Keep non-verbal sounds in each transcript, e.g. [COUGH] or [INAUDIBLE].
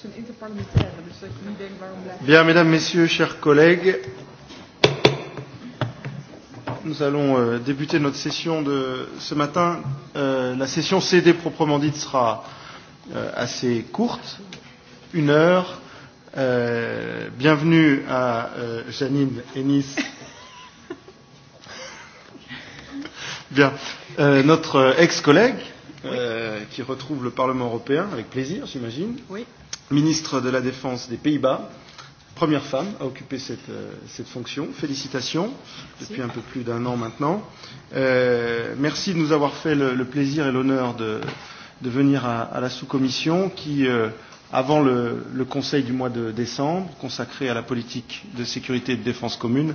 Het is een interparlementaire, dus dat eh, je niet denkt waarom blijft. Bien, mesdames, messieurs, chers collègues. Nous allons euh, débuter notre session de ce matin. Euh, la session CD proprement dite sera euh, assez courte, une heure. Euh, bienvenue à euh, Janine Ennis. Bien, euh, notre euh, ex-collègue euh, oui. qui retrouve le Parlement européen avec plaisir, j'imagine. Oui. Euh, ministre de la Défense des Pays-Bas, première femme à occuper cette, euh, cette fonction. Félicitations, depuis un peu plus d'un an maintenant. Euh, merci de nous avoir fait le, le plaisir et l'honneur de, de venir à, à la sous-commission qui, euh, avant le, le Conseil du mois de décembre, consacré à la politique de sécurité et de défense commune,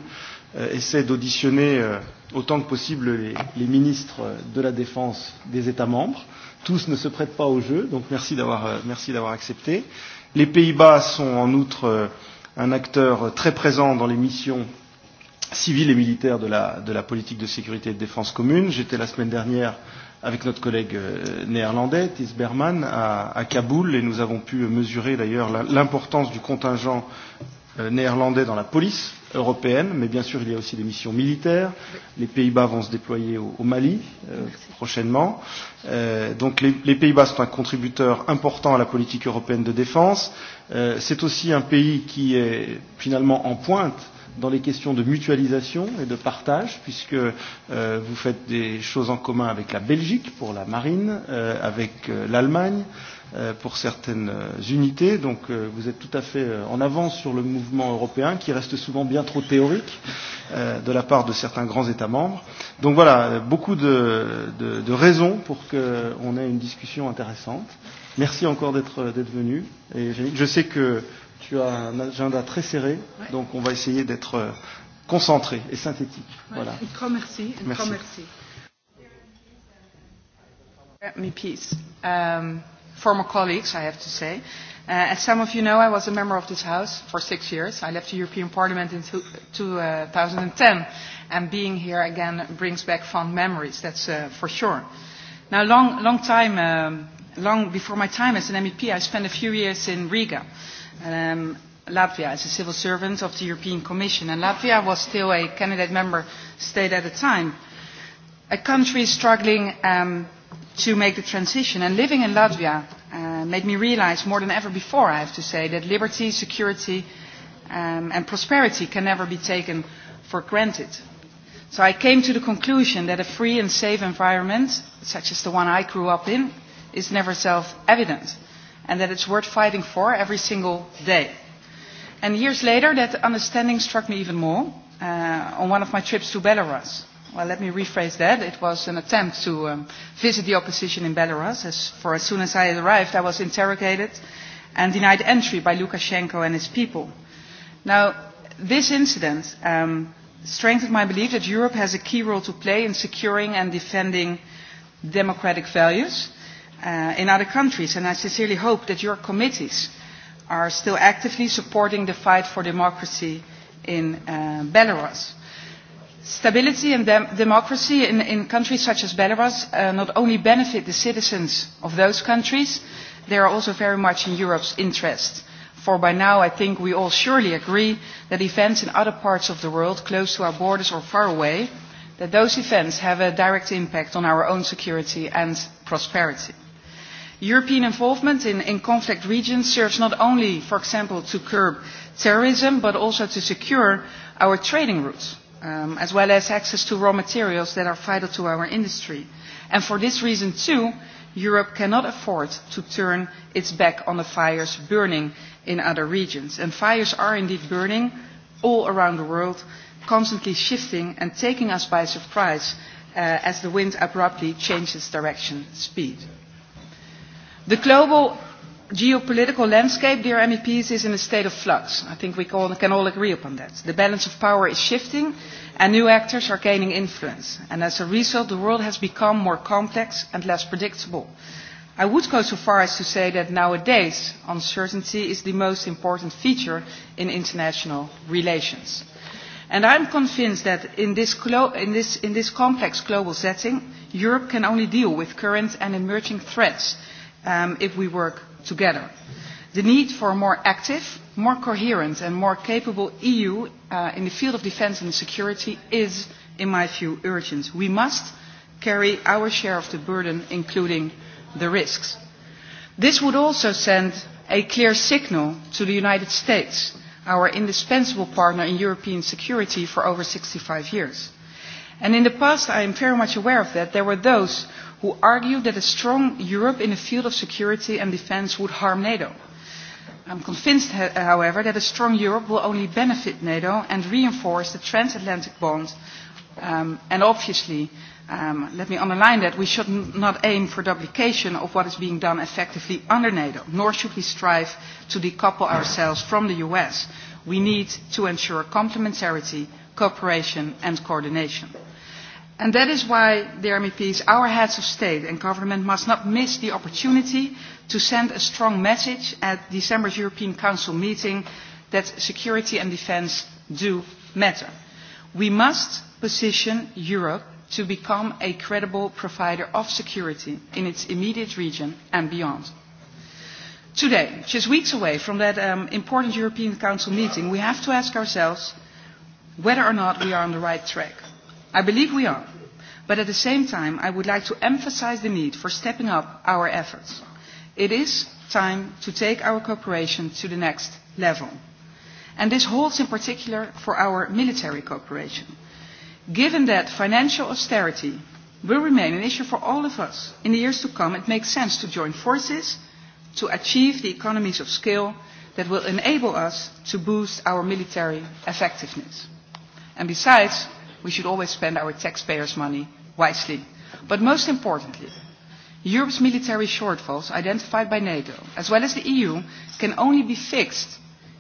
euh, essaie d'auditionner euh, autant que possible les, les ministres de la Défense des États membres tous ne se prêtent pas au jeu, donc merci d'avoir euh, merci d'avoir accepté. Les Pays-Bas sont en outre euh, un acteur très présent dans les missions civiles et militaires de la, de la politique de sécurité et de défense commune. J'étais la semaine dernière avec notre collègue euh, néerlandais, Thys Berman, à, à Kaboul, et nous avons pu mesurer d'ailleurs l'importance du contingent Euh, néerlandais dans la police européenne, mais bien sûr il y a aussi des missions militaires. Les Pays-Bas vont se déployer au, au Mali euh, Merci. prochainement. Euh, donc les, les Pays-Bas sont un contributeur important à la politique européenne de défense. Euh, C'est aussi un pays qui est finalement en pointe euh, dans les questions de mutualisation et de partage, puisque euh, vous faites des choses en commun avec la Belgique pour la marine, euh, avec euh, l'Allemagne euh, pour certaines euh, unités. Donc euh, vous êtes tout à fait euh, en avance sur le mouvement européen, qui reste souvent bien trop théorique euh, de la part de certains grands États membres. Donc voilà, euh, beaucoup de, de, de raisons pour qu'on ait une discussion intéressante. Merci encore d'être venu. Et je sais que tu as un agenda très serré, ouais. donc on va essayer d'être euh, concentré et synthétique. Ouais. Voilà. Un grand merci. Un merci. Grand merci. MEPs, um, former colleagues, I have to say. Uh, as some of you know, I was a member of this House for six years. I left the European Parliament in two, two, uh, 2010, and being here again brings back fond memories, that's uh, for sure. Now, long, long time, um, long before my time as an MEP, I spent a few years in Riga. Uh, Um, Latvia as a civil servant of the European Commission, and Latvia was still a candidate member state at the time. A country struggling um, to make the transition, and living in Latvia uh, made me realize more than ever before, I have to say, that liberty, security, um, and prosperity can never be taken for granted. So I came to the conclusion that a free and safe environment, such as the one I grew up in, is never self-evident and that it's worth fighting for every single day. And years later, that understanding struck me even more uh, on one of my trips to Belarus. Well, let me rephrase that. It was an attempt to um, visit the opposition in Belarus, as for as soon as I arrived, I was interrogated and denied entry by Lukashenko and his people. Now, this incident um, strengthened my belief that Europe has a key role to play in securing and defending democratic values uh, in other countries, and I sincerely hope that your committees are still actively supporting the fight for democracy in uh, Belarus. Stability and dem democracy in, in countries such as Belarus uh, not only benefit the citizens of those countries, they are also very much in Europe's interest. For by now, I think we all surely agree that events in other parts of the world, close to our borders or far away, that those events have a direct impact on our own security and prosperity. European involvement in, in conflict regions serves not only, for example, to curb terrorism, but also to secure our trading routes, um, as well as access to raw materials that are vital to our industry. And for this reason, too, Europe cannot afford to turn its back on the fires burning in other regions. And fires are indeed burning all around the world, constantly shifting and taking us by surprise uh, as the wind abruptly changes direction, speed. The global geopolitical landscape, dear MEPs, is in a state of flux. I think we all, can all agree upon that. The balance of power is shifting and new actors are gaining influence. And as a result, the world has become more complex and less predictable. I would go so far as to say that nowadays, uncertainty is the most important feature in international relations. And I'm convinced that in this, glo- in this, in this complex global setting, Europe can only deal with current and emerging threats um, if we work together. The need for a more active, more coherent and more capable EU uh, in the field of defence and security is, in my view, urgent. We must carry our share of the burden, including the risks. This would also send a clear signal to the United States, our indispensable partner in European security for over 65 years. And in the past, I am very much aware of that, there were those who argued that a strong Europe in the field of security and defence would harm NATO. I'm convinced, however, that a strong Europe will only benefit NATO and reinforce the transatlantic bond. Um, and obviously, um, let me underline that we should not aim for duplication of what is being done effectively under NATO, nor should we strive to decouple ourselves from the US. We need to ensure complementarity, cooperation and coordination. And that is why, dear MEPs, our heads of state and government must not miss the opportunity to send a strong message at December's European Council meeting that security and defence do matter. We must position Europe to become a credible provider of security in its immediate region and beyond. Today, just weeks away from that um, important European Council meeting, we have to ask ourselves whether or not we are on the right track I believe we are. But at the same time, I would like to emphasize the need for stepping up our efforts. It is time to take our cooperation to the next level. And this holds in particular for our military cooperation. Given that financial austerity will remain an issue for all of us in the years to come, it makes sense to join forces to achieve the economies of scale that will enable us to boost our military effectiveness. And besides, we should always spend our taxpayers' money wisely. But most importantly, Europe's military shortfalls identified by NATO, as well as the EU, can only be fixed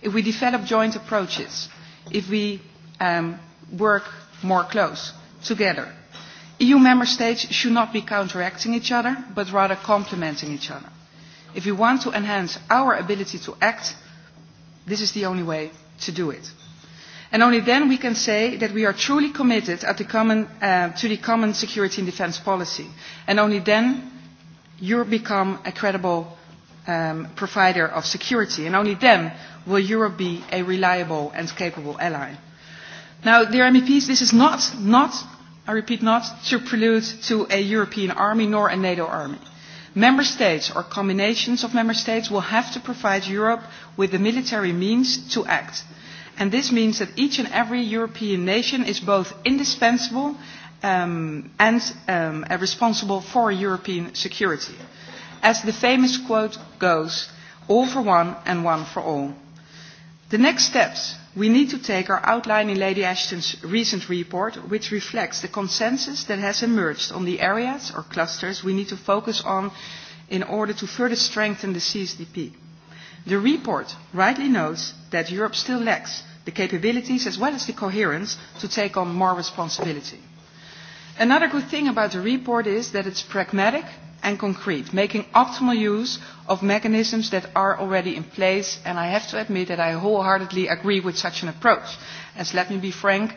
if we develop joint approaches, if we um, work more close together. EU member states should not be counteracting each other, but rather complementing each other. If we want to enhance our ability to act, this is the only way to do it and only then we can say that we are truly committed at the common, uh, to the common security and defence policy and only then Europe become a credible um, provider of security and only then will Europe be a reliable and capable ally. Now, dear MEPs, this is not, not, I repeat, not to prelude to a European army nor a NATO army. Member states or combinations of member states will have to provide Europe with the military means to act. And this means that each and every European nation is both indispensable um, and um, responsible for European security. As the famous quote goes, all for one and one for all. The next steps we need to take are outlined in Lady Ashton's recent report, which reflects the consensus that has emerged on the areas or clusters we need to focus on in order to further strengthen the CSDP. The report rightly notes that Europe still lacks the capabilities as well as the coherence to take on more responsibility. Another good thing about the report is that it's pragmatic and concrete, making optimal use of mechanisms that are already in place, and I have to admit that I wholeheartedly agree with such an approach. As let me be frank,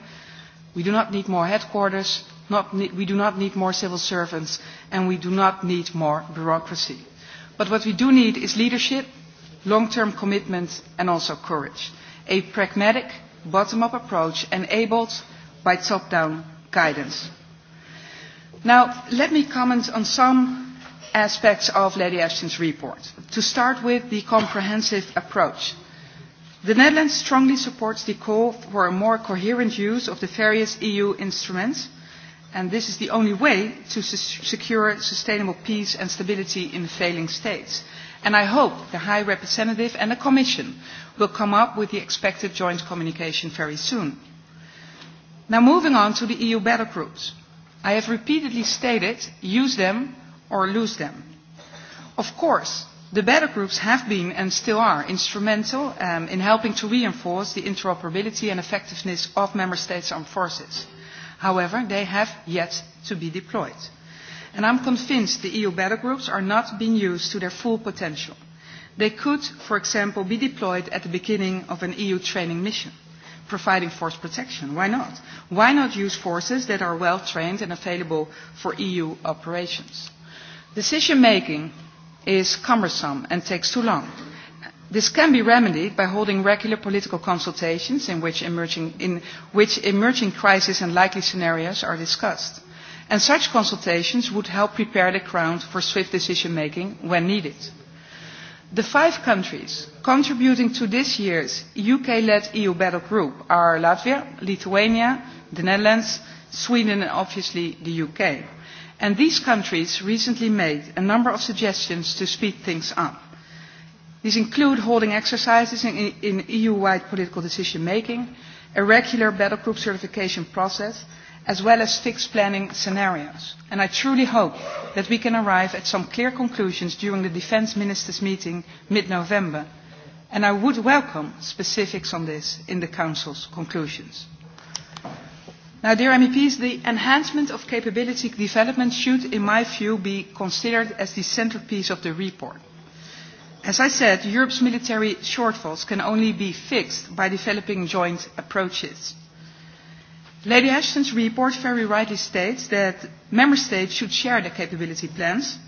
we do not need more headquarters, not need, we do not need more civil servants, and we do not need more bureaucracy. But what we do need is leadership long-term commitment and also courage. A pragmatic, bottom-up approach enabled by top-down guidance. Now, let me comment on some aspects of Lady Ashton's report. To start with the comprehensive approach. The Netherlands strongly supports the call for a more coherent use of the various EU instruments, and this is the only way to secure sustainable peace and stability in failing states and I hope the High Representative and the Commission will come up with the expected joint communication very soon. Now moving on to the EU battle groups. I have repeatedly stated, use them or lose them. Of course, the battle groups have been and still are instrumental um, in helping to reinforce the interoperability and effectiveness of Member States' armed forces. However, they have yet to be deployed and I'm convinced the EU battle groups are not being used to their full potential. They could, for example, be deployed at the beginning of an EU training mission, providing force protection. Why not? Why not use forces that are well trained and available for EU operations? Decision making is cumbersome and takes too long. This can be remedied by holding regular political consultations in which emerging, in which emerging crises and likely scenarios are discussed and such consultations would help prepare the Crown for swift decision-making when needed. The five countries contributing to this year's UK-led EU battle group are Latvia, Lithuania, the Netherlands, Sweden and obviously the UK. And these countries recently made a number of suggestions to speed things up. These include holding exercises in, in EU-wide political decision-making, a regular battle group certification process, as well as fixed planning scenarios. And I truly hope that we can arrive at some clear conclusions during the Defence Ministers' meeting mid-November, and I would welcome specifics on this in the Council's conclusions. Now, dear MEPs, the enhancement of capability development should, in my view, be considered as the centerpiece of the report. As I said, Europe's military shortfalls can only be fixed by developing joint approaches. Lady Ashton's report very rightly states that member states should share their capability plans,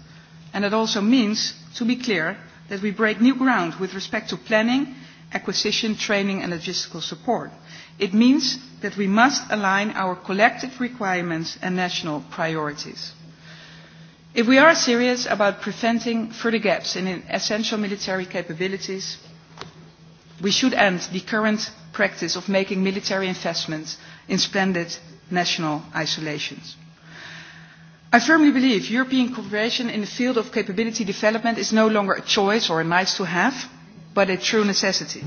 and that also means, to be clear, that we break new ground with respect to planning, acquisition, training and logistical support. It means that we must align our collective requirements and national priorities. If we are serious about preventing further gaps in essential military capabilities, we should end the current practice of making military investments in splendid national isolations. I firmly believe European cooperation in the field of capability development is no longer a choice or a nice to have, but a true necessity.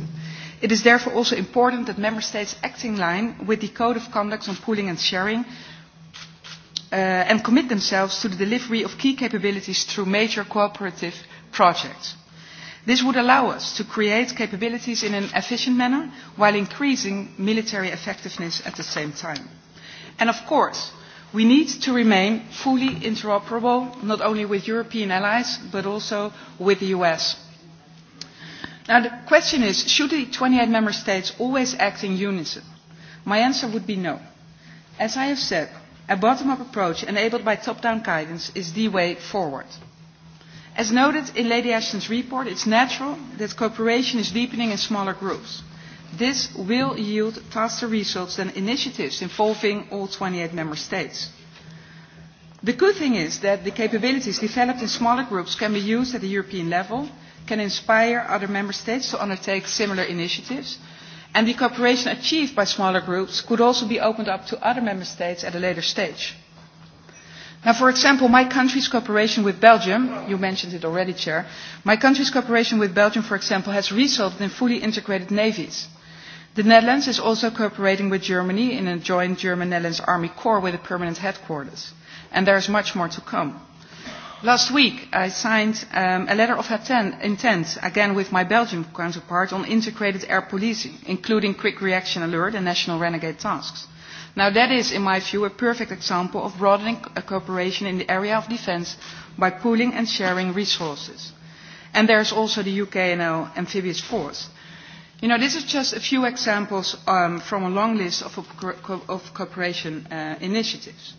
It is therefore also important that Member States act in line with the Code of Conduct on Pooling and Sharing uh, and commit themselves to the delivery of key capabilities through major cooperative projects. This would allow us to create capabilities in an efficient manner while increasing military effectiveness at the same time. And of course, we need to remain fully interoperable, not only with European allies, but also with the US. Now, the question is, should the 28 member states always act in unison? My answer would be no. As I have said, a bottom-up approach enabled by top-down guidance is the way forward. As noted in Lady Ashton's report, it's natural that cooperation is deepening in smaller groups. This will yield faster results than initiatives involving all 28 member states. The good thing is that the capabilities developed in smaller groups can be used at the European level, can inspire other member states to undertake similar initiatives, and the cooperation achieved by smaller groups could also be opened up to other member states at a later stage. Now, for example, my country's cooperation with Belgium, you mentioned it already, Chair, my country's cooperation with Belgium, for example, has resulted in fully integrated navies. The Netherlands is also cooperating with Germany in a joint German-Netherlands Army Corps with a permanent headquarters. And there is much more to come. Last week, I signed um, a letter of intent, again with my Belgian counterpart, on integrated air policing, including quick reaction alert and national renegade tasks. Now that is, in my view, a perfect example of broadening cooperation in the area of defence by pooling and sharing resources. And there's also the UKNO amphibious force. You know, this is just a few examples um, from a long list of, of cooperation uh, initiatives.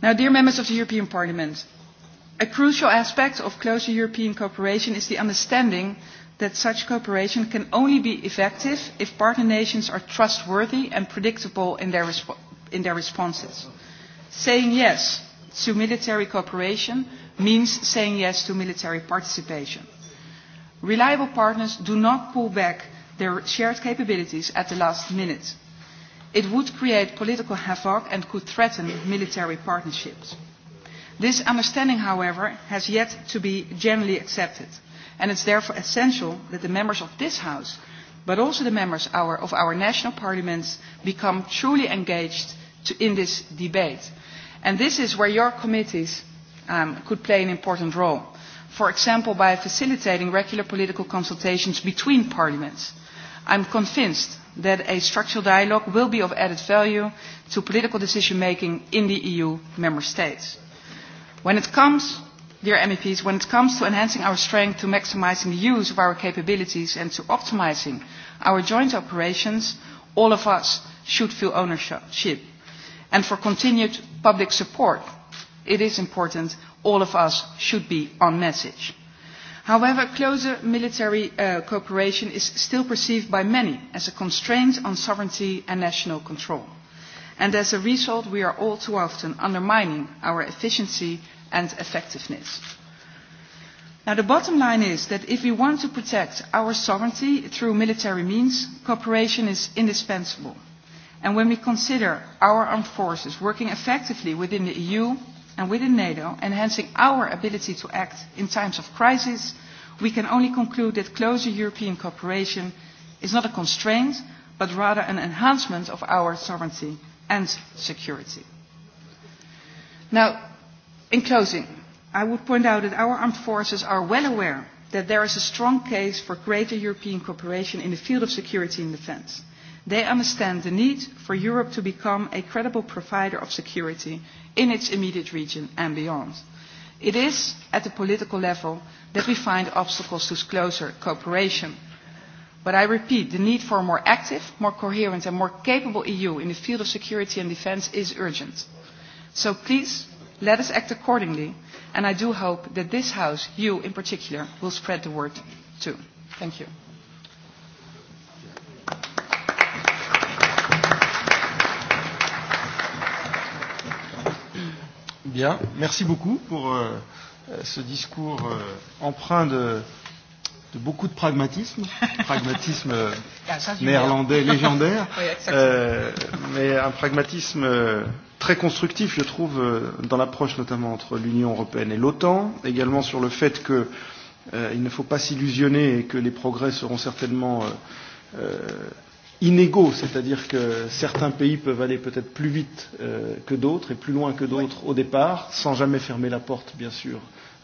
Now, dear members of the European Parliament, a crucial aspect of closer European cooperation is the understanding that such cooperation can only be effective if partner nations are trustworthy and predictable in their, resp in their responses. Saying yes to military cooperation means saying yes to military participation. Reliable partners do not pull back their shared capabilities at the last minute. It would create political havoc and could threaten military partnerships. This understanding, however, has yet to be generally accepted and it's therefore essential that the members of this House, but also the members our, of our national parliaments, become truly engaged to, in this debate. And this is where your committees um, could play an important role. For example, by facilitating regular political consultations between parliaments. I'm convinced that a structural dialogue will be of added value to political decision making in the EU member states. When it comes dear MEPs, when it comes to enhancing our strength to maximizing the use of our capabilities and to optimizing our joint operations, all of us should feel ownership. And for continued public support, it is important all of us should be on message. However, closer military uh, cooperation is still perceived by many as a constraint on sovereignty and national control. And as a result, we are all too often undermining our efficiency and effectiveness. Now, the bottom line is that if we want to protect our sovereignty through military means, cooperation is indispensable. And when we consider our armed forces working effectively within the EU and within NATO, enhancing our ability to act in times of crisis, we can only conclude that closer European cooperation is not a constraint, but rather an enhancement of our sovereignty and security. Now, In closing, I would point out that our armed forces are well aware that there is a strong case for greater European cooperation in the field of security and defence. They understand the need for Europe to become a credible provider of security in its immediate region and beyond. It is at the political level that we find obstacles to closer cooperation. But I repeat, the need for a more active, more coherent and more capable EU in the field of security and defence is urgent. So please Let us act accordingly, and I do hope that this House, you in particular, will spread the word too. Thank you. Bien, merci beaucoup pour euh, ce discours euh, empreint de beaucoup de pragmatisme, pragmatisme [LAUGHS] ah, ça, néerlandais bien. légendaire, [LAUGHS] oui, euh, mais un pragmatisme euh, très constructif, je trouve, euh, dans l'approche notamment entre l'Union européenne et l'OTAN, également sur le fait qu'il euh, ne faut pas s'illusionner et que les progrès seront certainement euh, euh, inégaux, c'est-à-dire que certains pays peuvent aller peut-être plus vite euh, que d'autres et plus loin que d'autres oui. au départ, sans jamais fermer la porte, bien sûr,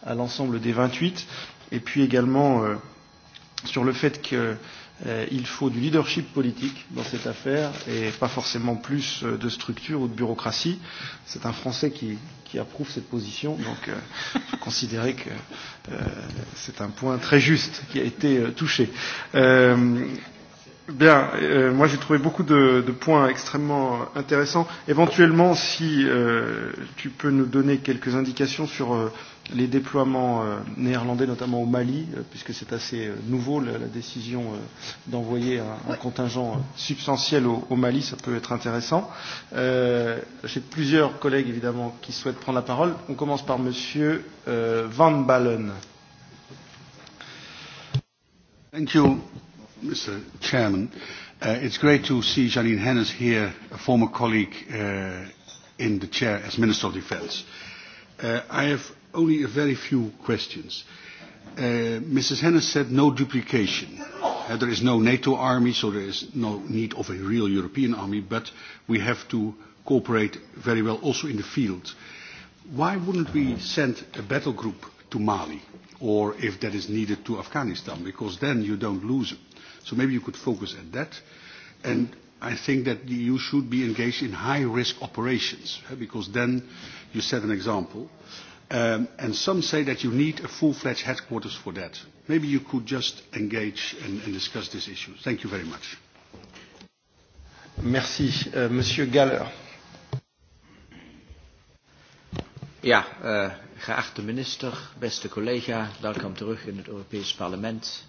à l'ensemble des 28, et puis également euh, sur le fait que euh, il faut du leadership politique dans cette affaire et pas forcément plus euh, de structure ou de bureaucratie. C'est un Français qui, qui approuve cette position, donc euh, faut considérer que euh, c'est un point très juste qui a été euh, touché. Euh, Bien, euh, moi j'ai trouvé beaucoup de, de points extrêmement intéressants. Éventuellement, si euh, tu peux nous donner quelques indications sur euh, les déploiements euh, néerlandais, notamment au Mali, euh, puisque c'est assez euh, nouveau la, la décision euh, d'envoyer un, un contingent euh, substantiel au, au Mali, ça peut être intéressant. Euh, J'ai plusieurs collègues évidemment qui souhaitent prendre la parole. On commence par Monsieur euh, Van Balen. Thank you, Mr. Chairman. Uh, it's great to see Janine Hennis here, a former colleague uh, in the chair as Minister of Defence. Uh, I have only a very few questions. Uh, Mrs. Hennis said no duplication. Uh, there is no NATO army, so there is no need of a real European army, but we have to cooperate very well also in the field. Why wouldn't we send a battle group to Mali, or if that is needed, to Afghanistan? Because then you don't lose them. So maybe you could focus at that. And I think that the EU should be engaged in high-risk operations, because then you set an example. Uh, Um, and some say that you need a full-fledged headquarters for that. Maybe you could just engage and, and discuss this issue. Thank you very much. Merci. Uh, Monsieur Galler. Ja, uh, geachte minister, beste collega, welkom terug in het Europees Parlement.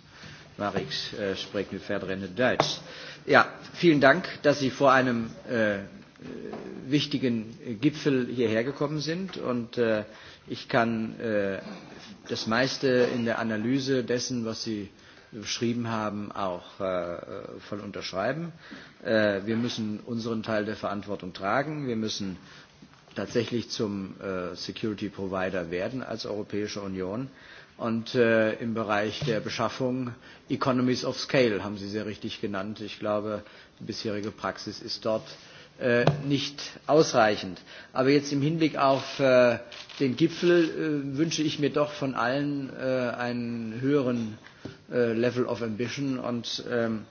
Maar ik uh, spreek nu verder in het Duits. Ja, vielen Dank, dass Sie vor einem äh, uh, wichtigen Gipfel hierher gekommen sind und äh, uh, Ich kann äh, das meiste in der Analyse dessen, was Sie beschrieben haben, auch äh, voll unterschreiben. Äh, wir müssen unseren Teil der Verantwortung tragen. Wir müssen tatsächlich zum äh, Security Provider werden als Europäische Union. Und äh, im Bereich der Beschaffung Economies of Scale haben Sie sehr richtig genannt. Ich glaube, die bisherige Praxis ist dort äh, Äh, nicht ausreichend. Aber jetzt im Hinblick auf äh, den Gipfel äh, wünsche ich mir doch von allen äh, einen höheren äh, Level of Ambition und ähm,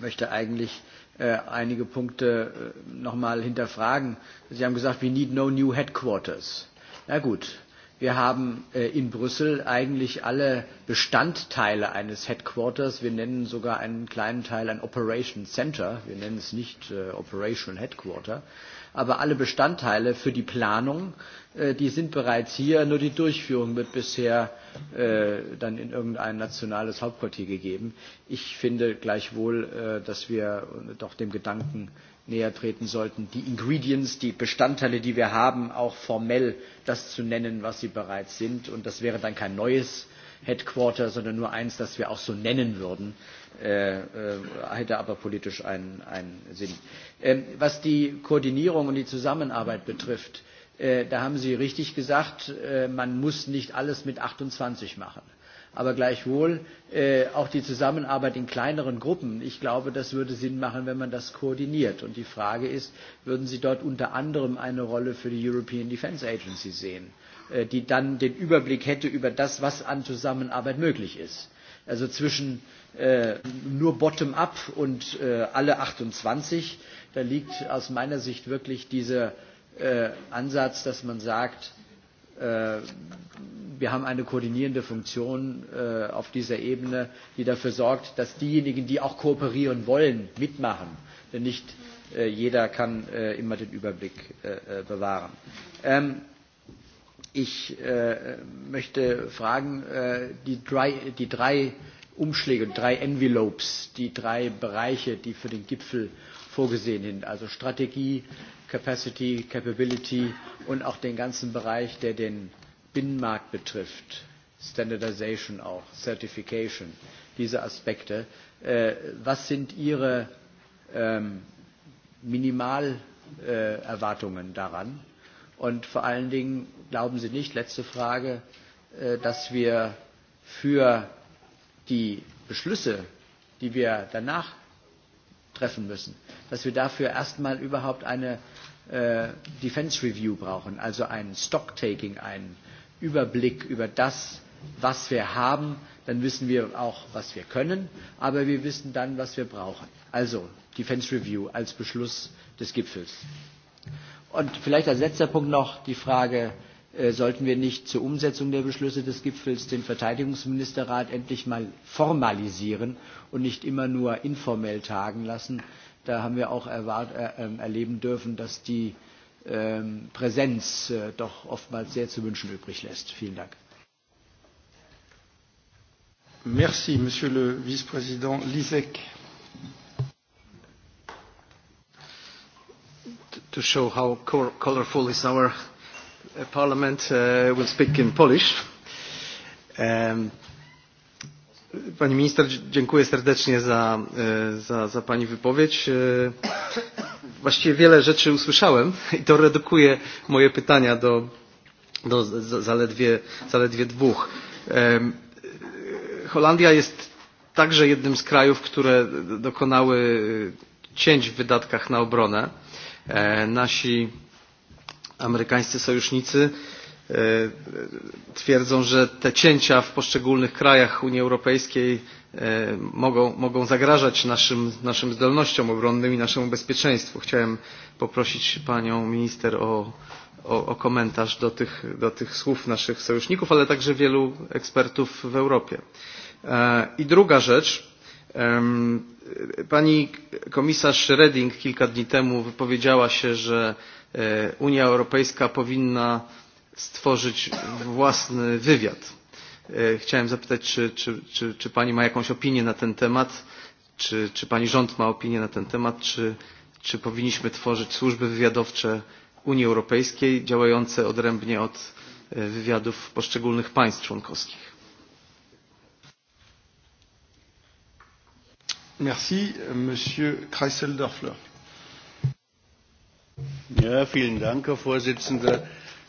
möchte eigentlich äh, einige Punkte äh, nochmal hinterfragen. Sie haben gesagt, we need no new headquarters. Na gut, Wir haben äh, in Brüssel eigentlich alle Bestandteile eines Headquarters. Wir nennen sogar einen kleinen Teil ein Operation Center. Wir nennen es nicht äh, Operation Headquarter. Aber alle Bestandteile für die Planung, äh, die sind bereits hier. Nur die Durchführung wird bisher äh, dann in irgendein nationales Hauptquartier gegeben. Ich finde gleichwohl, äh, dass wir äh, doch dem Gedanken näher treten sollten, die Ingredients, die Bestandteile, die wir haben, auch formell das zu nennen, was sie bereits sind. Und das wäre dann kein neues Headquarter, sondern nur eins, das wir auch so nennen würden, äh, äh, hätte aber politisch einen, einen Sinn. Ähm, was die Koordinierung und die Zusammenarbeit betrifft, äh, da haben Sie richtig gesagt, äh, man muss nicht alles mit 28 machen. Äh, aber gleichwohl äh, auch die Zusammenarbeit in kleineren Gruppen. Ich glaube, das würde Sinn machen, wenn man das koordiniert. Und die Frage ist, würden Sie dort unter anderem eine Rolle für die European Defense Agency sehen, äh, die dann den Überblick hätte über das, was an Zusammenarbeit möglich ist? Also zwischen äh, nur Bottom-up und äh, alle 28, da liegt aus meiner Sicht wirklich dieser äh, Ansatz, dass man sagt, äh, wir haben eine koordinierende Funktion äh, auf dieser Ebene, die dafür sorgt, dass diejenigen, die auch kooperieren wollen, mitmachen. Denn nicht äh, jeder kann äh, immer den Überblick äh, äh, bewahren. Ähm, ich äh, möchte fragen, äh, die drei, die drei Umschläge, drei Envelopes, die drei Bereiche, die für den Gipfel vorgesehen sind, also Strategie, Capacity, Capability und auch den ganzen Bereich, der den Binnenmarkt betrifft, Standardization auch, Certification, diese Aspekte, äh, was sind Ihre ähm, Minimalerwartungen äh, daran? Und vor allen Dingen glauben Sie nicht, letzte Frage, äh, dass wir für die Beschlüsse, die wir danach treffen müssen, dass wir dafür erstmal überhaupt eine äh, Defense Review brauchen, also ein Stocktaking, ein Überblick über das, was wir haben, dann wissen wir auch, was wir können, aber wir wissen dann, was wir brauchen. Also Defense Review als Beschluss des Gipfels. Und vielleicht als letzter Punkt noch die Frage, äh, sollten wir nicht zur Umsetzung der Beschlüsse des Gipfels den Verteidigungsministerrat endlich mal formalisieren und nicht immer nur informell tagen lassen? Da haben wir auch erwart, äh, ähm, erleben dürfen, dass die äh, ähm, Präsenz äh, doch oftmals sehr zu wünschen übrig lässt. Vielen Dank. Merci, Monsieur le Vice-président Lisek. To show how cor colorful is our uh, parliament, uh, we'll speak in Polish. Um, Pani minister, dziękuję serdecznie za, e, za, za Pani wypowiedź. E, właściwie wiele rzeczy usłyszałem i to redukuje moje pytania do, do zaledwie, zaledwie dwóch. Holandia jest także jednym z krajów, które dokonały cięć w wydatkach na obronę. E, nasi amerykańscy sojusznicy E, twierdzą, że te cięcia w poszczególnych krajach Unii Europejskiej e, mogą, mogą zagrażać naszym, naszym zdolnościom obronnym i naszemu bezpieczeństwu. Chciałem poprosić panią minister o, o, o komentarz do tych, do tych słów naszych sojuszników, ale także wielu ekspertów w Europie. E, I druga rzecz. Pani komisarz Reding kilka dni temu wypowiedziała się, że Unia Europejska powinna stworzyć własny wywiad. E, chciałem zapytać, czy, czy, czy, czy Pani ma jakąś opinię na ten temat, czy, czy Pani rząd ma opinię na ten temat, czy, czy powinniśmy tworzyć służby wywiadowcze Unii Europejskiej działające odrębnie od e, wywiadów poszczególnych państw członkowskich. Merci, Monsieur Kreisel-Dörfler. Ja, vielen Dank, Herr Vorsitzender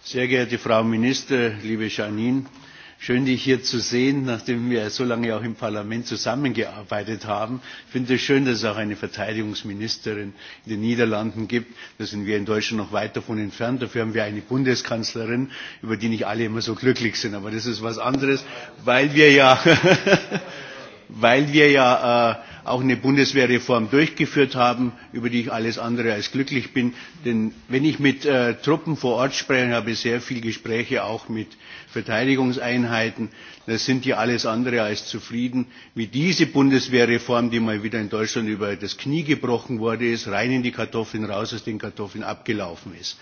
sehr geehrte Frau Minister, liebe Janine, schön, dich hier zu sehen, nachdem wir so lange auch im Parlament zusammengearbeitet haben. Ich finde es schön, dass es auch eine Verteidigungsministerin in den Niederlanden gibt. Da sind wir in Deutschland noch weit davon entfernt. Dafür haben wir eine Bundeskanzlerin, über die nicht alle immer so glücklich sind. Aber das ist was anderes, weil wir ja, [LAUGHS] weil wir ja äh, auch eine Bundeswehrreform durchgeführt haben, über die ich alles andere als glücklich bin. Denn wenn ich mit äh, Truppen vor Ort spreche, habe ich sehr viele Gespräche auch mit Verteidigungseinheiten, das sind die alles andere als zufrieden, wie diese Bundeswehrreform, die mal wieder in Deutschland über das Knie gebrochen worden ist, rein in die Kartoffeln, raus aus den Kartoffeln abgelaufen ist.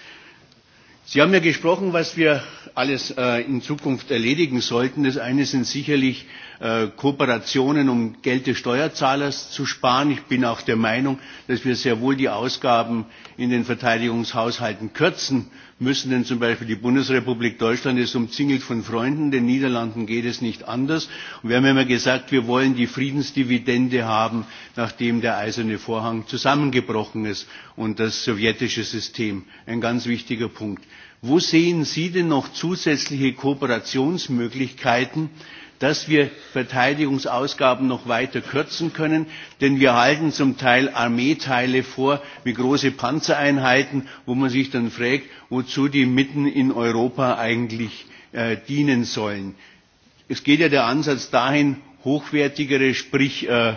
Sie haben ja gesprochen, was wir alles äh, in Zukunft erledigen sollten. Das eine sind sicherlich äh, Kooperationen, um Geld des Steuerzahlers zu sparen. Ich bin auch der Meinung, dass wir sehr wohl die Ausgaben in den Verteidigungshaushalten kürzen müssen, denn zum Beispiel die Bundesrepublik Deutschland ist umzingelt von Freunden, den Niederlanden geht es nicht anders. Und wir haben immer gesagt, wir wollen die Friedensdividende haben, nachdem der eiserne Vorhang zusammengebrochen ist und das sowjetische System. Ein ganz wichtiger Punkt. Wo sehen Sie denn noch zusätzliche Kooperationsmöglichkeiten, äh, dass wir Verteidigungsausgaben noch weiter kürzen können, denn wir halten zum Teil Armeeteile vor wie große Panzereinheiten, wo man sich dann fragt, wozu die mitten in Europa eigentlich äh, dienen sollen. Es geht ja der Ansatz dahin, hochwertigere, sprich äh,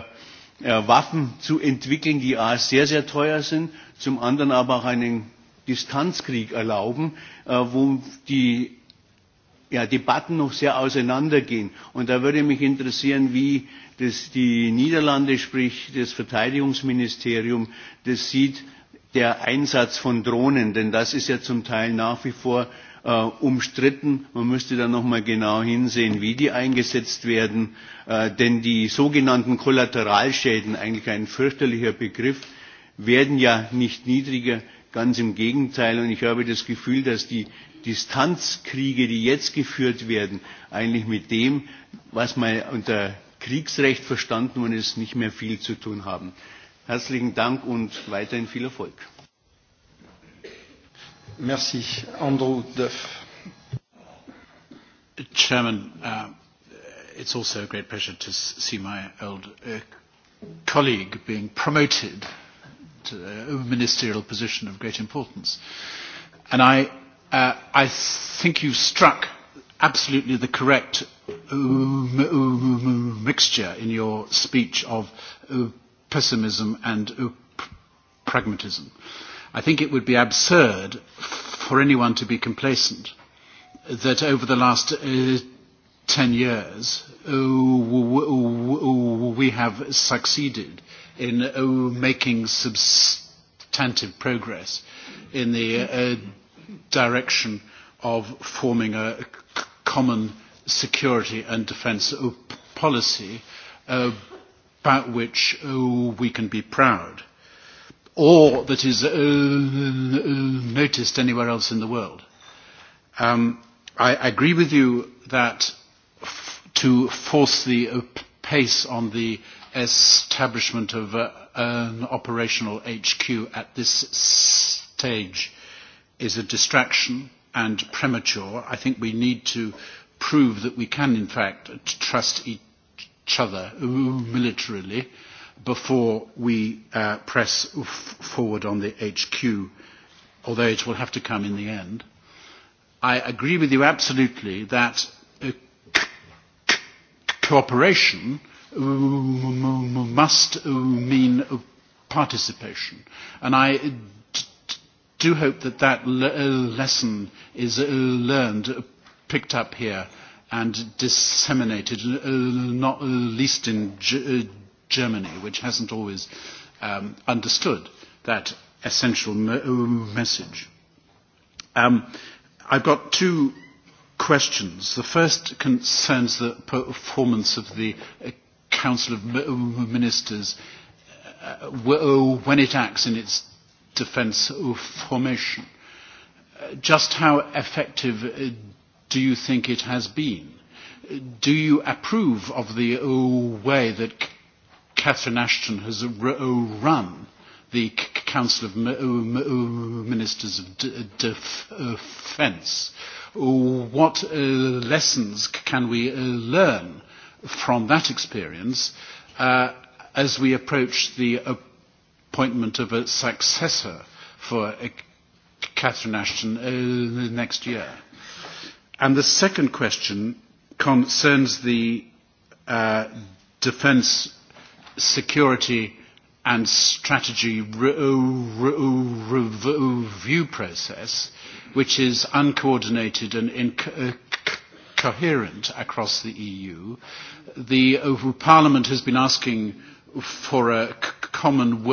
äh, Waffen zu entwickeln, die a sehr, sehr teuer sind, zum anderen aber auch einen Distanzkrieg erlauben, äh, wo die ja, Debatten noch sehr auseinandergehen. Und da würde mich interessieren, wie das die Niederlande, sprich das Verteidigungsministerium, das sieht, der Einsatz von Drohnen, denn das ist ja zum Teil nach wie vor äh, umstritten. Man müsste da nochmal genau hinsehen, wie die eingesetzt werden, äh, denn die sogenannten Kollateralschäden, eigentlich ein fürchterlicher Begriff, werden ja nicht niedriger, ganz im Gegenteil. Und ich habe das Gefühl, dass die Distanzkriege, die jetzt geführt werden, eigentlich mit dem, was mal unter Kriegsrecht verstanden worden ist, nicht mehr viel zu tun haben. Herzlichen Dank und weiterhin viel Erfolg. Merci. Andrew Duff. Chairman, uh, it's also a great pleasure to see my old uh, colleague being promoted to a ministerial position of great importance. And I Uh, I think you struck absolutely the correct uh, uh, mixture in your speech of uh, pessimism and pragmatism. I think it would be absurd for anyone to be complacent that over the last uh, 10 years uh, we have succeeded in uh, making substantive progress in the uh, direction of forming a common security and defence uh, policy uh, about which uh, we can be proud or that is noticed anywhere else in the world. Um, I agree with you that f- to force the uh, pace on the establishment of uh, an operational HQ at this stage is a distraction and premature. I think we need to prove that we can, in fact, trust each other militarily before we uh, press forward on the HQ, although it will have to come in the end. I agree with you absolutely that uh, cooperation must mean participation. And I do hope that that le- uh, lesson is uh, learned, uh, picked up here, and disseminated, not least in G- Germany, which hasn't always um, understood that essential me- message. Um, I've got two questions. The first concerns the performance of the Council of Ministers uh, when it acts in its defense formation. Uh, just how effective uh, do you think it has been? Do you approve of the uh, way that Catherine Ashton has run the Council of Ministers of Defence? What lessons can we learn from that experience uh, as we approach the appointment of a successor for uh, Catherine Ashton uh, next year. And the second question concerns the uh, defence, security and strategy uh, uh, re- re- review process, which is uncoordinated and incoherent uh, coherent across the EU. The uh, Parliament has been asking for a common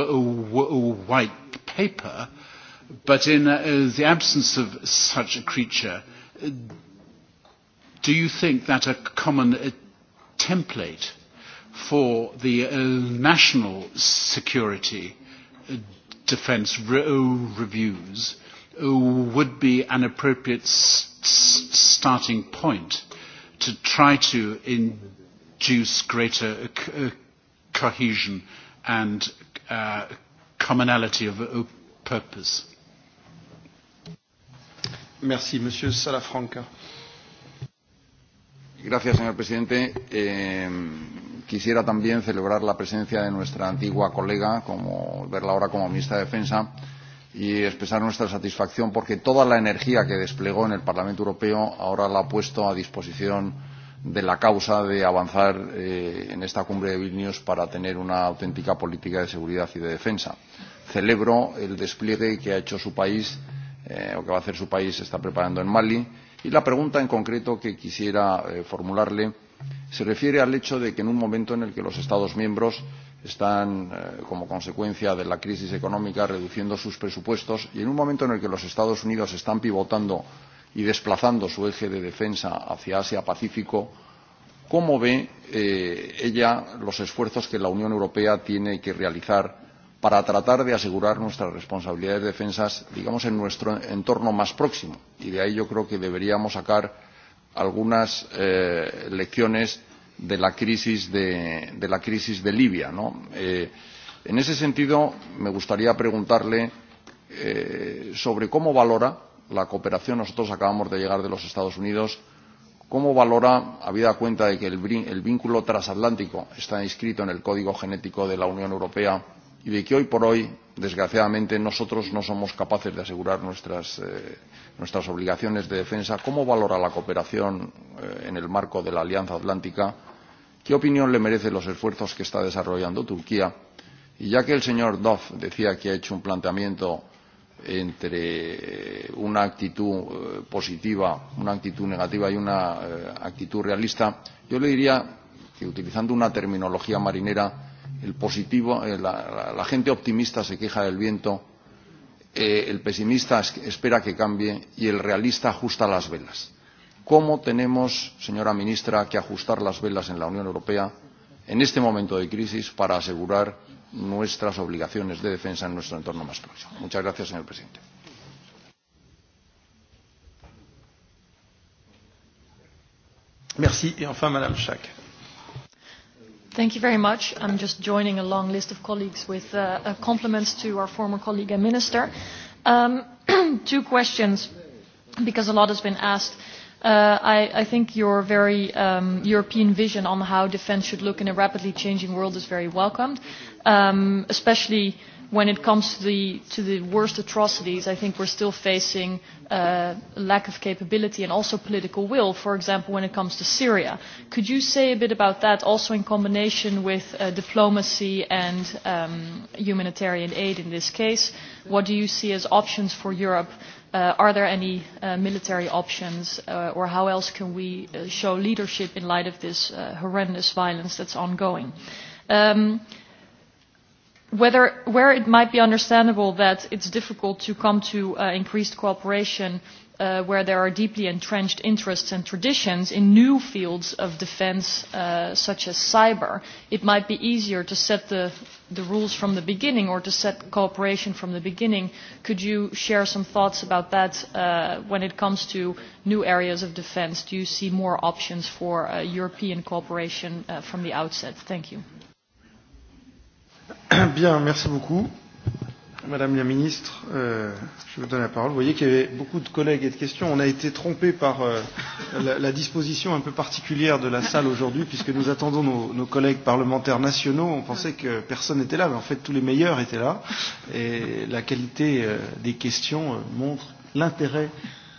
white paper, but in uh, the absence of such a creature, do you think that a common uh, template for the uh, national security uh, defense re- uh, reviews uh, would be an appropriate s- s- starting point to try to induce greater uh, c- uh, cohesion uh, and uh, commonality of uh, purpose. Merci, Monsieur Salafranca. Gracias, señor presidente. Eh, quisiera también celebrar la presencia de nuestra antigua colega, como verla ahora como ministra de Defensa, y expresar nuestra satisfacción porque toda la energía que desplegó en el Parlamento Europeo ahora la ha puesto a disposición eh, de la causa de avanzar eh, en esta cumbre de Vilnius para tener una auténtica política de seguridad y de defensa. Celebro el despliegue que ha hecho su país eh, o que va a hacer su país está preparando en Mali y la pregunta en concreto que quisiera eh, formularle se refiere al hecho de que en un momento en el que los Estados miembros están, eh, como consecuencia de la crisis económica, reduciendo sus presupuestos y en un momento en el que los Estados Unidos están pivotando y desplazando su eje de defensa hacia Asia Pacífico, ¿cómo ve eh, ella los esfuerzos que la Unión Europea tiene que realizar para tratar de asegurar nuestras responsabilidades de defensas, digamos, en nuestro entorno más próximo? Y de ahí yo creo que deberíamos sacar algunas eh, lecciones de la crisis de, de, la crisis de Libia. ¿no? Eh, en ese sentido, me gustaría preguntarle eh, sobre cómo valora la cooperación. Nosotros acabamos de llegar de los Estados Unidos. ¿Cómo valora, habida cuenta de que el, el vínculo transatlántico está inscrito en el código genético de la Unión Europea y de que hoy por hoy, desgraciadamente, nosotros no somos capaces de asegurar nuestras, eh, nuestras obligaciones de defensa? ¿Cómo valora la cooperación eh, en el marco de la Alianza Atlántica? ¿Qué opinión le merecen los esfuerzos que está desarrollando Turquía? Y ya que el señor Duff decía que ha hecho un planteamiento entre eh, una actitud eh, positiva, una actitud negativa y una eh, actitud realista, yo le diría que utilizando una terminología marinera, el positivo, la, la, la gente optimista se queja del viento, eh, el pesimista espera que cambie y el realista ajusta las velas. ¿Cómo tenemos, señora ministra, que ajustar las velas en la Unión Europea en este momento de crisis para asegurar nuestras obligaciones de defensa en nuestro entorno más próximo. Muchas gracias, señor presidente. Merci. Et enfin, Madame Schack. Thank you very much. I'm just joining a long list of colleagues with uh, uh, compliments to our former colleague and minister. Um, [CLEARS THROAT] two questions, because a lot has been asked. Uh, Uh, I, I think your very um, European vision on how defense should look in a rapidly changing world is very welcomed, um, especially when it comes to the, to the worst atrocities. I think we're still facing uh, lack of capability and also political will, for example, when it comes to Syria. Could you say a bit about that also in combination with uh, diplomacy and um, humanitarian aid in this case? What do you see as options for Europe? Uh, uh, are there any uh, military options uh, or how else can we uh, show leadership in light of this uh, horrendous violence that's ongoing? Um, whether, where it might be understandable that it's difficult to come to uh, increased cooperation uh, where there are deeply entrenched interests and traditions in new fields of defense, uh, such as cyber, it might be easier to set the the rules from the beginning or to set cooperation from the beginning. Could you share some thoughts about that uh, when it comes to new areas of defense? Do you see more options for uh, European cooperation uh, from the outset? Thank you. Bien, merci beaucoup. Madame la Ministre, euh, je vous donne la parole. Vous voyez qu'il y avait beaucoup de collègues et de questions. On a été trompé par euh, la, la disposition un peu particulière de la salle aujourd'hui, puisque nous attendons nos, nos collègues parlementaires nationaux. On pensait que personne n'était là, mais en fait tous les meilleurs étaient là. Et la qualité euh, des questions euh, montre l'intérêt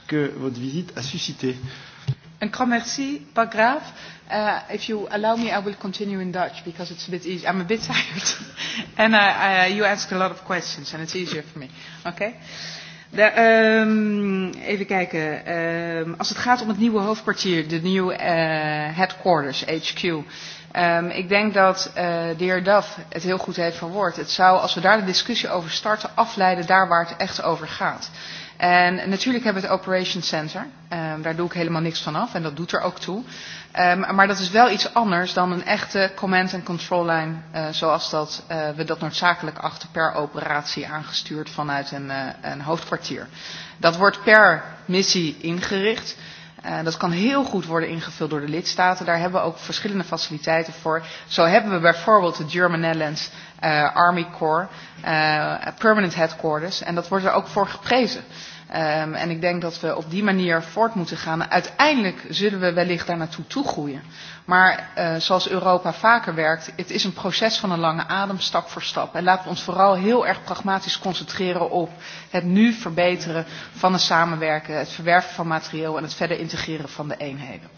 que votre visite a suscité. Euh, Een grand merci, pas grave. Uh, if you allow me, I will continue in Dutch because it's a bit easy. I'm a bit [LAUGHS] tired. and uh, uh, you ask a lot of questions and it's easier for me. Okay? De, um, even kijken. Um, als het gaat om het nieuwe hoofdkwartier, de nieuwe uh, headquarters, HQ. Um, ehm, ik denk dat uh, de heer Duff het heel goed heeft verwoord. Het zou, als we daar de discussie over starten, afleiden daar waar het echt over gaat. En natuurlijk hebben we het Operation Center. Um, daar doe ik helemaal niks van af en dat doet er ook toe. Um, maar dat is wel iets anders dan een echte command and control line uh, zoals dat, uh, we dat noodzakelijk achter per operatie aangestuurd vanuit een, uh, een hoofdkwartier. Dat wordt per missie ingericht. Uh, Uh, dat kan heel goed worden ingevuld door de lidstaten. Daar hebben we ook verschillende faciliteiten voor. Zo hebben we bijvoorbeeld de German Netherlands uh, Army Corps, uh, Permanent Headquarters. En dat wordt er ook voor geprezen. Uh, Um, en ik denk dat we op die manier voort moeten gaan. Uiteindelijk zullen we wellicht daar naartoe toegroeien. Maar uh, zoals Europa vaker werkt, het is een proces van een lange adem, stap voor stap. En laten we ons vooral heel erg pragmatisch concentreren op het nu verbeteren van het samenwerken, het verwerven van materieel en het verder integreren van de eenheden. Uh,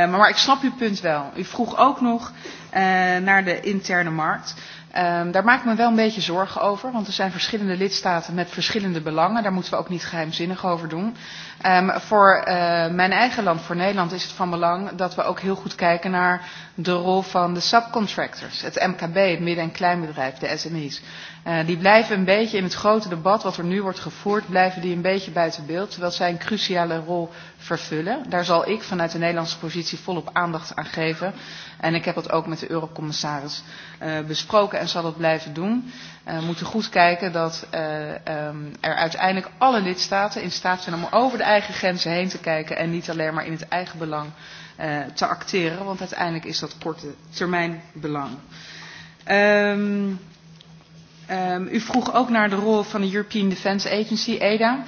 ehm, maar, maar ik snap uw punt wel. U vroeg ook nog uh, naar de interne markt. Uh, Um, daar maak ik me wel een beetje zorgen over, want er zijn verschillende lidstaten met verschillende belangen. Daar moeten we ook niet geheimzinnig over doen. Um, voor uh, mijn eigen land, voor Nederland, is het van belang dat we ook heel goed kijken naar de rol van de subcontractors. Het MKB, het midden- en kleinbedrijf, de SME's. Uh, eh, die blijven een beetje in het grote debat wat er nu wordt gevoerd, blijven die een beetje buiten beeld, terwijl zij een cruciale rol vervullen. Daar zal ik vanuit de Nederlandse positie volop aandacht aan geven. En ik heb dat ook met de eurocommissaris uh, besproken en zal dat blijven doen. Uh, uh, eh, moeten goed kijken dat uh, um, er uiteindelijk alle lidstaten in staat zijn om over de eigen grenzen heen te kijken en niet alleen maar in het eigen belang uh, te acteren, want uiteindelijk is dat korte termijn belang. Um, um, u vroeg ook naar de rol van de European Defence Agency, EDA.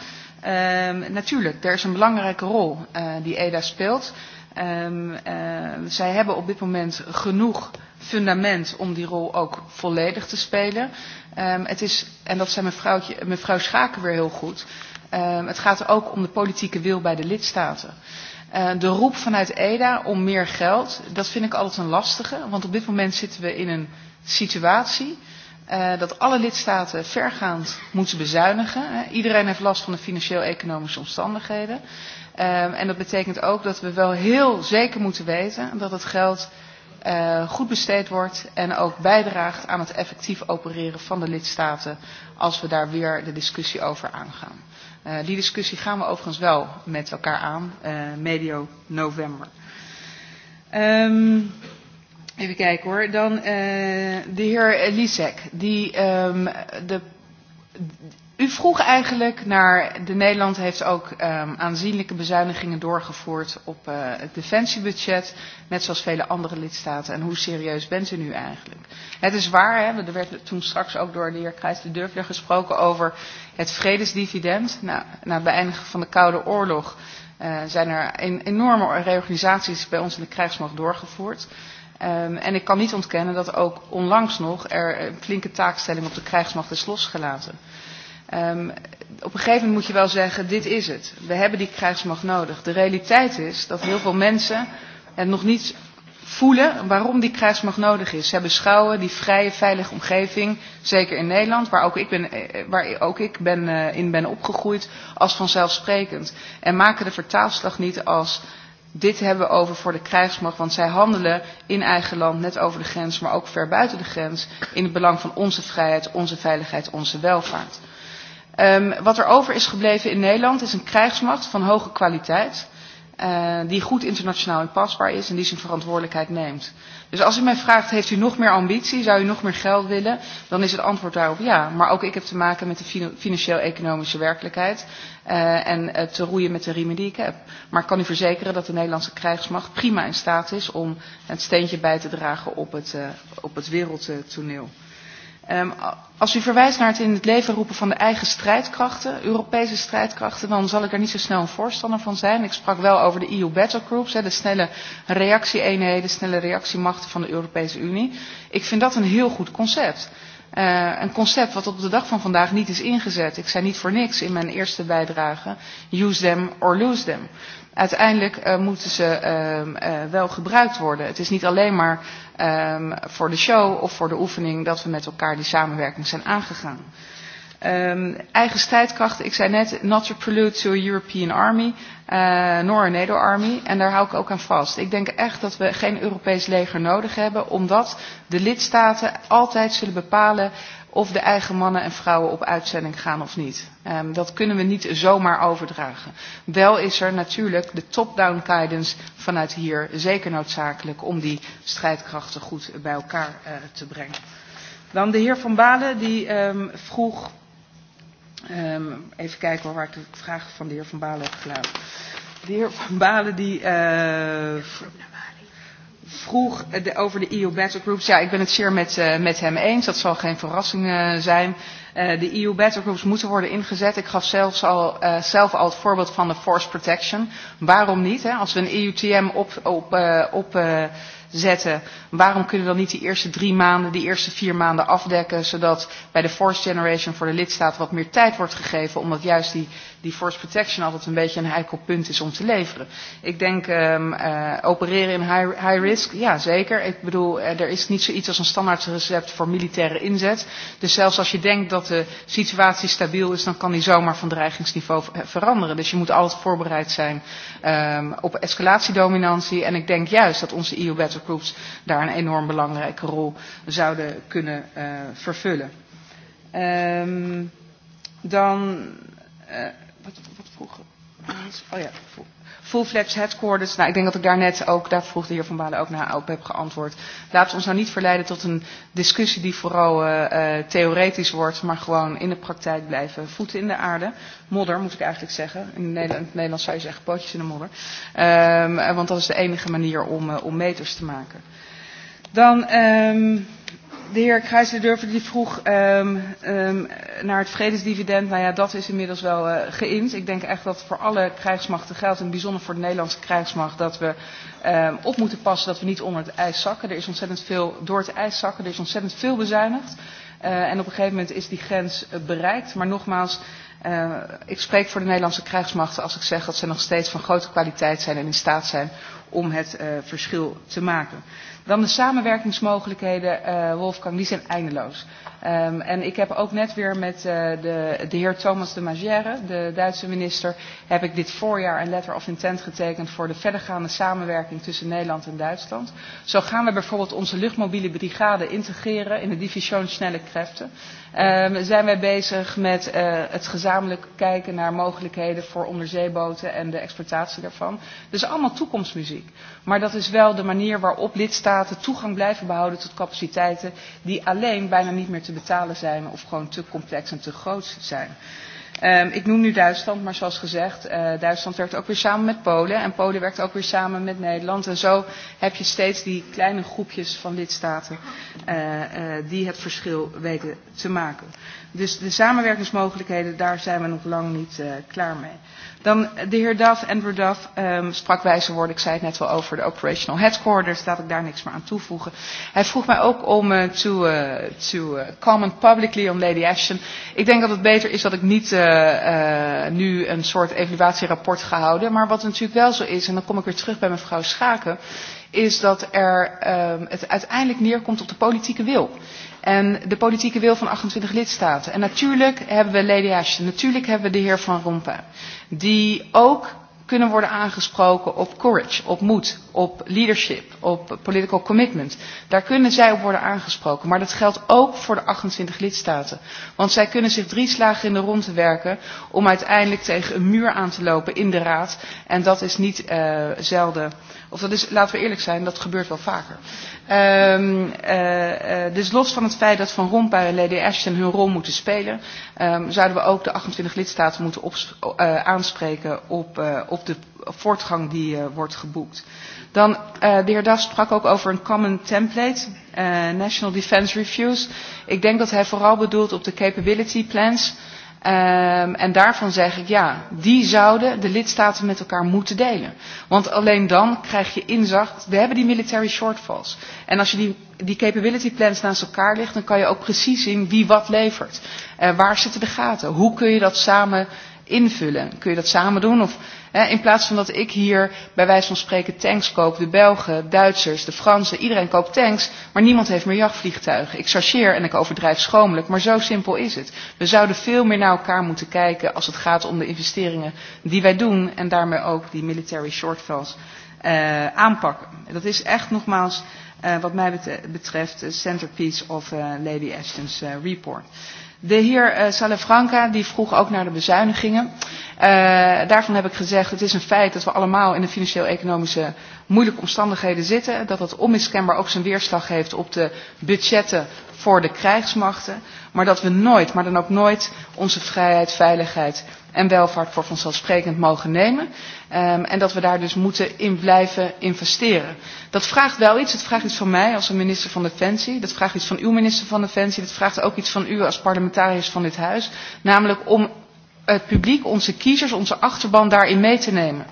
Um, natuurlijk, er is een belangrijke rol uh, die EDA speelt. Um, uh, zij hebben op dit moment genoeg uh, fundament om die rol ook volledig te spelen. Um, het is, en dat zei mevrouwtje, mevrouw Schaken weer heel goed, um, het gaat er ook om de politieke wil bij de lidstaten. Uh, de roep vanuit EDA om meer geld, dat vind ik altijd een lastige, want op dit moment zitten we in een situatie uh, dat alle lidstaten vergaand moeten bezuinigen. Uh, iedereen heeft last van de financieel-economische omstandigheden. Uh, en dat betekent ook dat we wel heel zeker moeten weten dat het geld uh, goed besteed wordt en ook bijdraagt aan het effectief opereren van de lidstaten als we daar weer de discussie over aangaan. Uh, die discussie gaan we overigens wel met elkaar aan, uh, medio november. Um, even kijken hoor. Dan uh, de heer Lisek, die um, de U vroeg eigenlijk naar, de Nederland heeft ook um, aanzienlijke bezuinigingen doorgevoerd op uh, het defensiebudget, net zoals vele andere lidstaten. En hoe serieus bent u nu eigenlijk? Het is waar, hè, er werd toen straks ook door de heer Krijs de Durfler gesproken over het vredesdividend. Nou, na het beëindigen van de Koude Oorlog uh, zijn er een, enorme reorganisaties bij ons in de krijgsmacht doorgevoerd. Um, en ik kan niet ontkennen dat ook onlangs nog er een eh, flinke taakstelling op de krijgsmacht is losgelaten. Um, op een gegeven moment moet je wel zeggen, dit is het. We hebben die krijgsmacht nodig. De realiteit is dat heel veel mensen het nog niet voelen waarom die krijgsmacht nodig is. Zij beschouwen die vrije, veilige omgeving, zeker in Nederland, waar ook ik, ben, eh, waar ook ik ben, uh, in ben opgegroeid, als vanzelfsprekend. En maken de vertaalslag niet als dit hebben we over voor de krijgsmacht, want zij handelen in eigen land, net over de grens, maar ook ver buiten de grens, in het belang van onze vrijheid, onze veiligheid, onze welvaart. Um, wat er over is gebleven in Nederland is een krijgsmacht van hoge kwaliteit. Uh, die goed internationaal inpasbaar is en die zijn verantwoordelijkheid neemt. Dus als u mij vraagt, heeft u nog meer ambitie, zou u nog meer geld willen, dan is het antwoord daarop ja. Maar ook ik heb te maken met de financieel-economische werkelijkheid uh, en uh, te roeien met de riemen die ik heb. Maar ik kan u verzekeren dat de Nederlandse krijgsmacht prima in staat is om het steentje bij te dragen op het, uh, op het wereldtoneel. Uh, Um, als u verwijst naar het in het leven roepen van de eigen strijdkrachten, Europese strijdkrachten, dan zal ik er niet zo snel een voorstander van zijn. Ik sprak wel over de EU Battle Groups, hè, de snelle reactieeenheden, de snelle reactiemachten van de Europese Unie. Ik vind dat een heel goed concept. Uh, een concept wat op de dag van vandaag niet is ingezet. Ik zei niet voor niks in mijn eerste bijdrage, use them or lose them uiteindelijk uh, moeten ze um, uh, wel gebruikt worden. Het is niet alleen maar um, voor de show of voor de oefening dat we met elkaar die samenwerking zijn aangegaan. Um, eigen strijdkrachten, ik zei net, not to prelude to a European army, uh, nor a NATO army. En daar hou ik ook aan vast. Ik denk echt dat we geen Europees leger nodig hebben, omdat de lidstaten altijd zullen bepalen of de eigen mannen en vrouwen op uitzending gaan of niet. Um, dat kunnen we niet zomaar overdragen. Wel is er natuurlijk de top-down guidance vanuit hier zeker noodzakelijk om die strijdkrachten goed bij elkaar uh, te brengen. Dan de heer Van Balen die um, vroeg, um, even kijken hoor, waar ik de vraag van de heer Van Balen heb gedaan. De heer Van Balen die uh, vroeg eh, de, over de EU Battlegroups. Ja, ik ben het zeer met, uh, met hem eens. Dat zal geen verrassing uh, zijn. Uh, de EU Battlegroups moeten worden ingezet. Ik gaf zelfs al, uh, zelf al het voorbeeld van de force protection. Waarom niet? Hè? Als we er een EUTM op, op, uh, op uh, zetten. Waarom kunnen we dan niet die eerste drie maanden, die eerste vier maanden afdekken, zodat bij de force generation voor de lidstaat wat meer tijd wordt gegeven, omdat juist die, die force protection altijd een beetje een heikel punt is om te leveren. Ik denk um, uh, opereren in high, high risk, ja zeker. Ik bedoel, eh, er is niet zoiets als een standaard recept voor militaire inzet. Dus zelfs als je denkt dat de situatie stabiel is, dan kan die zomaar van dreigingsniveau veranderen. Dus je moet altijd voorbereid zijn um, op escalatiedominantie. En ik denk juist dat onze EU-wet waterproofs daar een enorm belangrijke rol zouden kunnen uh, vervullen. Um, dan, uh, wat, wat vroeger? Oh ja, vroeger full-fledged headquarters. Nou, ik denk dat ik daarnet ook, daar vroeg de heer Van Balen ook naar op heb geantwoord. Laten we ons nou niet verleiden tot een discussie die vooral uh, uh, theoretisch wordt, maar gewoon in de praktijk blijven. Voeten in de aarde, modder moet ik eigenlijk zeggen. In Nederland, in Nederland zou je zeggen pootjes in de modder. Um, want dat is de enige manier om, uh, om meters te maken. Dan... Um, de heer Kruijsdorfer die vroeg um, um, naar het vredesdividend. Nou ja, dat is inmiddels wel uh, eh, geïnd. Ik denk echt dat voor alle krijgsmachten geldt, en bijzonder voor de Nederlandse krijgsmacht, dat we um, op moeten passen dat we niet onder het ijs zakken. Er is ontzettend veel door het ijs zakken, er is ontzettend veel bezuinigd. Uh, en op een gegeven moment is die grens uh, bereikt. Maar nogmaals, uh, ik spreek voor de Nederlandse krijgsmachten als ik zeg dat ze nog steeds van grote kwaliteit zijn en in staat zijn om het uh, verschil te maken. Uh, Dan de samenwerkingsmogelijkheden, uh, Wolfgang, die zijn eindeloos. Um, en ik heb ook net weer met uh, de, de heer Thomas de Magère, de Duitse minister, heb ik dit voorjaar een letter of intent getekend voor de verdergaande samenwerking tussen Nederland en Duitsland. Zo gaan we bijvoorbeeld onze luchtmobiele brigade integreren in de division snelle krachten. Um, zijn wij bezig met uh, het gezamenlijk kijken naar mogelijkheden voor onderzeeboten en de exploitatie daarvan. Dus allemaal toekomstmuziek. Maar dat is wel de manier waarop lidstaten toegang blijven behouden tot capaciteiten die alleen bijna niet meer te betalen zijn of gewoon te complex en te groot zijn. Uh, Um, ik noem nu Duitsland, maar zoals gezegd, uh, Duitsland werkt ook weer samen met Polen en Polen werkt ook weer samen met Nederland. En zo heb je steeds die kleine groepjes van lidstaten uh, uh, die het verschil weten te maken. Dus de samenwerkingsmogelijkheden, daar zijn we nog lang niet uh, klaar mee. Dan de heer Duff, Andrew Duff, um, sprak wijze woorden. Ik zei het net al over de operational headquarters. Laat ik daar niks meer aan toevoegen. Hij vroeg mij ook om uh, to, uh, to uh, comment publicly on Lady Ashton. Ik denk dat het beter is dat ik niet uh, uh, nu een soort evaluatierapport ga houden. Maar wat natuurlijk wel zo is, en dan kom ik weer terug bij mevrouw Schaken is dat er, um, het uiteindelijk neerkomt op de politieke wil. En de politieke wil van 28 lidstaten. En natuurlijk hebben we Lady Ashton, natuurlijk hebben we de heer Van Rompuy. Die ook kunnen worden aangesproken op courage, op moed, op leadership, op political commitment. Daar kunnen zij op worden aangesproken. Maar dat geldt ook voor de 28 lidstaten. Want zij kunnen zich drie slagen in de ronde werken om uiteindelijk tegen een muur aan te lopen in de raad. En dat is niet uh, zelden uh, Of dat is, laten we eerlijk zijn, dat gebeurt wel vaker. Um, uh, uh, dus los van het feit dat Van Rompuy en Lady Ashton hun rol moeten spelen, um, zouden we ook de 28 lidstaten moeten op, uh, eh, aanspreken op, uh, op de voortgang die uh, wordt geboekt. Dan, uh, de heer Das sprak ook over een common template, uh, National Defense Reviews. Ik denk dat hij vooral bedoelt op de capability plans. Uh, Um, en daarvan zeg ik ja, die zouden de lidstaten met elkaar moeten delen. Want alleen dan krijg je inzicht, we hebben die military shortfalls. En als je die, die capability plans naast elkaar legt, dan kan je ook precies zien wie wat levert. Uh, waar zitten de gaten? Hoe kun je dat samen invullen? Kun je dat samen doen? Of In plaats van dat ik hier bij wijze van spreken tanks koop, de Belgen, Duitsers, de Fransen, iedereen koopt tanks, maar niemand heeft meer jachtvliegtuigen. Ik chargeer en ik overdrijf schromelijk, maar zo simpel is het. We zouden veel meer naar elkaar moeten kijken als het gaat om de investeringen die wij doen en daarmee ook die military shortfalls uh, aanpakken. Dat is echt nogmaals uh, wat mij betreft de centerpiece of uh, Lady Ashton's uh, report. Uh, De heer uh, Salafranca die vroeg ook naar de bezuinigingen. Uh, daarvan heb ik gezegd, het is een feit dat we allemaal in de financieel-economische moeilijke omstandigheden zitten. Dat dat onmiskenbaar ook zijn weerslag heeft op de budgetten voor de krijgsmachten. Maar dat we nooit, maar dan ook nooit, onze vrijheid, veiligheid en welvaart voor vanzelfsprekend mogen nemen. Um, en dat we daar dus moeten in blijven investeren. Dat vraagt wel iets. Het vraagt iets van mij als een minister van Defensie. Dat vraagt iets van uw minister van Defensie. Dat vraagt ook iets van u als parlementariërs van dit huis. Namelijk om het publiek, onze kiezers, onze achterban daarin mee te nemen.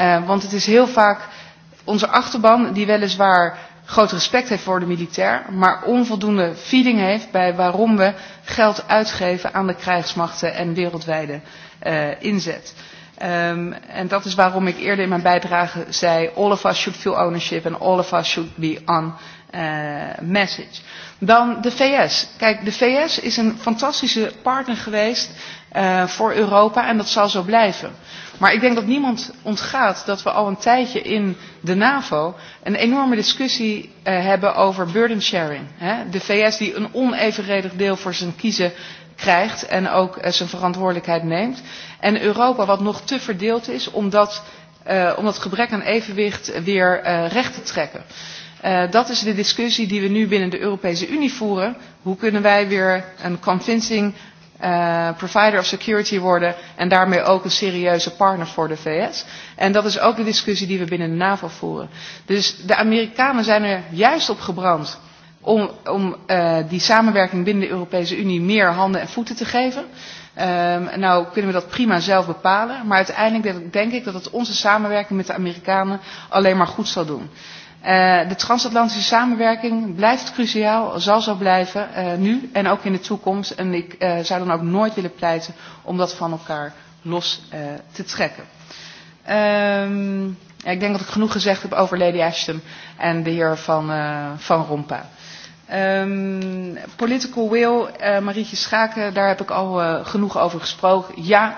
Uh, want het is heel vaak onze achterban die weliswaar groot respect heeft voor de militair, maar onvoldoende feeding heeft bij waarom we geld uitgeven aan de krijgsmachten en wereldwijde uh, inzet. Um, en dat is waarom ik eerder in mijn bijdrage zei, all of us should feel ownership and all of us should be on uh, message. Dan de VS. Kijk, de VS is een fantastische partner geweest uh, voor Europa en dat zal zo blijven. Maar ik denk dat niemand ontgaat dat we al een tijdje in de NAVO een enorme discussie uh, hebben over burden sharing. Hè? De VS die een onevenredig deel voor zijn kiezen krijgt en ook uh, zijn verantwoordelijkheid neemt. En Europa wat nog te verdeeld is om dat, uh, om dat gebrek aan evenwicht weer uh, recht te trekken. Uh, dat is de discussie die we nu binnen de Europese Unie voeren. Hoe kunnen wij weer een convincing uh, provider of security worden en daarmee ook een serieuze partner voor de VS. En dat is ook de discussie die we binnen de NAVO voeren. Dus de Amerikanen zijn er juist op gebrand om, om uh, die samenwerking binnen de Europese Unie meer handen en voeten te geven. Um, uh, nou kunnen we dat prima zelf bepalen, maar uiteindelijk denk ik dat het onze samenwerking met de Amerikanen alleen maar goed zal doen. Uh, Uh, de transatlantische samenwerking blijft cruciaal, zal zo blijven, uh, nu en ook in de toekomst. En ik uh, zou dan ook nooit willen pleiten om dat van elkaar los uh, te trekken. Um, ja, ik denk dat ik genoeg gezegd heb over Lady Ashton en de heer Van, uh, van Rompa. Um, ehm, political will, uh, Marietje Schaken, daar heb ik al uh, genoeg over gesproken. Ja, uh,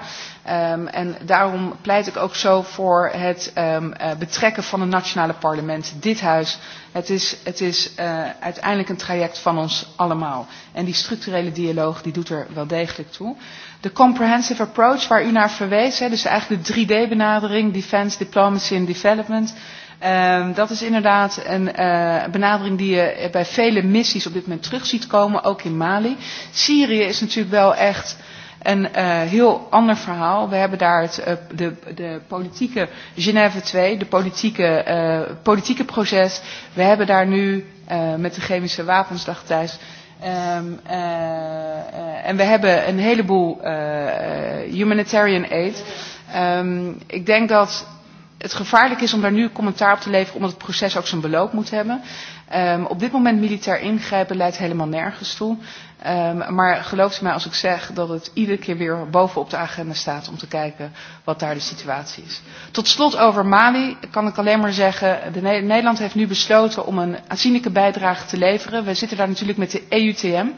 Um, en daarom pleit ik ook zo voor het um, uh, betrekken van de nationale parlementen, dit huis. Het is, het is uh, uiteindelijk een traject van ons allemaal. En die structurele dialoog die doet er wel degelijk toe. De comprehensive approach waar u naar verwees, hè, dus eigenlijk de 3D-benadering, defense, diplomacy en development. Um, dat is inderdaad een uh, benadering die je bij vele missies op dit moment terug ziet komen, ook in Mali. Syrië is natuurlijk wel echt Een uh, heel ander verhaal. We hebben daar het, uh, de, de politieke Genève 2, de politieke, uh, politieke proces. We hebben daar nu uh, met de chemische wapensdag thuis. Um, ehm, uh, uh, en we hebben een heleboel uh, humanitarian aid. Um, ik denk dat het gevaarlijk is om daar nu commentaar op te leveren, omdat het proces ook zijn beloop moet hebben. Um, op dit moment militair ingrijpen leidt helemaal nergens toe. Um, maar geloof ze mij als ik zeg dat het iedere keer weer bovenop de agenda staat om te kijken wat daar de situatie is. Tot slot over Mali kan ik alleen maar zeggen, de ne Nederland heeft nu besloten om een aanzienlijke bijdrage te leveren. We zitten daar natuurlijk met de EUTM. Um,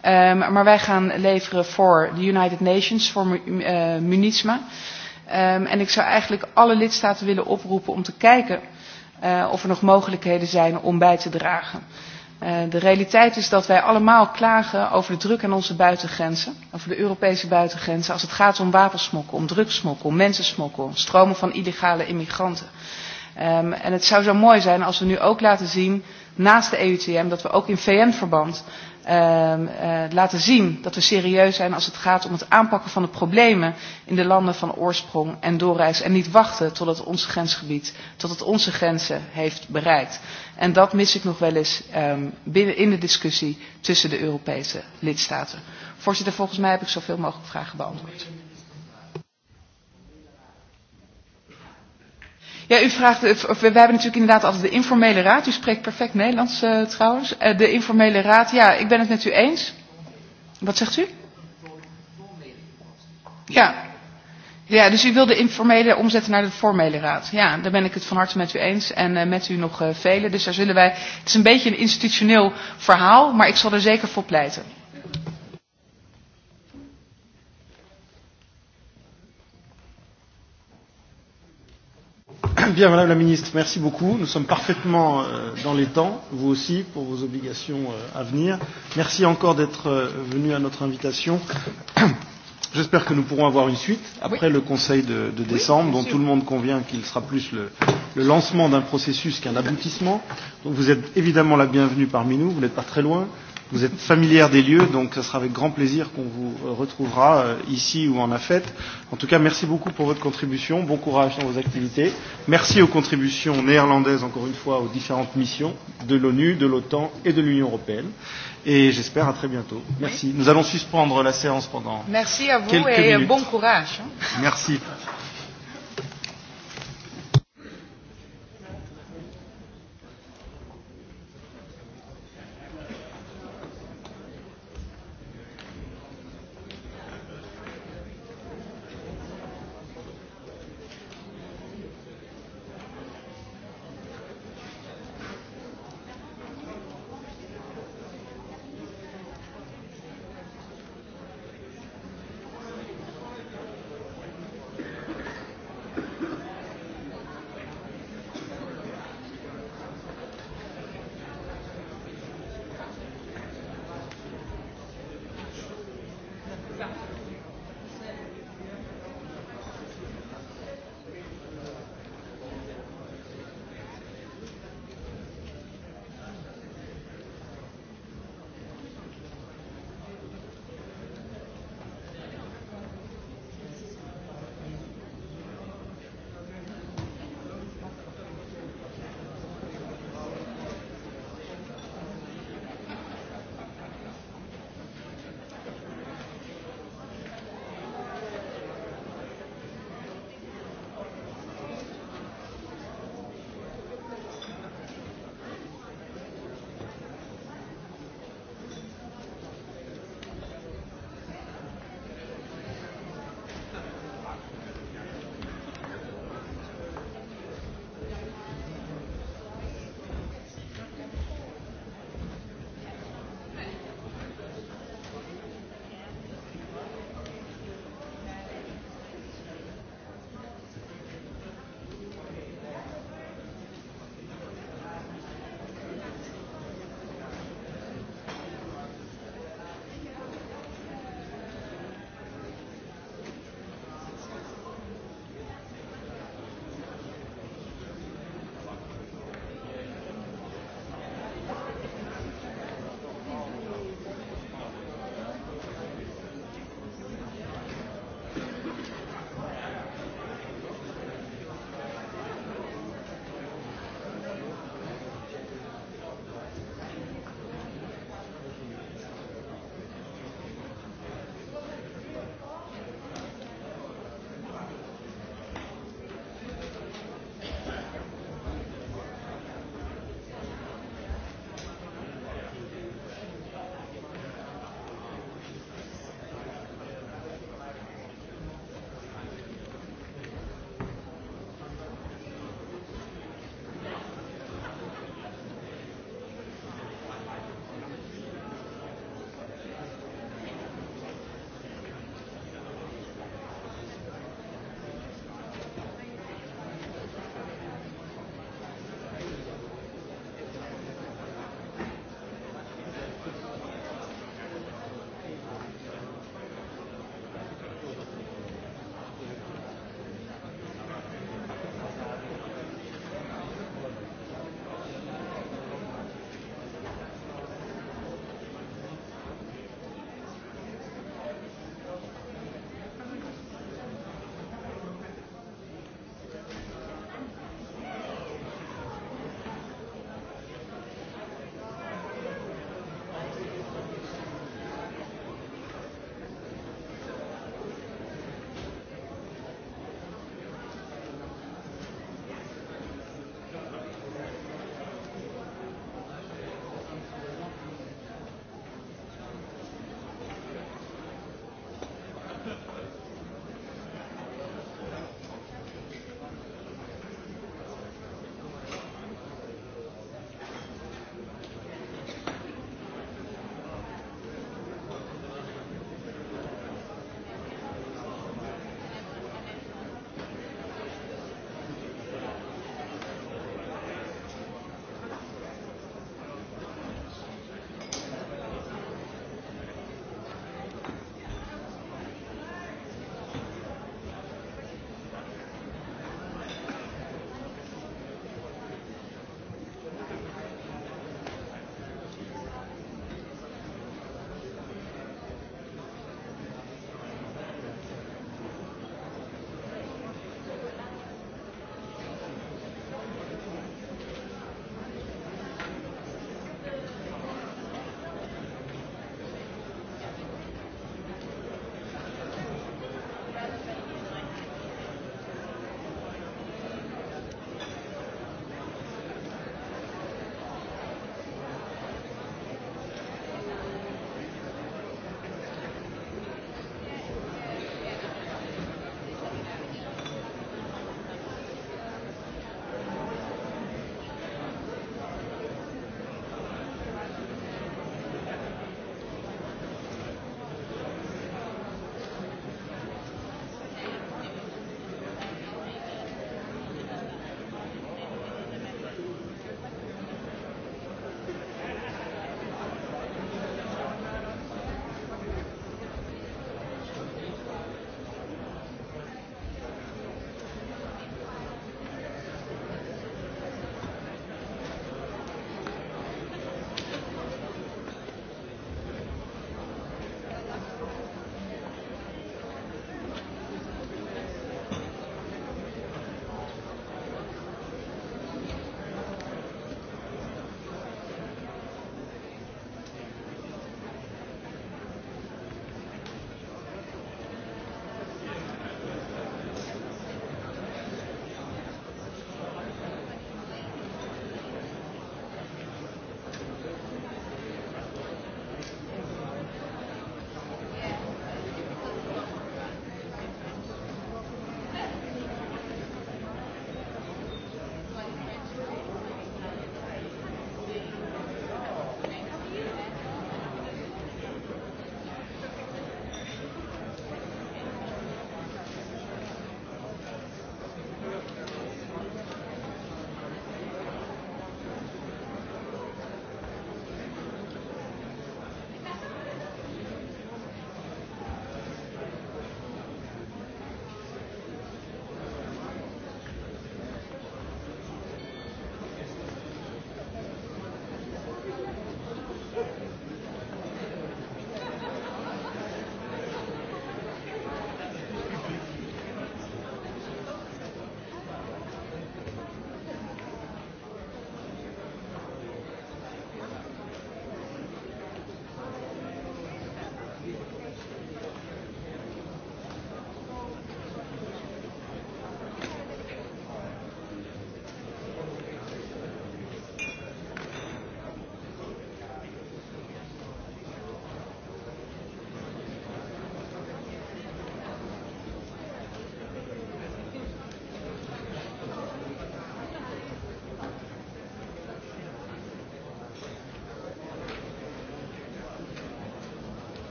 ehm, maar wij gaan leveren voor de United Nations, voor uh, MUNISMA. Um, en ik zou eigenlijk alle lidstaten willen oproepen om te kijken uh, of er nog mogelijkheden zijn om bij te dragen. Uh, de realiteit is dat wij allemaal klagen over de druk aan onze buitengrenzen, over de Europese buitengrenzen, als het gaat om wapensmokkel, om drugsmokkel, mensensmokkel, stromen van illegale immigranten. Um, en het zou zo mooi zijn als we nu ook laten zien, naast de EUTM, dat we ook in VN-verband um, uh, laten zien dat we serieus zijn als het gaat om het aanpakken van de problemen in de landen van oorsprong en doorreis. En niet wachten tot het ons grensgebied, tot het onze grenzen heeft bereikt. En dat mis ik nog wel eens um, binnen in de discussie tussen de Europese lidstaten. Voorzitter, volgens mij heb ik zoveel mogelijk vragen beantwoord. Ja, u vraagt, we hebben natuurlijk inderdaad altijd de informele raad. U spreekt perfect Nederlands uh, trouwens. Uh, de informele raad, ja, ik ben het met u eens. Wat zegt u? Ja. Ja, dus u wil de informele omzetten naar de formele raad. Ja, daar ben ik het van harte met u eens en uh, met u nog uh, velen. Dus daar zullen wij, het is een beetje een institutioneel verhaal, maar ik zal er zeker voor pleiten. [CLEARS THROAT] Bien, Madame la Ministre, merci beaucoup. Nous sommes parfaitement euh, dans les temps, vous aussi, pour vos obligations euh, à venir. Merci encore d'être euh, venu à notre invitation. [CLEARS THROAT] J'espère que nous pourrons avoir une suite après oui. le Conseil de, de décembre, oui, dont sûr. tout le monde convient qu'il sera plus le, le lancement d'un processus qu'un aboutissement. Donc vous êtes évidemment la bienvenue parmi nous, vous n'êtes pas très loin. Euh, Vous êtes familière des lieux, donc ce sera avec grand plaisir qu'on vous euh, retrouvera euh, ici ou en AFET. En tout cas, merci beaucoup pour votre contribution. Bon courage dans vos activités. Merci aux contributions néerlandaises, encore une fois, aux différentes missions de l'ONU, de l'OTAN et de l'Union européenne. Et j'espère à très bientôt. Merci. Nous allons suspendre la séance pendant. Merci à vous quelques et minutes. bon courage. Merci.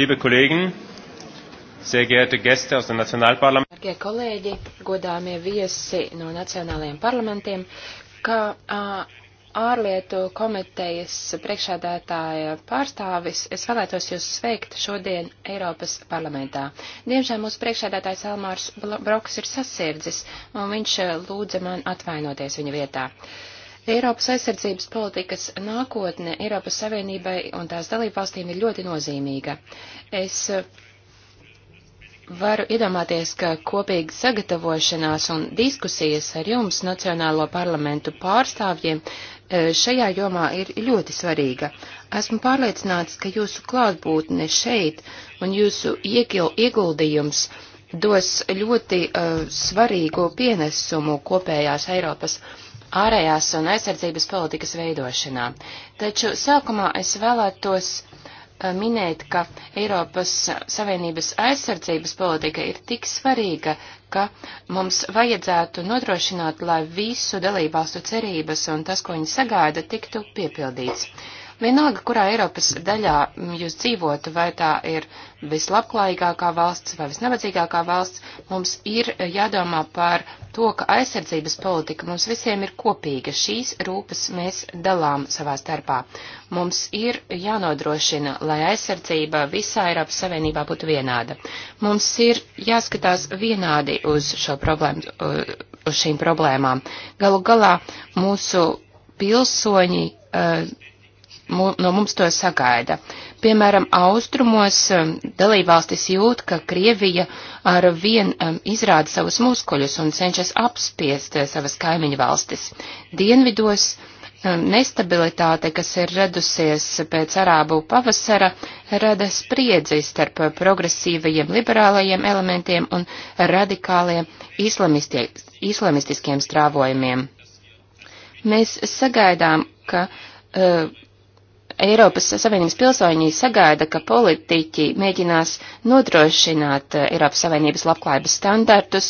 liebe Kollegen, sehr geehrte Gäste aus dem Nationalparlament. Dargie kolēģi, godāmie viesi no nacionālajiem parlamentiem, kā ārlietu komitejas priekšādātāja pārstāvis, es vēlētos jūs sveikt šodien Eiropas parlamentā. Diemžēl mūsu priekšādātājs Elmārs Broks ir sasirdzis, un viņš lūdza man atvainoties viņa vietā. Uh, Eiropas aizsardzības politikas nākotne Eiropas Savienībai un tās dalībvalstīm ir ļoti nozīmīga. Es eh, varu iedomāties, ka kopīga sagatavošanās un diskusijas ar jums, Nacionālo parlamentu pārstāvjiem, eh, šajā jomā ir ļoti svarīga. Esmu pārliecināts, ka jūsu klātbūtne šeit un jūsu ieguldījums dos ļoti uh, eh, svarīgu pienesumu kopējās Eiropas ārējās un aizsardzības politikas veidošanā. Taču sākumā es vēlētos eh, minēt, ka Eiropas Savienības aizsardzības politika ir tik svarīga, ka mums vajadzētu nodrošināt, lai visu dalībvalstu cerības un tas, ko viņi sagaida, tiktu piepildīts. Vienalga, kurā Eiropas daļā jūs dzīvotu, vai tā ir vislabklājīgākā valsts vai visnabadzīgākā valsts, mums ir jādomā par to, ka aizsardzības politika mums visiem ir kopīga. Šīs rūpes mēs dalām savā starpā. Mums ir jānodrošina, lai aizsardzība visā Eiropas Savienībā būtu vienāda. Mums ir jāskatās vienādi uz šo problēmu, uz šīm problēmām. Galu galā mūsu pilsoņi uh, no mums to sagaida. Piemēram, austrumos um, dalībvalstis jūt, ka Krievija ar vien um, izrāda savus muskuļus un cenšas apspiest uh, savas kaimiņu valstis. Dienvidos um, nestabilitāte, kas ir radusies pēc arābu pavasara, rada spriedzi starp progresīvajiem liberālajiem elementiem un radikāliem islamistiskiem strāvojumiem. Mēs sagaidām, ka uh, Eiropas Savienības pilsoņi sagaida, ka politiķi mēģinās nodrošināt eh, Eiropas Savienības labklājības standartus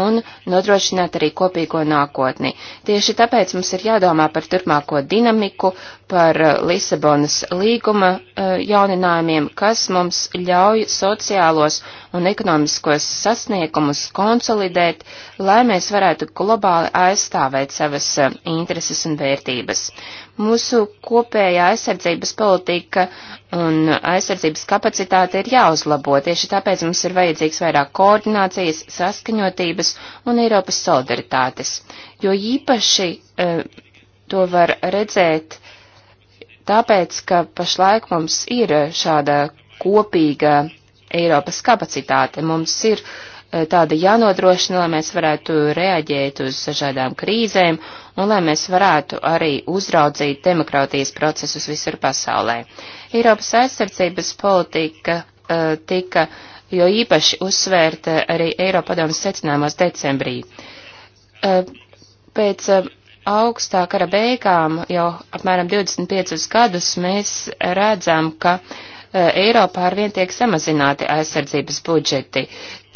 un nodrošināt arī kopīgo nākotni. Tieši tāpēc mums ir jādomā par turpmāko dinamiku, par eh, Lisabonas līguma eh, jauninājumiem, kas mums ļauj sociālos un ekonomiskos sasniegumus konsolidēt, lai mēs varētu globāli aizstāvēt savas eh, intereses un vērtības. Mūsu kopējā aizsardzības politika un aizsardzības kapacitāte ir jāuzlabo, tieši tāpēc mums ir vajadzīgs vairāk koordinācijas, saskaņotības un Eiropas solidaritātes, jo īpaši to var redzēt, Tāpēc, ka pašlaik mums ir šāda kopīga Eiropas kapacitāte, mums ir eh, tāda jānodrošina, lai mēs varētu reaģēt uz dažādām krīzēm un lai mēs varētu arī uzraudzīt demokrātijas procesus visur pasaulē. Eiropas aizsardzības politika eh, tika jo īpaši uzsvērta arī Eiropadomas secinājumos decembrī. Eh, pēc augstā kara beigām, jau apmēram 25 gadus, mēs redzam, ka e, Eiropā arvien tiek samazināti aizsardzības budžeti.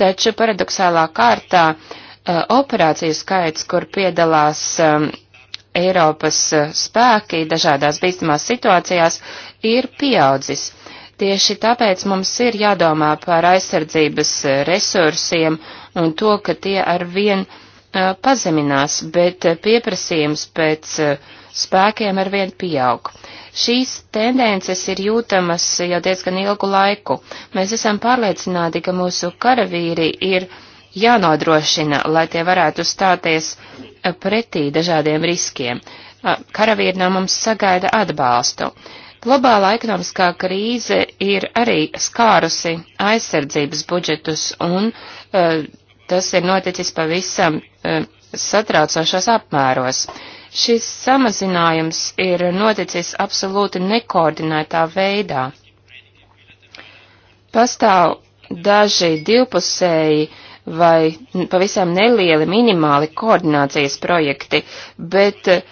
Taču paradoxālā kārtā e, operāciju skaits, kur piedalās e, Eiropas spēki dažādās bīstamās situācijās, ir pieaudzis. Tieši tāpēc mums ir jādomā par aizsardzības resursiem un to, ka tie arvien vien pazeminās, bet pieprasījums pēc spēkiem arvien pieaug. Šīs tendences ir jūtamas jau diezgan ilgu laiku. Mēs esam pārliecināti, ka mūsu karavīri ir jānodrošina, lai tie varētu stāties pretī dažādiem riskiem. Karavīri no mums sagaida atbalstu. Globālā ekonomiskā krīze ir arī skārusi aizsardzības budžetus un uh, tas ir noticis pavisam e, satraucošos apmēros. Šis samazinājums ir noticis absolūti nekoordinētā veidā. Pastāv daži divpusēji vai pavisam nelieli minimāli koordinācijas projekti, bet e,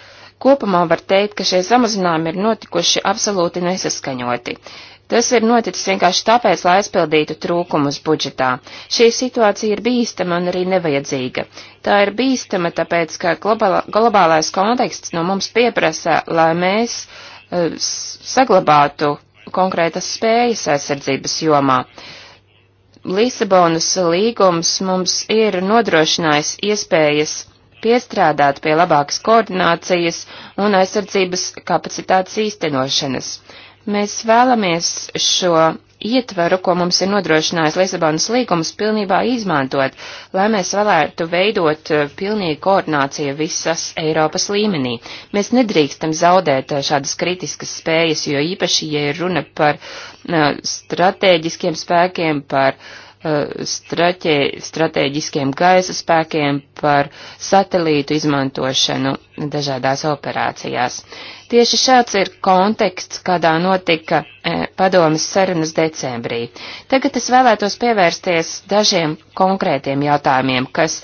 kopumā var teikt, ka šie samazinājumi ir notikuši absolūti nesaskaņoti. Tas ir noticis vienkārši tāpēc, lai aizpildītu trūkumus budžetā. Šī situācija ir bīstama un arī nevajadzīga. Tā ir bīstama, tāpēc, ka globala, globālais konteksts no mums pieprasa, lai mēs uh, saglabātu konkrētas spējas aizsardzības jomā. Lisabonas līgums mums ir nodrošinājis iespējas piestrādāt pie labākas koordinācijas un aizsardzības kapacitātes īstenošanas. Mēs vēlamies šo ietvaru, ko mums ir nodrošinājis Lisabonas līgums, pilnībā izmantot, lai mēs varētu veidot eh, pilnīgu koordināciju visas Eiropas līmenī. Mēs nedrīkstam zaudēt eh, šādas kritiskas spējas, jo īpaši, ja ir runa par eh, stratēģiskiem spēkiem, par uh, Eh, straķē, strateģiskiem gaisa spēkiem, par satelītu izmantošanu dažādās operācijās. Tieši šāds ir konteksts, kādā notika e, padomas sarunas decembrī. Tagad es vēlētos pievērsties dažiem konkrētiem jautājumiem, kas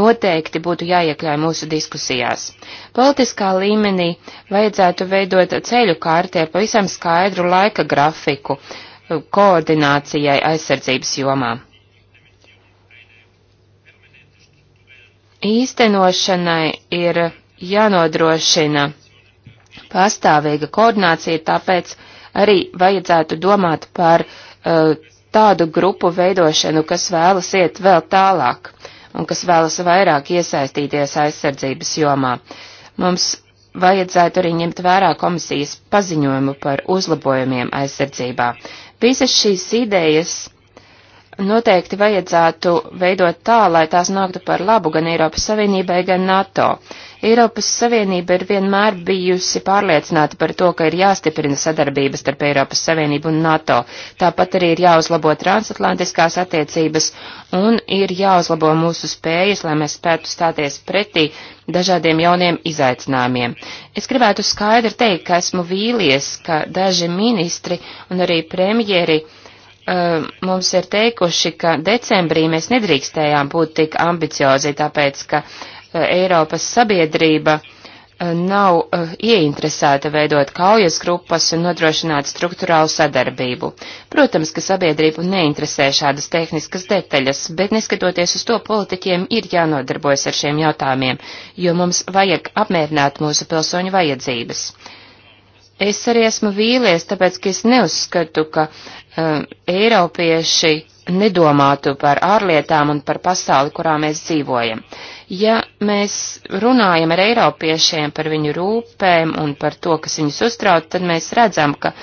noteikti būtu jāiekļauj mūsu diskusijās. Politiskā līmenī vajadzētu veidot ceļu kārtē pavisam skaidru laika grafiku, koordinācijai aizsardzības jomā. Īstenošanai ir jānodrošina pastāvīga koordinācija, tāpēc arī vajadzētu domāt par uh, tādu grupu veidošanu, kas vēlas iet vēl tālāk un kas vēlas vairāk iesaistīties aizsardzības jomā. Mums vajadzētu arī ņemt vērā komisijas paziņojumu par uzlabojumiem aizsardzībā. Visas šīs idejas noteikti vajadzētu veidot tā, lai tās nāktu par labu gan Eiropas Savienībai, gan NATO. Eiropas Savienība ir vienmēr bijusi pārliecināta par to, ka ir jāstiprina sadarbības starp Eiropas Savienību un NATO. Tāpat arī ir jāuzlabo transatlantiskās attiecības un ir jāuzlabo mūsu spējas, lai mēs spētu stāties pretī dažādiem jauniem izaicinājumiem. Es gribētu skaidri teikt, ka esmu vīlies, ka daži ministri un arī premjeri uh, Eh, mums ir teikuši, ka decembrī mēs nedrīkstējām būt tik ambiciozi, tāpēc ka eh, Eiropas sabiedrība eh, nav ieinteresēta veidot kaujas grupas un nodrošināt struktūrālu sadarbību. Protams, ka sabiedrību neinteresē šādas tehniskas detaļas, bet neskatoties uz to, politiķiem ir jānodarbojas ar šiem jautājumiem, jo mums vajag apmierināt mūsu pilsoņu vajadzības. Es arī esmu vīlies, tāpēc, ka es neuzskatu, ka um, Eiropieši nedomātu par ārlietām un par pasauli, kurā mēs dzīvojam. Ja mēs runājam ar Eiropiešiem par viņu rūpēm un par to, kas viņus uztrauc, tad mēs redzam, ka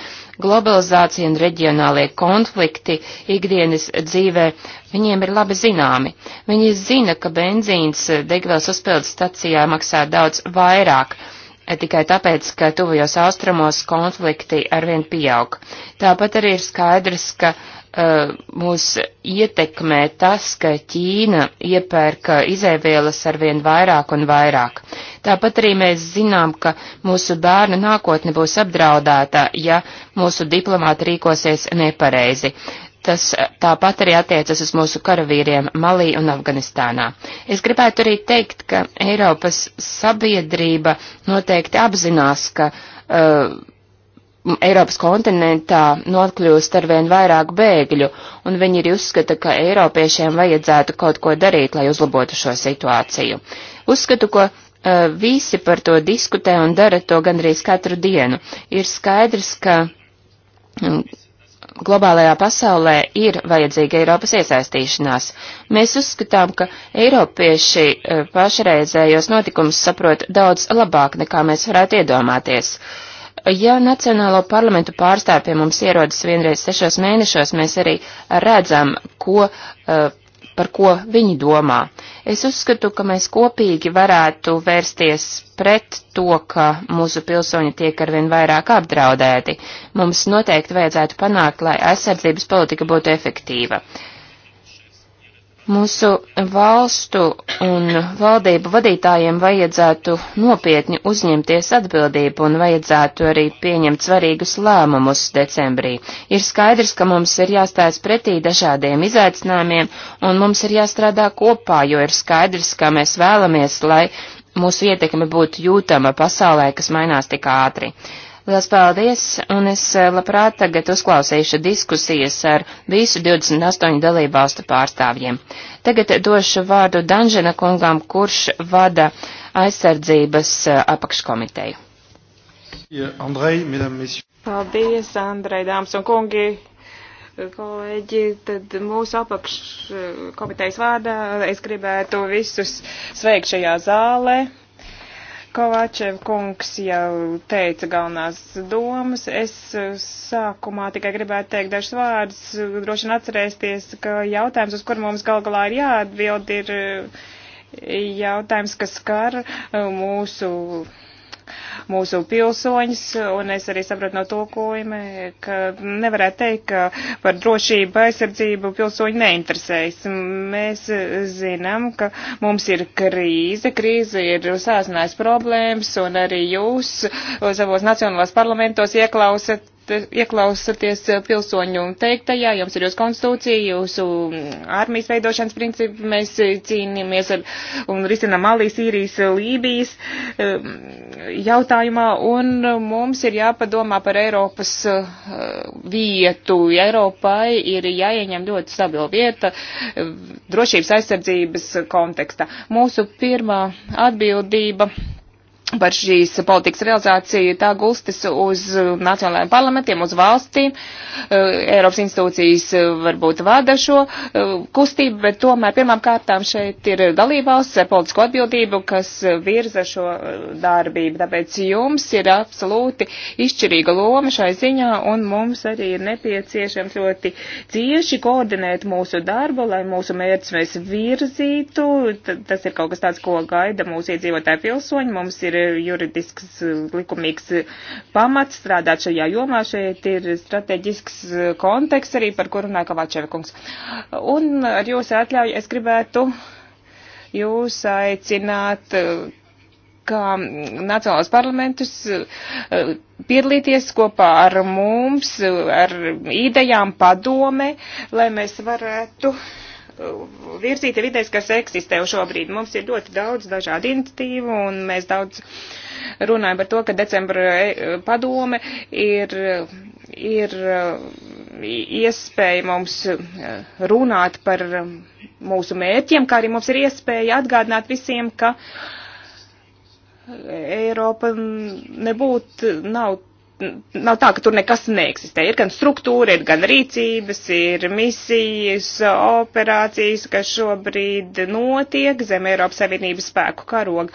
globalizācija un reģionālie konflikti ikdienas dzīvē viņiem ir labi zināmi. Viņi zina, ka benzīns eh, degvielas uzpildes stacijā maksā daudz vairāk Eh, tikai tāpēc, ka tuvajos austrumos konflikti arvien pieaug. Tāpat arī ir skaidrs, ka uh, mūs ietekmē tas, ka Ķīna iepērka izēvielas arvien vairāk un vairāk. Tāpat arī mēs zinām, ka mūsu bērna nākotne būs apdraudēta, ja mūsu diplomāti rīkosies nepareizi. Tas eh, tāpat arī attiecas uz mūsu karavīriem Malī un Afganistānā. Es gribētu arī teikt, ka Eiropas sabiedrība noteikti apzinās, ka uh, Eiropas kontinentā notkļūst arvien vairāk bēgļu, un viņi arī uzskata, ka Eiropiešiem vajadzētu kaut ko darīt, lai uzlabotu šo situāciju. Uzskatu, ko uh, eh, visi par to diskutē un dara to gandrīz katru dienu. Ir skaidrs, ka um, globālajā pasaulē ir vajadzīga Eiropas iesaistīšanās. Mēs uzskatām, ka Eiropieši eh, pašreizējos notikumus saprot daudz labāk, nekā mēs varētu iedomāties. Ja Nacionālo parlamentu pārstāvji pie mums ierodas vienreiz sešos mēnešos, mēs arī redzam, ko uh, par ko viņi domā. Es uzskatu, ka mēs kopīgi varētu vērsties pret to, ka mūsu pilsoņi tiek arvien vairāk apdraudēti. Mums noteikti vajadzētu panākt, lai aizsardzības politika būtu efektīva. Uh, Mūsu valstu un valdību vadītājiem vajadzētu nopietni uzņemties atbildību un vajadzētu arī pieņemt svarīgus lēmumus decembrī. Ir skaidrs, ka mums ir jāstājas pretī dažādiem izaicinājumiem un mums ir jāstrādā kopā, jo ir skaidrs, ka mēs vēlamies, lai mūsu ietekme būtu jūtama pasaulē, kas mainās tik ātri. Lielas paldies, un es eh, labprāt tagad uzklausīšu diskusijas ar visu 28 dalībvalstu pārstāvjiem. Tagad došu vārdu Danžena kungām, kurš vada aizsardzības eh, apakškomiteju. Andrei, paldies, Andrei, dāmas un kungi, kolēģi, tad mūsu apakškomitejas vārdā es gribētu visus sveikt šajā zālē. Kovačev kungs jau teica galvenās domas. Es uh, sākumā tikai gribētu teikt dažus vārdus. Droši vien atcerēsties, ka jautājums, uz kur mums gal galā ir jāatbild, ir uh, jautājums, kas skar uh, mūsu mūsu pilsoņus, un es arī sapratu no tulkojuma, ka nevarētu teikt, ka par drošību aizsardzību pilsoņi neinteresējas. Mēs zinām, ka mums ir krīze, krīze ir sāsinājusi problēmas, un arī jūs savos nacionālās parlamentos ieklausat ieklausāties eh, pilsoņu teiktajā, jums ir jūsu konstitūcija, jūsu mm, armijas veidošanas principi, mēs eh, cīnāmies ar un risinām Malī, Sīrijas, eh, Lībijas jautājumā, un mums ir jāpadomā par Eiropas vietu. Eiropai ir jāieņem ļoti stabila vieta drošības aizsardzības kontekstā. Mūsu pirmā atbildība par šīs politikas realizāciju, tā gulstas uz nacionālajiem parlamentiem, uz valstīm. Eh, Eiropas institūcijas eh, varbūt vada šo eh, kustību, bet tomēr pirmām kārtām šeit ir dalībvalsts ar politisko atbildību, kas virza šo darbību. Tāpēc jums ir absolūti izšķirīga loma šai ziņā, un mums arī ir nepieciešams ļoti cieši koordinēt mūsu darbu, lai mūsu mērķis mēs virzītu. Tas ir kaut kas tāds, ko gaida mūsu iedzīvotāji pilsoņi. Mums ir ir juridisks likumīgs pamats strādāt šajā jomā. Šeit ir strateģisks konteksts arī, par kuru runāja Kavačevikungs. Un ar jūsu atļauju es gribētu jūs aicināt kā nacionālos parlamentus piedalīties kopā ar mums, ar idejām padome, lai mēs varētu uh, virzīta vidēs, kas eksistē šobrīd. Mums ir ļoti daudz dažādu iniciatīvu, un mēs daudz runājam par to, ka decembra e, padome ir, ir e, iespēja mums e, runāt par mūsu mērķiem, kā arī mums ir iespēja atgādināt visiem, ka Eiropa nebūtu, nav nav tā, ka tur nekas neeksistē. Ir gan struktūra, ir gan rīcības, ir misijas, operācijas, kas šobrīd notiek zem Eiropas Savienības spēku karoga.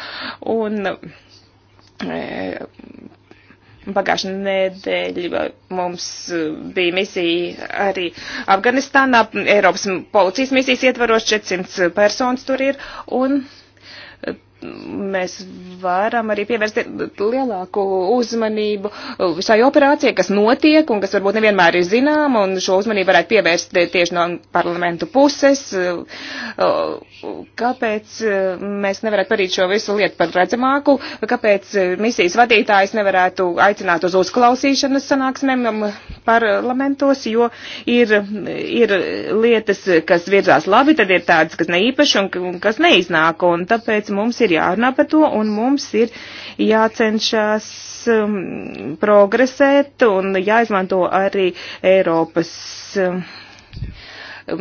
Un e, pagājušā nedēļa mums bija misija arī Afganistānā, Eiropas policijas misijas ietvaros 400 personas tur ir. Un, e, mēs varam arī pievērst lielāku uzmanību šai operācijai, kas notiek un kas varbūt nevienmēr ir zināma, un šo uzmanību varētu pievērst tieši no parlamentu puses. Kāpēc mēs nevarētu parīt šo visu lietu par redzamāku? Kāpēc misijas vadītājs nevarētu aicināt uz uzklausīšanas sanāksmēm parlamentos, jo ir, ir lietas, kas virzās labi, tad ir tādas, kas neīpaši un kas neiznāk, un tāpēc mums ir ir jārunā par to, un mums ir jācenšas um, progresēt un jāizmanto arī Eiropas. Um,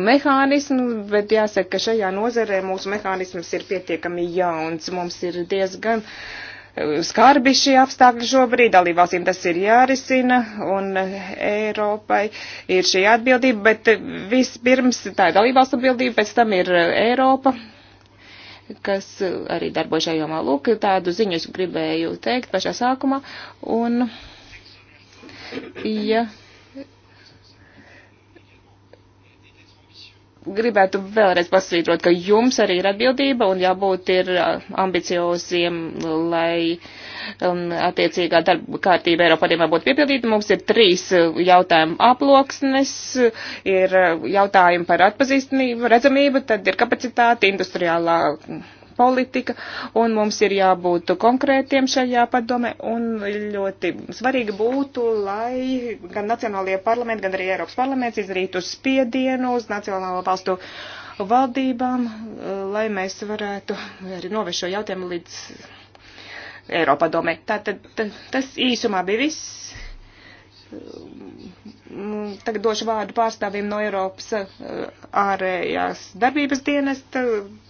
mehānismu, bet jāsaka, ka šajā nozarē mūsu mehānisms ir pietiekami jauns. Mums ir diezgan uh, skarbi šie apstākļi šobrīd, dalībvalstīm tas ir jārisina, un Eiropai ir šī atbildība, bet uh, vispirms tā ir dalībvalsts atbildība, pēc tam ir uh, Eiropa kas eh, arī darbojas šajā jomā. Lūk, tādu ziņu es gribēju teikt pašā sākumā. Un, ja gribētu vēlreiz pasvītrot, ka jums arī ir atbildība un jābūt ir uh, ambicioziem, lai um, attiecīgā darba kārtība Eiropadiem būtu piepildīta. Mums ir trīs uh, jautājumu aploksnes, ir uh, jautājumi par atpazīstamību, redzamību, tad ir kapacitāte, industriālā politika, un mums ir jābūt konkrētiem šajā padome, un ļoti svarīgi būtu, lai gan nacionālajie parlamenti, gan arī Eiropas parlaments izdarītu spiedienu uz nacionālo valstu valdībām, lai mēs varētu arī novest šo jautājumu līdz Eiropadomē. Tātad tas īsumā bija viss. Mm, tagad došu vārdu pārstāvjiem no Eiropas eh, ārējās darbības dienesta.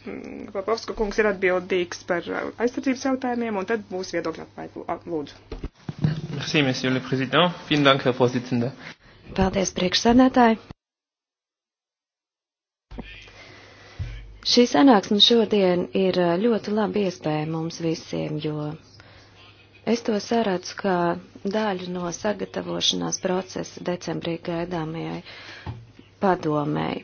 Mm, Papovska kungs ir atbildīgs par eh, aizsardzības jautājumiem, un tad būs viedokļa apmaiņa. Lūdzu. Merci, monsieur le président. Vielen Dank, Herr Vorsitzender. Paldies, priekšsēdētāji. Šī sanāksme šodien ir eh, ļoti laba iespēja mums visiem, jo Es to saredzu kā daļu no sagatavošanās procesa decembrī gaidāmajai padomēji.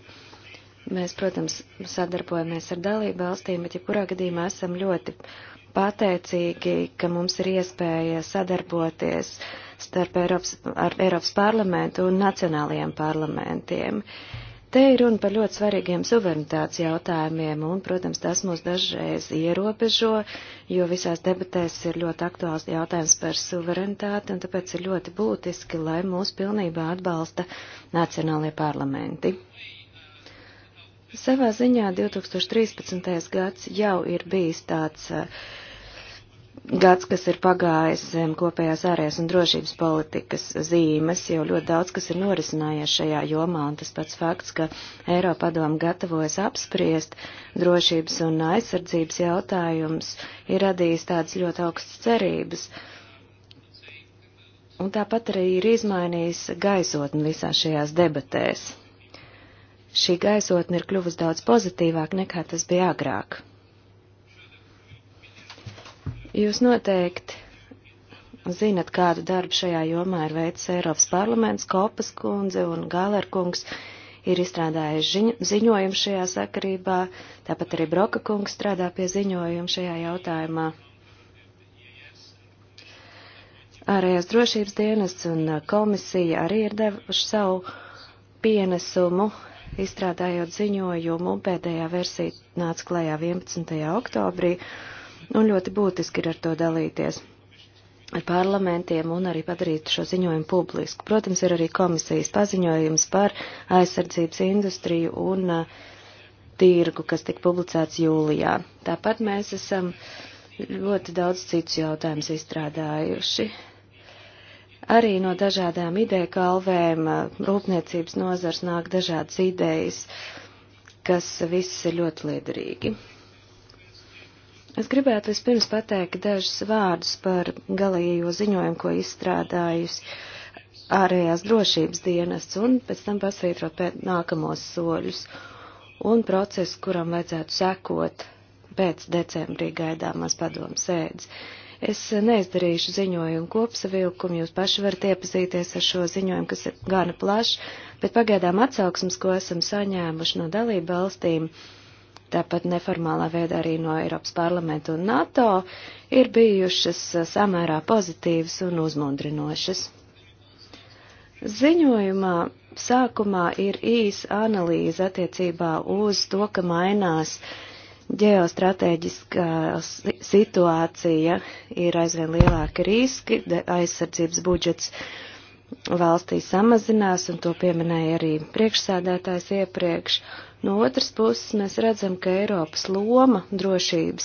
Mēs, protams, sadarbojamies ar dalību valstīm, bet jebkurā ja gadījumā esam ļoti pateicīgi, ka mums ir iespēja sadarboties starp Eiropas, ar Eiropas parlamentu un nacionālajiem parlamentiem. Uh, Te ir runa par ļoti svarīgiem suverenitātes jautājumiem, un, protams, tas mūs dažreiz ierobežo, jo visās debatēs ir ļoti aktuāls jautājums par suverenitāti, un tāpēc ir ļoti būtiski, lai mūs pilnībā atbalsta nacionālie parlamenti. Savā ziņā 2013. gads jau ir bijis tāds uh, gads, kas ir pagājis kopējās ārējās un drošības politikas zīmes, jau ļoti daudz, kas ir norisinājies šajā jomā, un tas pats fakts, ka Eiropa doma gatavojas apspriest drošības un aizsardzības jautājums, ir radījis tādas ļoti augstas cerības. Un tāpat arī ir izmainījis gaisotni visā šajās debatēs. Šī gaisotne ir kļuvusi daudz pozitīvāk nekā tas bija agrāk. Jūs noteikti zinat, kādu darbu šajā jomā ir veicis Eiropas parlaments, Kopas kundze un Galerkungs ir izstrādājuši ziņojumu šajā sakarībā, tāpat arī Broka kungs strādā pie ziņojuma šajā jautājumā. Ārējās drošības dienests un komisija arī ir devuši savu pienesumu, izstrādājot ziņojumu, pēdējā versija nāca klajā 11. oktobrī, un nu, ļoti būtiski ir ar to dalīties ar parlamentiem un arī padarīt šo ziņojumu publisku. Protams, ir arī komisijas paziņojums par aizsardzības industriju un uh, tirgu, kas tika publicēts jūlijā. Tāpat mēs esam ļoti daudz citus jautājumus izstrādājuši. Arī no dažādām ideja kalvēm uh, rūpniecības nozars nāk dažādas idejas, kas viss ir ļoti liederīgi. Es gribētu vispirms pateikt dažus vārdus par galējo ziņojumu, ko izstrādājusi ārējās drošības dienests, un pēc tam pasvītrot pēc nākamos soļus un procesu, kuram vajadzētu sekot pēc decembrī gaidāmās padomu sēdes. Es neizdarīšu ziņojumu kopsavilkumu, jūs paši varat iepazīties ar šo ziņojumu, kas ir gana plašs, bet pagaidām atsauksmes, ko esam saņēmuši no dalību valstīm, uh, tāpat neformālā veidā arī no Eiropas parlamenta un NATO, ir bijušas samērā pozitīvas un uzmundrinošas. Ziņojumā sākumā ir īsa analīze attiecībā uz to, ka mainās ģeostrateģiskā situācija, ir aizvien lielāki riski, aizsardzības budžets valstī samazinās, un to pieminēja arī priekšsēdētājs iepriekš. Uh, No otras puses, mēs redzam, ka Eiropas loma drošības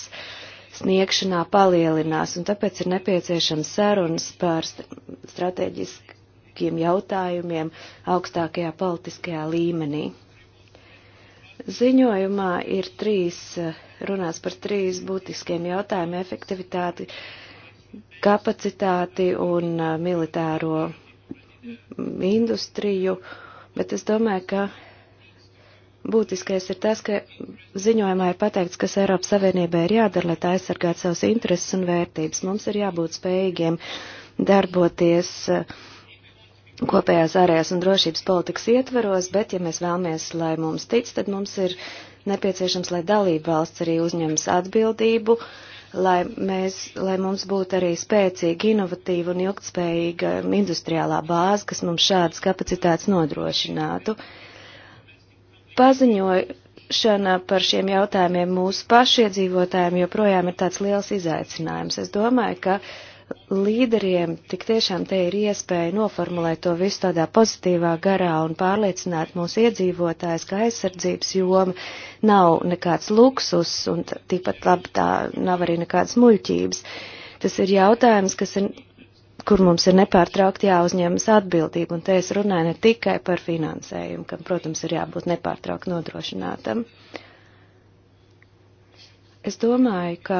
sniegšanā palielinās, un tāpēc ir nepieciešams sarunas par strateģiskiem jautājumiem augstākajā politiskajā līmenī. Ziņojumā ir trīs, runās par trīs būtiskiem jautājumiem - efektivitāti, kapacitāti un eh, militāro mm, industriju, bet es domāju, ka Būtiskais ir tas, ka ziņojumā ir pateikts, kas Eiropas Savienībai ir jādara, lai tā aizsargātu savus intereses un vērtības. Mums ir jābūt spējīgiem darboties eh, kopējās ārējās un drošības politikas ietveros, bet ja mēs vēlamies, lai mums tic, tad mums ir nepieciešams, lai dalība valsts arī uzņems atbildību, lai, mēs, lai mums būtu arī spēcīga, inovatīva un ilgtspējīga industriālā bāze, kas mums šādas kapacitātes nodrošinātu. Uh, paziņošana par šiem jautājumiem mūsu pašiedzīvotājiem joprojām ir tāds liels izaicinājums. Es domāju, ka līderiem tik tiešām te ir iespēja noformulēt to visu tādā pozitīvā garā un pārliecināt mūsu iedzīvotājs, ka aizsardzības joma nav nekāds luksus un tīpat labi tā nav arī nekādas muļķības. Tas ir jautājums, kas ir kur mums ir nepārtraukti jāuzņemas atbildība, un te es runāju ne tikai par finansējumu, kam, protams, ir jābūt nepārtraukti nodrošinātam. Es domāju, ka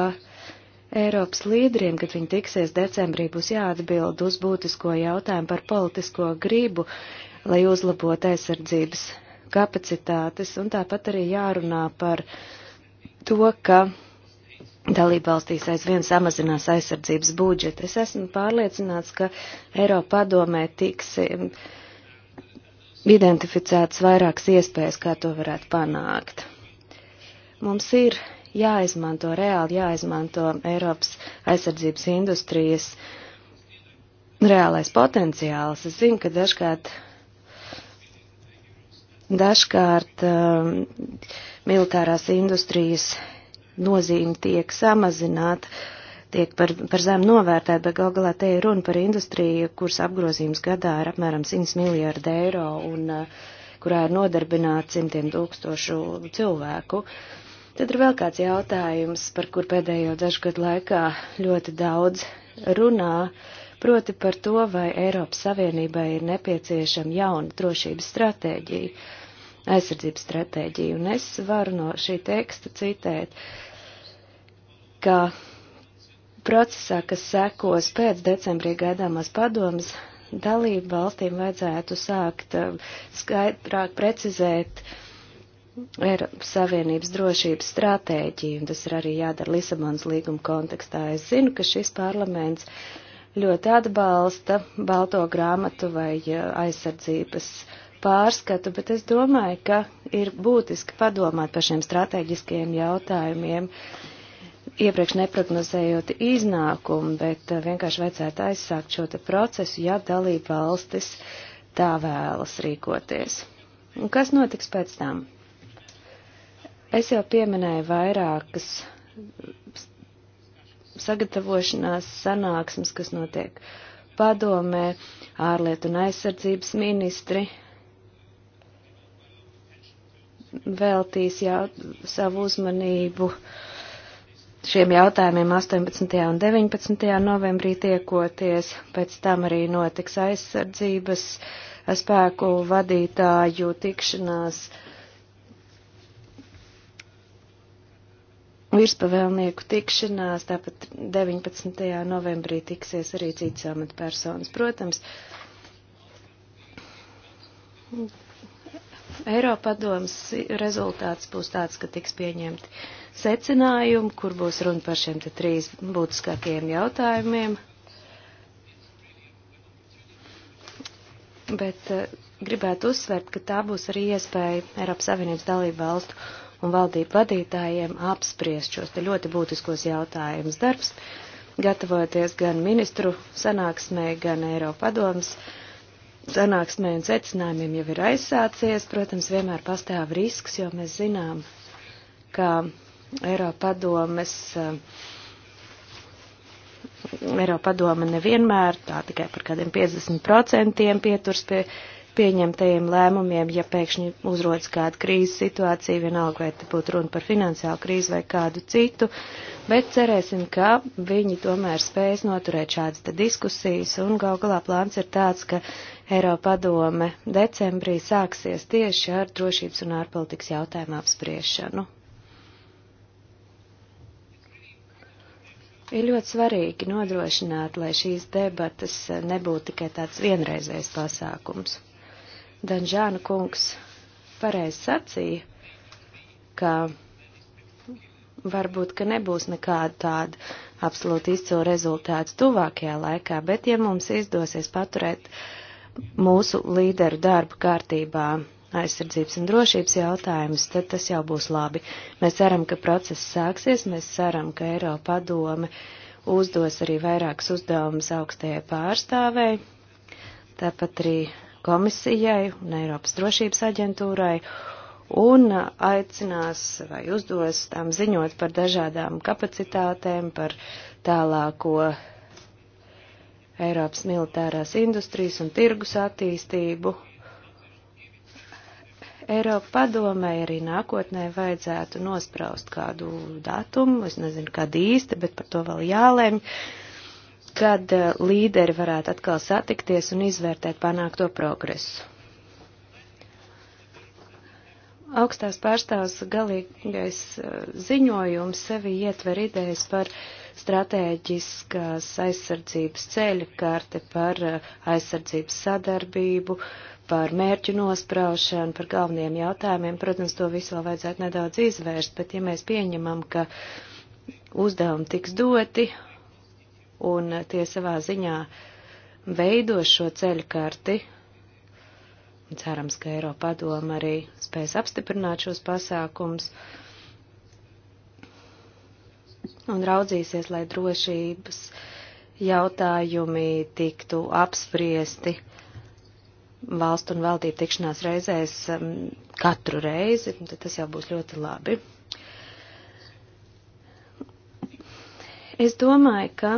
Eiropas līderiem, kad viņi tiksies decembrī, būs jāatbild uz būtisko jautājumu par politisko gribu, lai uzlabotu aizsardzības kapacitātes, un tāpat arī jārunā par to, ka dalībvalstīs aizvien samazinās aizsardzības budžeti. Es esmu pārliecināts, ka Eiropa padomē tiks identificētas vairākas iespējas, kā to varētu panākt. Mums ir jāizmanto reāli, jāizmanto Eiropas aizsardzības industrijas reālais potenciāls. Es zinu, ka dažkārt, dažkārt um, militārās industrijas nozīme tiek samazināta, tiek par, par zem novērtēta, bet gal galā te ir runa par industriju, kuras apgrozījums gadā ir apmēram 100 miljārdi eiro un eh, kurā ir nodarbināti simtiem tūkstošu cilvēku. Tad ir vēl kāds jautājums, par kur pēdējo dažu gadu laikā ļoti daudz runā, proti par to, vai Eiropas Savienībai ir nepieciešama jauna drošības stratēģija aizsardzības stratēģiju. Un es varu no šī teksta citēt, ka procesā, kas sekos pēc decembrī gaidāmās padomas, dalību valstīm vajadzētu sākt uh, skaidrāk precizēt Eiropas Savienības drošības stratēģiju, un tas ir arī jādara Lisabonas līguma kontekstā. Es zinu, ka šis parlaments ļoti atbalsta balto grāmatu vai uh, aizsardzības uh, pārskatu, bet es domāju, ka ir būtiski padomāt par šiem strateģiskajiem jautājumiem, iepriekš neprognozējot iznākumu, bet eh, vienkārši vajadzētu aizsākt šo te procesu, ja dalība valstis tā vēlas rīkoties. Un kas notiks pēc tam? Es jau pieminēju vairākas sagatavošanās sanāksmes, kas notiek padomē, ārlietu un aizsardzības ministri veltīs jau savu uzmanību šiem jautājumiem 18. un 19. novembrī tiekoties. Pēc tam arī notiks aizsardzības spēku vadītāju tikšanās virspavēlnieku tikšanās, tāpat 19. novembrī tiksies arī citas amatpersonas. Protams, Eiropadomas rezultāts būs tāds, ka tiks pieņemti secinājumi, kur būs runa par šiem te trīs būtiskākajiem jautājumiem. Bet uh, gribētu uzsvert, ka tā būs arī iespēja Eiropas Savienības dalību valstu un valdību vadītājiem apspriest šos te ļoti būtiskos jautājumus darbs, gatavoties gan ministru sanāksmē, gan Eiropadomas. padomas sanāksmē un secinājumiem jau ir aizsācies. Protams, vienmēr pastāv risks, jo mēs zinām, ka Eiropadomes. Eh, Eiropadome nevienmēr tā tikai par kādiem 50% pieturs pie pieņemtajiem lēmumiem, ja pēkšņi uzrodas kāda krīzes situācija, vienalga vai te būtu runa par finansiālu krīzi vai kādu citu. Uh, bet cerēsim, ka viņi tomēr spēs noturēt šādas diskusijas, un gal galā plāns ir tāds, ka Eiropadome decembrī sāksies tieši ar drošības un ārpolitikas jautājumu apspriešanu. Ir ļoti svarīgi nodrošināt, lai šīs debatas nebūtu tikai tāds vienreizējs pasākums. Danžāna kungs pareizi sacīja, ka varbūt, ka nebūs nekāda tāda absolūti izcila rezultāta tuvākajā laikā, bet ja mums izdosies paturēt mūsu līderu darbu kārtībā aizsardzības un drošības jautājumus, tad tas jau būs labi. Mēs ceram, ka process sāksies, mēs ceram, ka Eiropa padome uzdos arī vairākas uzdevumus augstajai pārstāvēji, tāpat arī komisijai un Eiropas drošības aģentūrai un aicinās vai uzdos tām ziņot par dažādām kapacitātēm, par tālāko Eiropas militārās industrijas un tirgus attīstību. Eiropa padomē arī nākotnē vajadzētu nospraust kādu datumu, es nezinu, kad īsti, bet par to vēl jālēm, kad eh, līderi varētu atkal satikties un izvērtēt panākto progresu. Augstās pārstāvs galīgais uh, ziņojums sevi ietver idejas par stratēģiskās aizsardzības ceļa karte, par uh, aizsardzības sadarbību, par mērķu nospraušanu, par galveniem jautājumiem. Protams, to visu vēl vajadzētu nedaudz izvērst, bet ja mēs pieņemam, ka uzdevumi tiks doti un tie savā ziņā veido šo ceļu karti, Cerams, ka Eiropa padoma arī spēs apstiprināt šos pasākums un raudzīsies, lai drošības jautājumi tiktu apspriesti valstu un valdību tikšanās reizēs um, katru reizi, tad tas jau būs ļoti labi. Es domāju, ka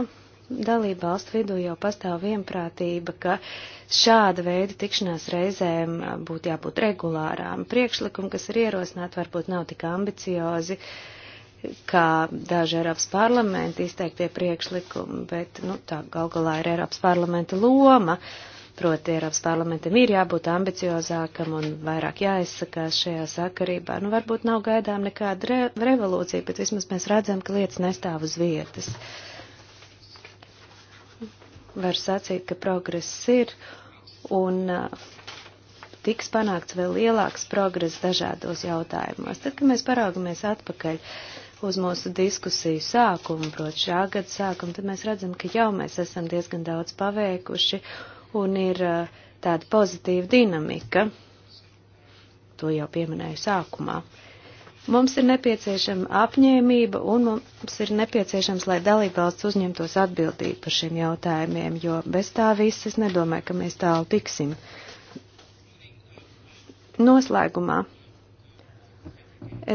dalību valstu vidū jau pastāv vienprātība, ka šāda veida tikšanās reizēm būtu jābūt regulārām. Priekšlikumi, kas ir ierosināti, varbūt nav tik ambiciozi kā daži Eiropas parlamenta izteiktie priekšlikumi, bet, nu, tā gal galā ir Eiropas parlamenta loma. Proti, Eiropas parlamentam ir jābūt ambiciozākam un vairāk jāizsakās šajā sakarībā. Nu, varbūt nav gaidām nekāda re revolūcija, bet vismaz mēs redzam, ka lietas nestāv uz vietas. Uh, var sacīt, ka progress ir un uh, tiks panākts vēl lielāks progress dažādos jautājumos. Tad, kad mēs paraugamies atpakaļ uz mūsu diskusiju sākumu, prot šā gada sākumu, tad mēs redzam, ka jau mēs esam diezgan daudz paveikuši un ir uh, tāda pozitīva dinamika. To jau pieminēju sākumā. Uh, Mums ir nepieciešama apņēmība un mums ir nepieciešams, lai dalībvalsts uzņemtos atbildību par šiem jautājumiem, jo bez tā viss es nedomāju, ka mēs tālu tiksim. Noslēgumā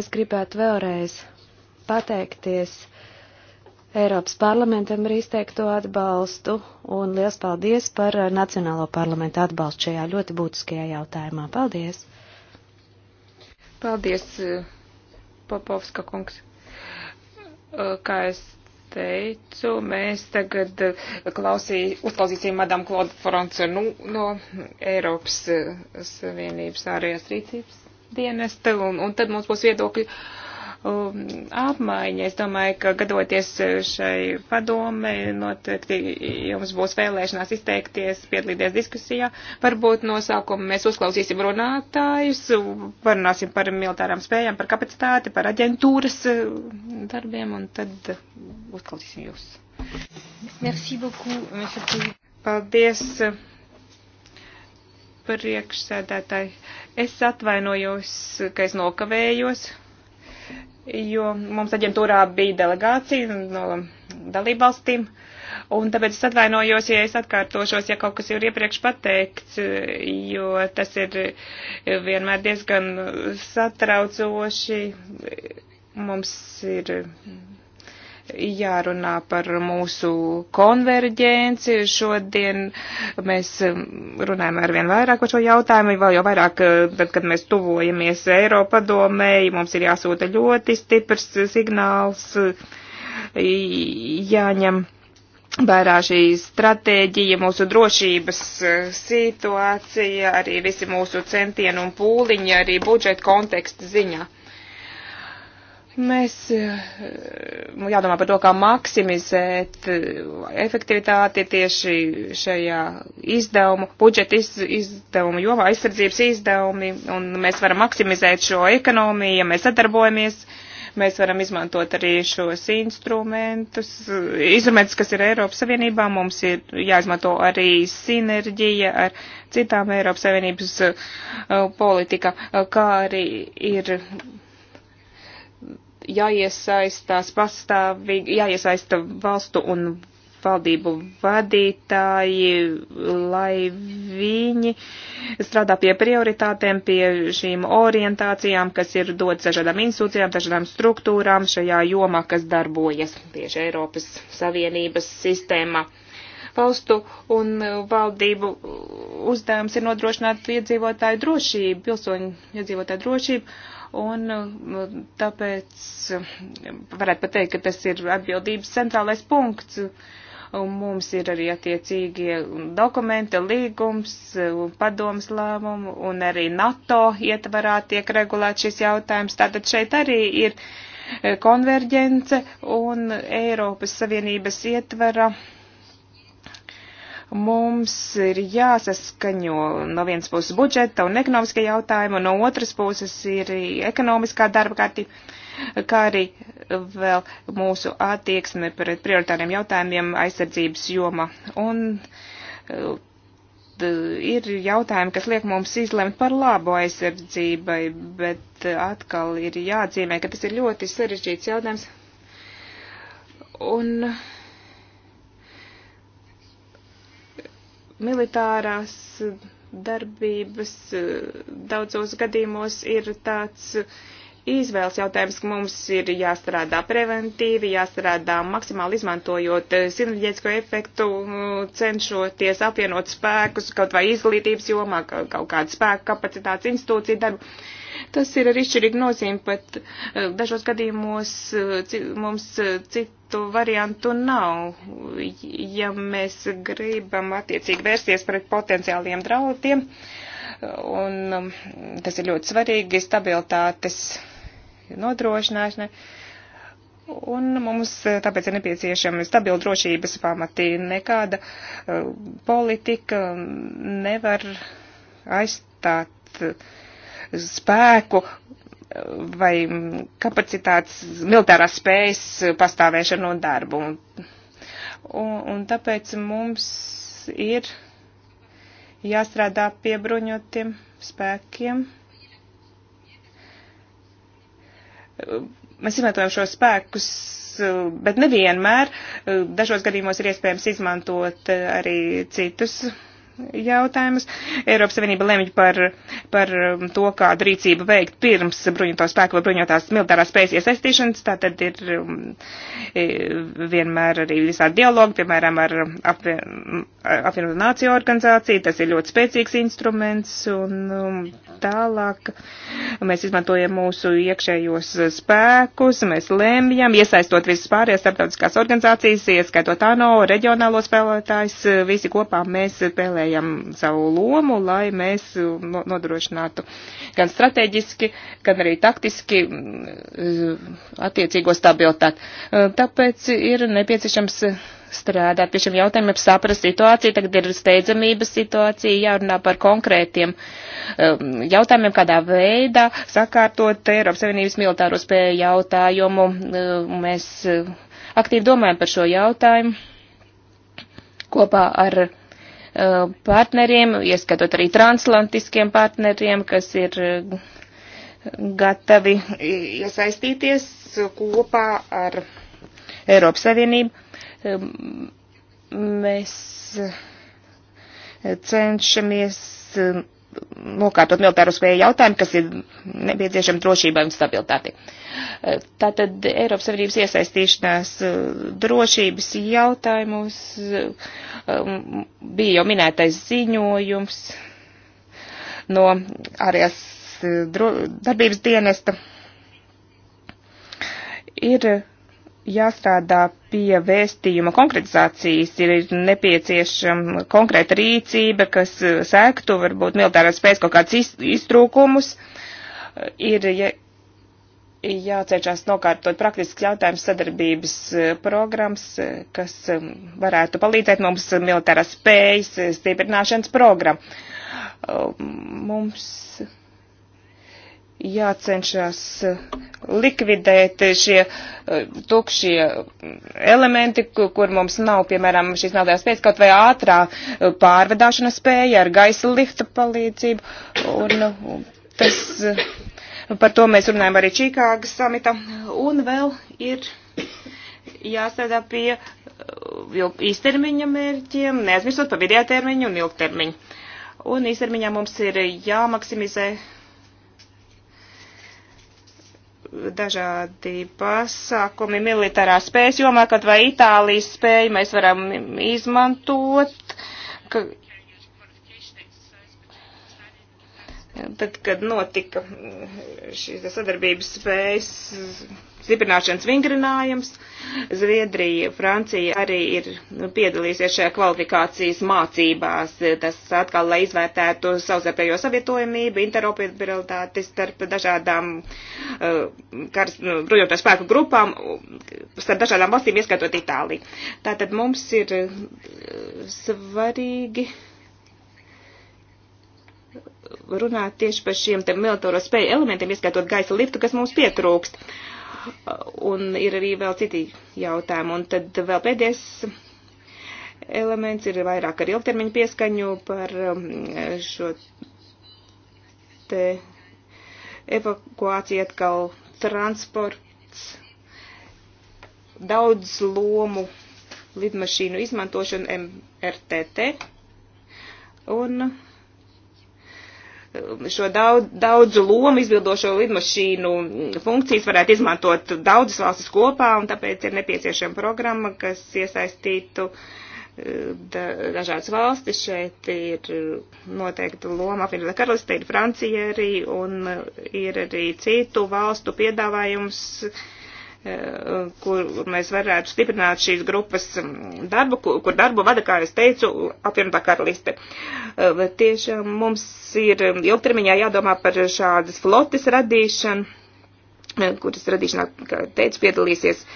es gribētu vēlreiz pateikties Eiropas parlamentam ar izteikto atbalstu un liels paldies par eh, Nacionālo parlamentu atbalstu šajā ļoti būtiskajā jautājumā. Paldies! Paldies! Eh, Popovska kungs. Kā es teicu, mēs tagad klausī, uzklausīsim Madame Claude France nu, no Eiropas Savienības ārējās rīcības dienesta, un, un tad mums būs viedokļi Um, apmaiņa. Es domāju, ka gadoties šai padome, noteikti jums būs vēlēšanās izteikties, piedalīties diskusijā. Varbūt nosākumu mēs uzklausīsim runātājus, parunāsim par militārām spējām, par kapacitāti, par aģentūras uh, darbiem, un tad uzklausīsim jūs. Merci beaucoup, monsieur Paldies. Paldies priekšsēdētāji. Es atvainojos, ka es nokavējos jo mums aģentūrā bija delegācija no dalībvalstīm, un tāpēc es atvainojos, ja es atkārtošos, ja kaut kas jau ir iepriekš pateikts, jo tas ir vienmēr diezgan satraucoši. Mums ir jārunā par mūsu konverģenci. Šodien mēs um, runājam ar vien vairāk par šo jautājumu, vēl jau vairāk, uh, tad, kad mēs tuvojamies Eiropadomēji, mums ir jāsūta ļoti stiprs signāls, uh, jāņem vērā šī stratēģija, mūsu drošības uh, situācija, arī visi mūsu centieni un pūliņi, arī budžeta konteksta ziņā Mēs eh, jādomā par to, kā maksimizēt eh, efektivitāti tieši šajā izdevumu, budžeta izdevumu jomā, aizsardzības izdevumi, un mēs varam maksimizēt šo ekonomiju, ja mēs sadarbojamies, mēs varam izmantot arī šos instrumentus, instrumentus, kas ir Eiropas Savienībā, mums ir jāizmanto arī sinerģija ar citām Eiropas Savienības eh, politikām, kā arī ir jāiesaistās pastāvīgi, jāiesaista valstu un valdību vadītāji, lai viņi strādā pie prioritātēm, pie šīm orientācijām, kas ir dotas dažādām institūcijām, dažādām struktūrām šajā jomā, kas darbojas tieši Eiropas Savienības sistēmā. Valstu un valdību uzdevums ir nodrošināt iedzīvotāju drošību, pilsoņu iedzīvotāju drošību un uh, tāpēc uh, varētu pateikt, ka tas ir atbildības centrālais punkts. Un mums ir arī attiecīgie dokumenti, līgums, uh, padomas lēmumu, un arī NATO ietvarā tiek regulēts šis jautājums. Tātad šeit arī ir konverģence un Eiropas Savienības ietvara uh, Mums ir jāsaskaņo no vienas puses budžeta un ekonomiskie jautājumi, un no otras puses ir ekonomiskā darba kārtība, kā arī vēl mūsu attieksme pret prioritāriem jautājumiem aizsardzības joma. Un ir jautājumi, kas liek mums izlemt par labu aizsardzībai, bet atkal ir jāatzīmē, ka tas ir ļoti sarežģīts jautājums. Un uh, militārās darbības eh, daudzos gadījumos ir tāds uh, izvēles jautājums, ka mums ir jāstrādā preventīvi, jāstrādā maksimāli izmantojot eh, sinerģētisko efektu, eh, cenšoties apvienot spēkus kaut vai izglītības jomā, kaut kādu spēku kapacitātes institūciju darbu. Tas ir ar izšķirīgu nozīmi, pat eh, dažos gadījumos mums citu variantu nav. Ja mēs gribam attiecīgi vērsties pret potenciāliem draudiem, uh, un um, tas ir ļoti svarīgi stabilitātes nodrošināšanai. Un mums uh, tāpēc ir nepieciešama stabila drošības pamatī. Nekāda uh, politika um, nevar aizstāt uh, spēku uh, vai um, kapacitātes, militārās spējas pastāvēšanu un darbu. Un, un tāpēc mums ir jāstrādā piebruņotiem spēkiem. Mēs izmantojam šo spēkus, bet nevienmēr. Dažos gadījumos ir iespējams izmantot eh, arī citus jautājumus. Eiropas Savienība lemj par, par um, to, kādu rīcību veikt pirms bruņoto spēku vai bruņotās militārās spējas iesaistīšanas. Tā tad ir um, vienmēr arī visādi dialogi, piemēram, ar um, apvienotu nāciju organizāciju. Tas ir ļoti spēcīgs instruments un tālāk mēs izmantojam mūsu iekšējos spēkus, mēs lemjam, iesaistot visas pārējās starptautiskās organizācijas, ieskaitot ANO, reģionālo spēlētājs, visi kopā mēs spēlējam spēlējam savu lomu, lai mēs um, nodrošinātu gan strateģiski, gan arī taktiski mm, attiecīgo stabilitāti. Uh, tāpēc ir nepieciešams strādāt pie šiem jautājumiem, saprast situāciju. Tagad ir steidzamības situācija, jārunā par konkrētiem um, jautājumiem, kādā veidā sakārtot Eiropas Savienības militāro spēju jautājumu. Uh, mēs uh, aktīvi domājam par šo jautājumu kopā ar Uh, partneriem, ieskatot arī transatlantiskiem partneriem, kas ir uh, gatavi iesaistīties kopā ar Eiropas Savienību. Um, mēs uh, cenšamies um, nokārtot militāru spēju jautājumu, kas ir nepieciešama drošībai un stabilitātei. Tātad Eiropas Savienības iesaistīšanās eh, drošības jautājumus eh, bija jau minētais ziņojums no ārējās eh, darbības dienesta. Ir jāstrādā pie vēstījuma konkretizācijas, ir nepieciešama konkrēta rīcība, kas uh, sektu varbūt militārās spējas kaut kādus iztrūkumus. Ir ja, jācenšas nokārtot praktisks jautājums sadarbības uh, programmas, uh, kas um, varētu palīdzēt mums militārās spējas stiprināšanas programmu. Mums jācenšas eh, likvidēt šie eh, tukšie mm, elementi, kur mums nav, piemēram, šīs naudējās pēc kaut vai ātrā eh, pārvedāšana spēja ar gaisa lifta palīdzību. Un tas, par to mēs runājam arī Čikāgas samita. Un vēl ir jāstrādā pie īstermiņa mērķiem, neaizmirstot par vidējā termiņu un ilgtermiņu. Un īstermiņā mums ir jāmaksimizē dažādi pasākumi militārā spējas jomā, kad vai Itālijas spēju mēs varam izmantot. Ka, tad, kad notika šīs sadarbības spējas stiprināšanas vingrinājums. Zviedrija, Francija arī ir nu, piedalīsies šajā kvalifikācijas mācībās. Tas atkal, lai izvērtētu savstarpējo savietojamību, interoperabilitāti starp dažādām uh, karas nu, bruņoto spēku grupām, starp dažādām valstīm, ieskaitot Itāliju. Tātad mums ir uh, svarīgi runāt tieši par šiem te militāro spēju elementiem, ieskaitot gaisa liftu, kas mums pietrūkst. Uh, un ir arī vēl citi jautājumi. Un tad vēl pēdējais elements ir vairāk ar ilgtermiņu pieskaņu par um, šo te evakuāciju atkal transports, daudz lomu lidmašīnu izmantošanu MRTT un šo daudz, daudzu lomu izbildošo lidmašīnu funkcijas varētu izmantot daudzas valstis kopā, un tāpēc ir nepieciešama programma, kas iesaistītu eh, dažādas valstis. Šeit ir noteikti loma apvienotā karalistē, ir Francija arī, un ir arī citu valstu piedāvājums Eh, kur mēs varētu stiprināt šīs grupas mm, darbu, kur darbu vada, kā es teicu, apvienotā karaliste. Eh, tiešām mums ir mm, ilgtermiņā jādomā par šādas flotes radīšanu, eh, kuras radīšanā, kā teicu, piedalīsies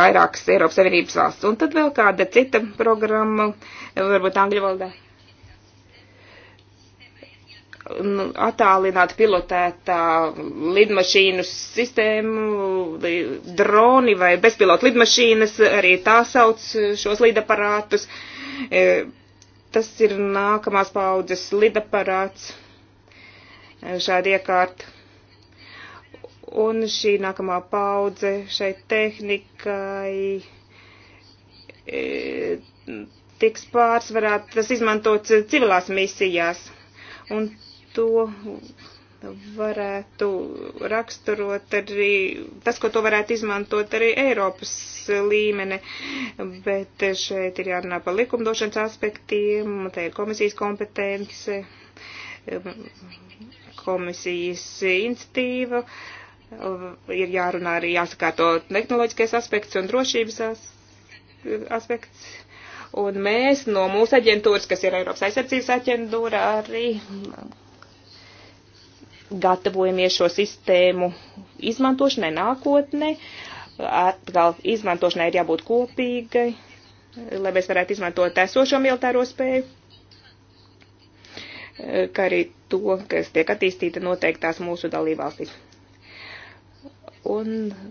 vairākas Eiropas Savienības valsts. Un tad vēl kāda cita programma, varbūt angļu valodā Nu, attālināt pilotētā lidmašīnu sistēmu, droni vai bezpilota lidmašīnas, arī tā sauc šos lidaparātus. E, tas ir nākamās paudzes lidaparāts, e, šādi iekārta. Un šī nākamā paudze šai tehnikai e, tiks pārsvarā, tas izmantots civilās misijās. Un to varētu raksturot arī, tas, ko to varētu izmantot arī Eiropas līmene, bet šeit ir jārunā par likumdošanas aspektiem, te ir komisijas kompetence, komisijas institīva, ir jārunā arī jāsakārto tehnoloģiskais aspekts un drošības aspekts. Un mēs no mūsu aģentūras, kas ir Eiropas aizsardzības aģentūra, arī gatavojamies šo sistēmu izmantošanai nākotnē. Atkal izmantošanai ir jābūt kopīgai, lai mēs varētu izmantot esošo militāro spēju, kā arī to, kas tiek attīstīta noteiktās mūsu dalībvalstīs. Un,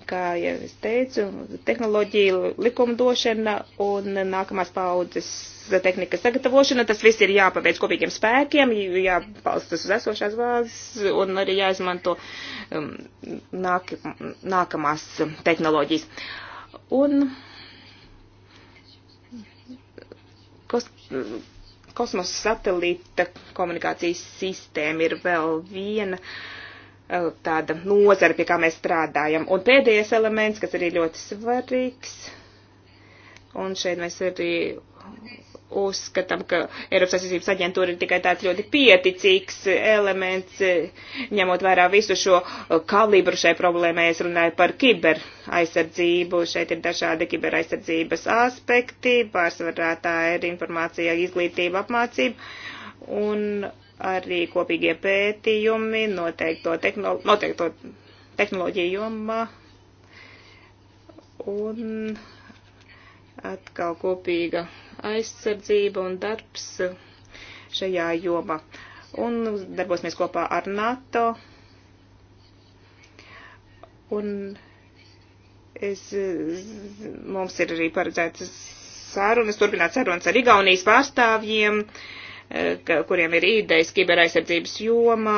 kā jau es teicu, tehnoloģija, likumdošana un nākamās paudzes tehnikas sagatavošana, tas viss ir jāpaveic kopīgiem spēkiem, jāpalstas uz esošās bāzes un arī jāizmanto um, nāk, nākamās tehnoloģijas. Un kos, kosmosa satelīta komunikācijas sistēma ir vēl viena uh, tāda nozara, pie kā mēs strādājam. Un pēdējais elements, kas arī ļoti svarīgs, un šeit mēs arī uzskatām, ka Eiropas aizsardzības aģentūra ir tikai tāds ļoti pieticīgs elements, ņemot vērā visu šo kalibru šai problēmai. Es runāju par kiber aizsardzību, šeit ir dažādi kiber aizsardzības aspekti, pārsvarā tā ir informācija, izglītība, apmācība. Un arī kopīgie pētījumi noteikto, tehnolo noteikto tehnoloģiju jomā. Un atkal kopīga aizsardzība un darbs šajā jomā. Un darbosimies kopā ar NATO. Un es, mums ir arī paredzētas sarunas, turpināt sarunas ar Igaunijas pārstāvjiem, kuriem ir idejas kiberaizsardzības jomā.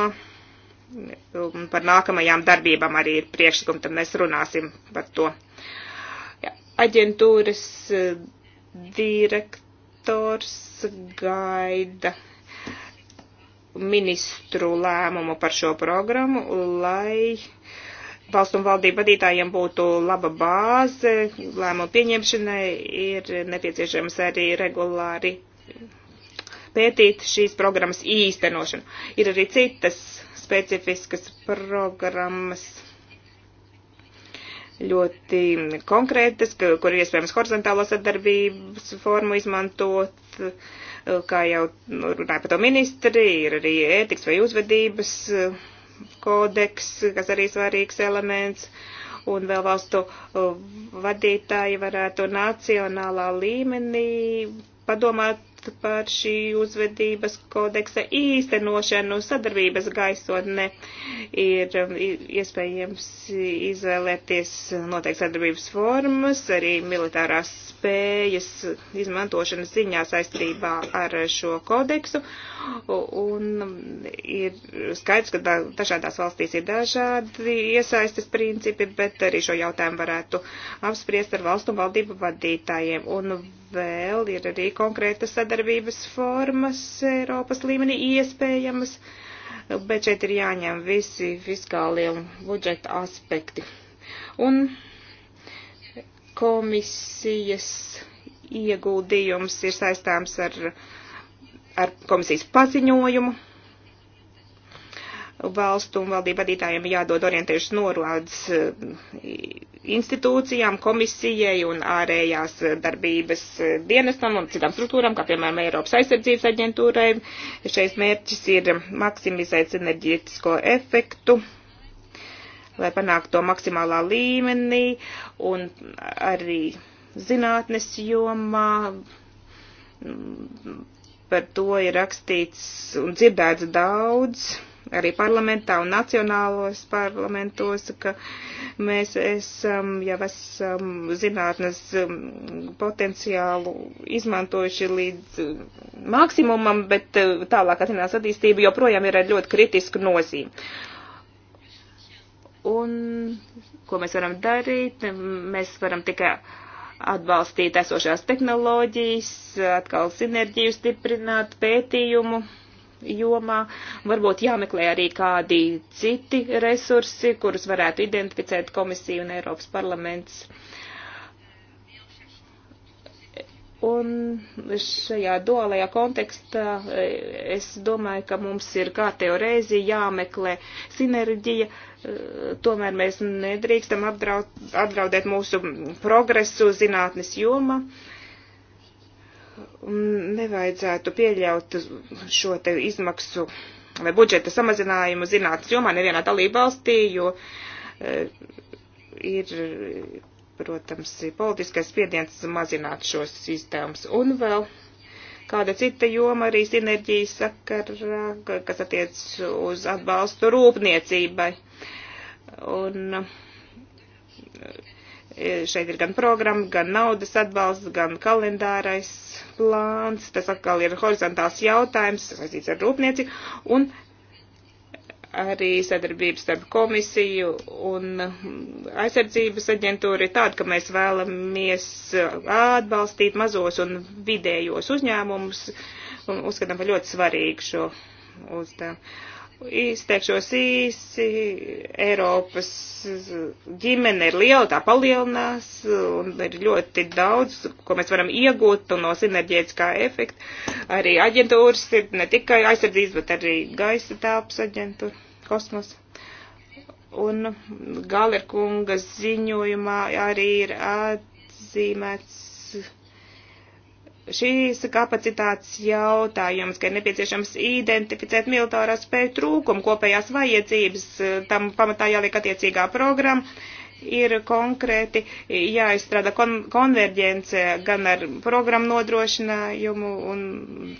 Un par nākamajām darbībām arī ir priekšlikumi, tad mēs runāsim par to. Uh, aģentūras e, direktors gaida ministru lēmumu par šo programmu, lai valstu un valdību vadītājiem būtu laba bāze lēmumu pieņemšanai, ir nepieciešams arī regulāri pētīt šīs programmas īstenošanu. Ir arī citas specifiskas programmas ļoti konkrētas, kur iespējams horizontālās sadarbības formu izmantot, kā jau runāja par to ministri, ir arī ētikas vai uzvedības kodeks, kas arī svarīgs elements un vēl valstu vadītāji varētu nacionālā līmenī padomāt runāt par šī uzvedības kodeksa īstenošanu sadarbības gaisotne. Ir um, iespējams izvēlēties noteikti sadarbības formas, arī militārās spējas izmantošanas ziņā saistībā ar šo kodeksu. Uh, un ir skaidrs, ka dažādās valstīs ir dažādi iesaistas principi, bet arī šo jautājumu varētu apspriest ar valstu un valdību vadītājiem. Un vēl ir arī konkrētas sadarbības formas Eiropas līmenī iespējamas, bet šeit ir jāņem visi fiskālie un budžeta aspekti. Un komisijas ieguldījums ir saistāms ar uh, ar komisijas paziņojumu. Valstu un valdību vadītājiem jādod orientējušas norādes eh, institūcijām, komisijai un ārējās eh, darbības eh, dienestam un citām struktūram, kā piemēram Eiropas aizsardzības aģentūrai. Šais mērķis ir maksimizēt enerģētisko efektu lai panāktu to maksimālā līmenī un arī zinātnes jomā Par to ir rakstīts un dzirdēts daudz arī parlamentā un nacionālos parlamentos, ka mēs esam, jau esam zinātnes um, potenciālu izmantojuši līdz um, maksimumam, bet uh, tālāk attīstās attīstība joprojām ir ar ļoti kritisku nozīmi. Un ko mēs varam darīt? Mēs varam tikai atbalstīt esošās tehnoloģijas, atkal sinerģiju stiprināt pētījumu jomā. Varbūt jāmeklē arī kādi citi resursi, kurus varētu identificēt komisija un Eiropas parlaments. Uh, Un šajā duālajā kontekstā e, es domāju, ka mums ir kārtējo reizi jāmeklē sinerģija. E, tomēr mēs nedrīkstam apdraud, apdraudēt mūsu progresu zinātnes joma. Nevajadzētu pieļaut šo te izmaksu vai budžeta samazinājumu zinātnes jomā nevienā dalība valstī, jo e, ir protams, politiskais spiediens mazināt šos izdevumus. Un vēl kāda cita joma arī sinerģijas sakarā, kas attiec uz atbalstu rūpniecībai. Un e, šeit ir gan programma, gan naudas atbalsts, gan kalendārais plāns. Tas atkal ir horizontāls jautājums, saistīts ar rūpniecību. Un arī sadarbības starp komisiju un aizsardzības aģentūru ir tāda, ka mēs vēlamies atbalstīt mazos un vidējos uzņēmumus un uzskatām par ļoti svarīgu šo uzdevumu. Izteikšos īsi, Eiropas ģimene ir liela, tā palielinās un ir ļoti daudz, ko mēs varam iegūt no sinerģētiskā efekta. Arī aģentūras ir ne tikai aizsardzības, bet arī gaisa tāps aģentūra kosmosu. Un Galerkunga ziņojumā arī ir atzīmēts šīs kapacitātes jautājums, ka ir nepieciešams identificēt militāro spēju trūkumu, kopējās vajadzības, tam pamatā jāliek attiecīgā programma, ir konkrēti jāizstrādā kon konverģence gan ar programmu nodrošinājumu un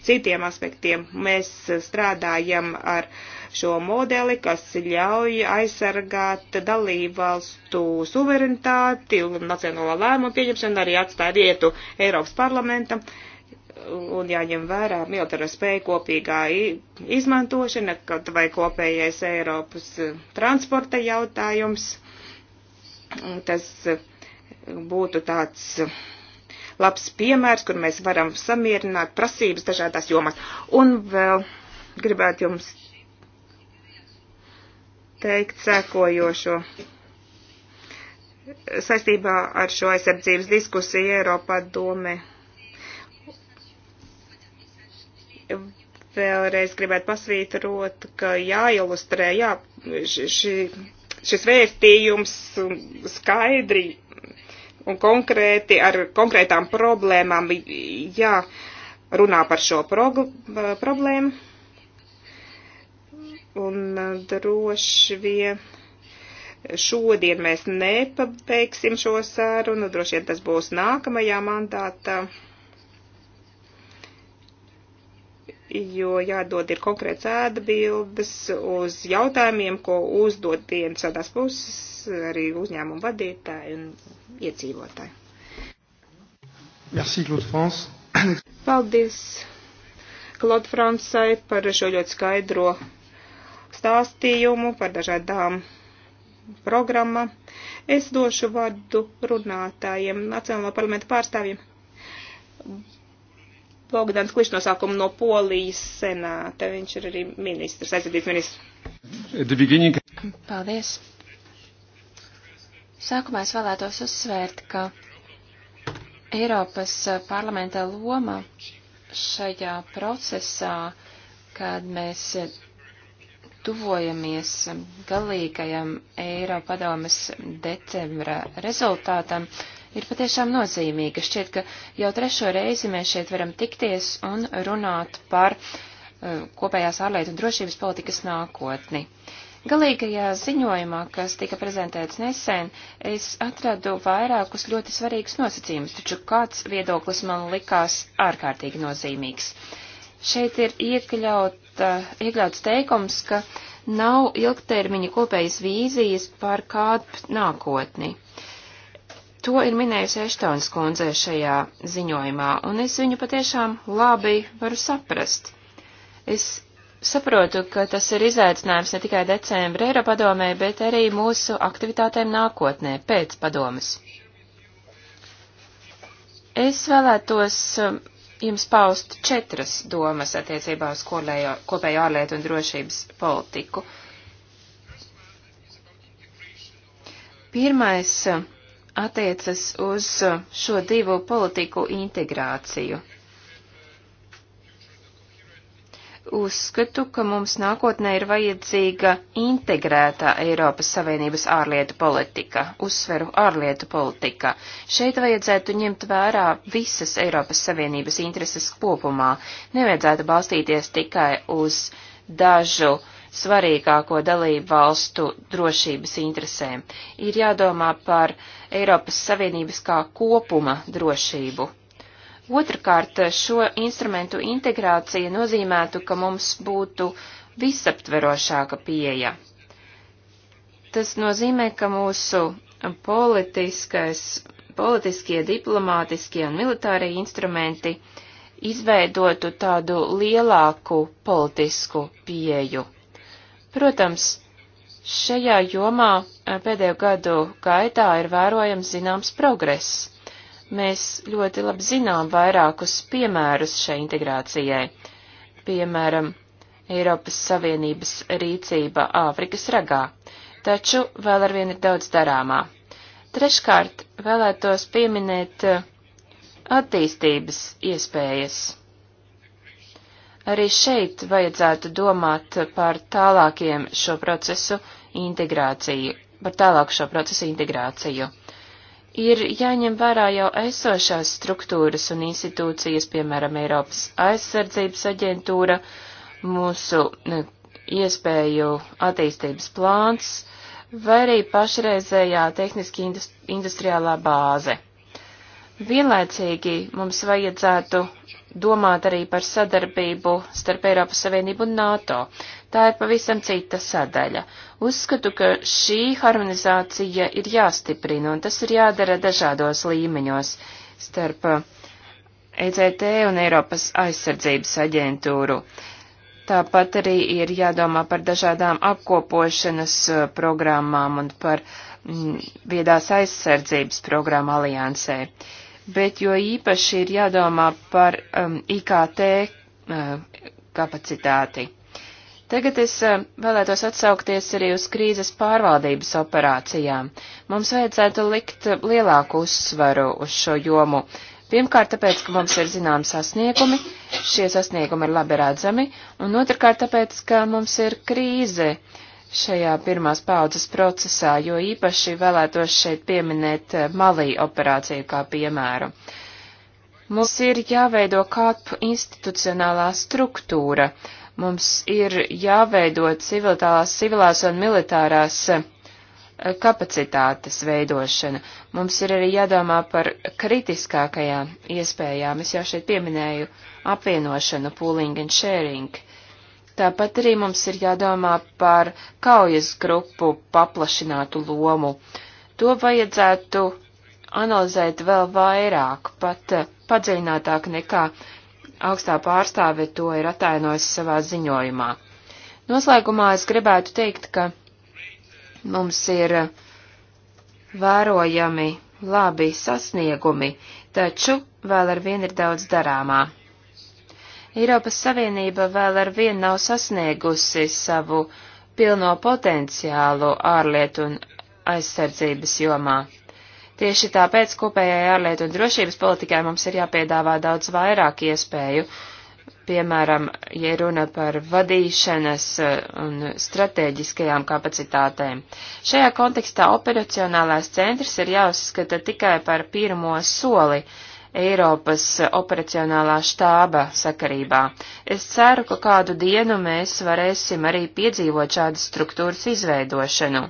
citiem aspektiem. Mēs strādājam ar uh, šo modeli, kas ļauj aizsargāt dalībvalstu suverenitāti un nacionālā lēmuma pieņemšanu, arī atstāja vietu Eiropas parlamentam un jāņem vērā militāra spēja kopīgā izmantošana, kaut vai kopējais Eiropas eh, transporta jautājums. Tas eh, būtu tāds eh, labs piemērs, kur mēs varam samierināt prasības dažādās jomās. Un vēl gribētu jums teikt sekojošo. Saistībā ar šo aizsardzības diskusiju Eiropā domē vēlreiz gribētu pasvītrot, ka jāilustrē, jā, ši, šis vēstījums skaidri un konkrēti ar konkrētām problēmām jārunā par šo prog problēmu Un uh, droši vien šodien mēs nepabeigsim šo sarunu, droši vien tas būs nākamajā mandātā, jo jādod ir konkrēts ēdabildes uz jautājumiem, ko uzdod viens šādās puses arī uzņēmumu vadītāji un iedzīvotāji. Merci, Claude France. Paldies, Claude Francai, par šo ļoti skaidro stāstījumu, par dažādām programmām. Es došu vārdu runātājiem, Nacionālo parlamentu pārstāvjiem. Bogdans Klišs no sākuma no Polijas senāta, viņš ir arī ministrs, aizsardzības ministrs. Paldies. Sākumā es vēlētos uzsvērt, ka Eiropas parlamenta loma šajā procesā, kad mēs tuvojamies galīgajam Eiropadomes decembra rezultātam, ir patiešām nozīmīga. Šķiet, ka jau trešo reizi mēs šeit varam tikties un runāt par uh, kopējās ārlietu un drošības politikas nākotni. Galīgajā ziņojumā, kas tika prezentēts nesen, es atradu vairākus ļoti svarīgus nosacījumus, taču kāds viedoklis man likās ārkārtīgi nozīmīgs. Šeit ir iekļaut uh, iekļauts teikums, ka nav ilgtermiņa kopējas vīzijas par kādu nākotni. To ir minējusi Eštons kundze šajā ziņojumā, un es viņu patiešām labi varu saprast. Es saprotu, ka tas ir izaicinājums ne tikai decembra Eiropadomē, bet arī mūsu aktivitātēm nākotnē, pēc padomas. Es vēlētos jums paust četras domas attiecībā uz kolējo, kopējo ārlietu un drošības politiku. Pirmais uh, attiecas uz uh, šo divu politiku integrāciju. uzskatu, ka mums nākotnē ir vajadzīga integrētā Eiropas Savienības ārlietu politika, uzsveru ārlietu politika. Šeit vajadzētu ņemt vērā visas Eiropas Savienības intereses kopumā, nevajadzētu balstīties tikai uz dažu svarīgāko dalību valstu drošības interesēm. Ir jādomā par Eiropas Savienības kā kopuma drošību Otrakārt, šo instrumentu integrācija nozīmētu, ka mums būtu visaptverošāka pieeja. Tas nozīmē, ka mūsu politiskais, politiskie, diplomātiskie un militārie instrumenti izveidotu tādu lielāku politisku pieju. Protams, šajā jomā eh, pēdējo gadu gaitā ir vērojams zināms progress Mēs ļoti labi zinām vairākus piemērus šai integrācijai. Piemēram, Eiropas Savienības rīcība Āfrikas ragā, taču vēl arvien ir daudz darāmā. Treškārt vēlētos pieminēt eh, attīstības iespējas. Arī šeit vajadzētu domāt par tālākiem šo procesu integrāciju, par tālāku šo procesu integrāciju ir jāņem vērā jau esošās struktūras un institūcijas, piemēram, Eiropas aizsardzības aģentūra, mūsu iespēju attīstības plāns vai arī pašreizējā tehniski industriālā bāze. Vienlaicīgi mums vajadzētu domāt arī par sadarbību starp Eiropas Savienību un NATO. Tā ir pavisam cita sadaļa. Uzskatu, ka šī harmonizācija ir jāstiprina, un tas ir jādara dažādos līmeņos starp ECT un Eiropas aizsardzības aģentūru. Tāpat arī ir jādomā par dažādām apkopošanas uh, programmām un par mm, viedās aizsardzības programmu aliansē bet jo īpaši ir jādomā par um, IKT uh, kapacitāti. Tagad es uh, vēlētos atsaukties arī uz krīzes pārvaldības operācijām. Mums vajadzētu likt lielāku uzsvaru uz šo jomu. Pirmkārt, tāpēc, ka mums ir zināmi sasniegumi, šie sasniegumi ir labi redzami, un otrkārt, tāpēc, ka mums ir krīze, uh, šajā pirmās paudzes procesā, jo īpaši vēlētos šeit pieminēt eh, Malī operāciju kā piemēru. Mums ir jāveido kāda institucionālā struktūra, mums ir jāveido civilās, civilās un militārās eh, kapacitātes veidošana. Mums ir arī jādomā par kritiskākajām iespējām. Es jau šeit pieminēju apvienošanu, pooling and sharing. Uh, Tāpat arī mums ir jādomā par kaujas grupu paplašinātu lomu. To vajadzētu analizēt vēl vairāk, pat padziļinātāk nekā augstā pārstāve to ir atainojusi savā ziņojumā. Noslēgumā es gribētu teikt, ka mums ir vērojami labi sasniegumi, taču vēl ar vienu ir daudz darāmā. Eiropas Savienība vēl ar vienu nav sasniegusi savu pilno potenciālu ārlietu un aizsardzības jomā. Tieši tāpēc kopējai ārlietu un drošības politikai mums ir jāpiedāvā daudz vairāk iespēju, piemēram, ja runa par vadīšanas eh, un strateģiskajām kapacitātēm. Šajā kontekstā operacionālās centrs ir jāuzskata tikai par pirmo soli Eiropas operacionālā štāba sakarībā. Es ceru, ka kādu dienu mēs varēsim arī piedzīvot šādas struktūras izveidošanu.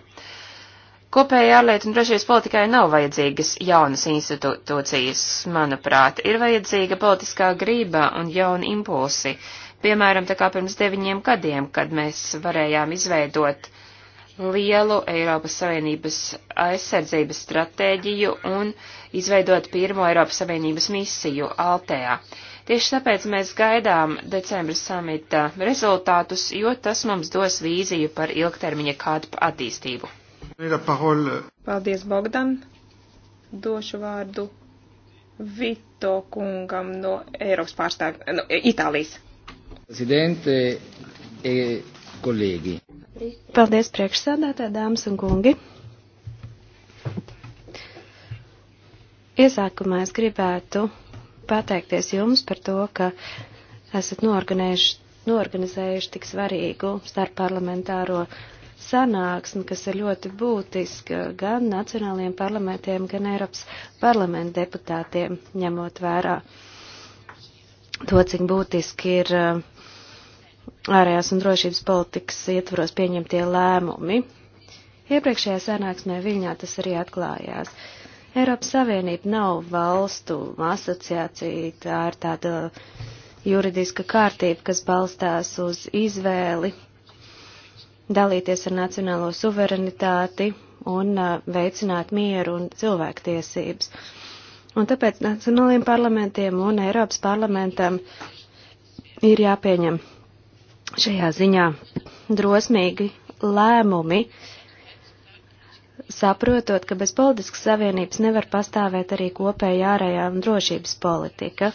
Kopējai ārlietu un drošības politikai nav vajadzīgas jaunas institūcijas, manuprāt, ir vajadzīga politiskā grība un jauni impulsi. Piemēram, tā kā pirms deviņiem gadiem, kad mēs varējām izveidot uh, lielu Eiropas Savienības aizsardzības stratēģiju un izveidot pirmo Eiropas Savienības misiju Altēā. Tieši tāpēc mēs gaidām decembra samita rezultātus, jo tas mums dos vīziju par ilgtermiņa kādu attīstību. Paldies, Bogdan! Došu vārdu Vito kungam no Eiropas pārstāvja, no Itālijas. Presidente, e kolēģi. Paldies priekšsēdētāji, dāmas un kungi. Iesākumā es gribētu pateikties jums par to, ka esat norganizējuši tik svarīgu starpparlamentāro sanāksmi, kas ir ļoti būtiska gan nacionālajiem parlamentiem, gan Eiropas parlamenta deputātiem, ņemot vērā to, cik būtiski ir uh, ārējās un drošības politikas ietvaros pieņemtie lēmumi. Iepriekšējā sanāksmē Viļņā tas arī atklājās. Eiropas Savienība nav valstu asociācija, tā ir tāda juridiska kārtība, kas balstās uz izvēli dalīties ar nacionālo suverenitāti un uh, veicināt mieru un cilvēktiesības. Un tāpēc nacionālajiem parlamentiem un Eiropas parlamentam ir jāpieņem šajā ziņā drosmīgi lēmumi, saprotot, ka bez politiskas savienības nevar pastāvēt arī kopēja ārējā un drošības politika.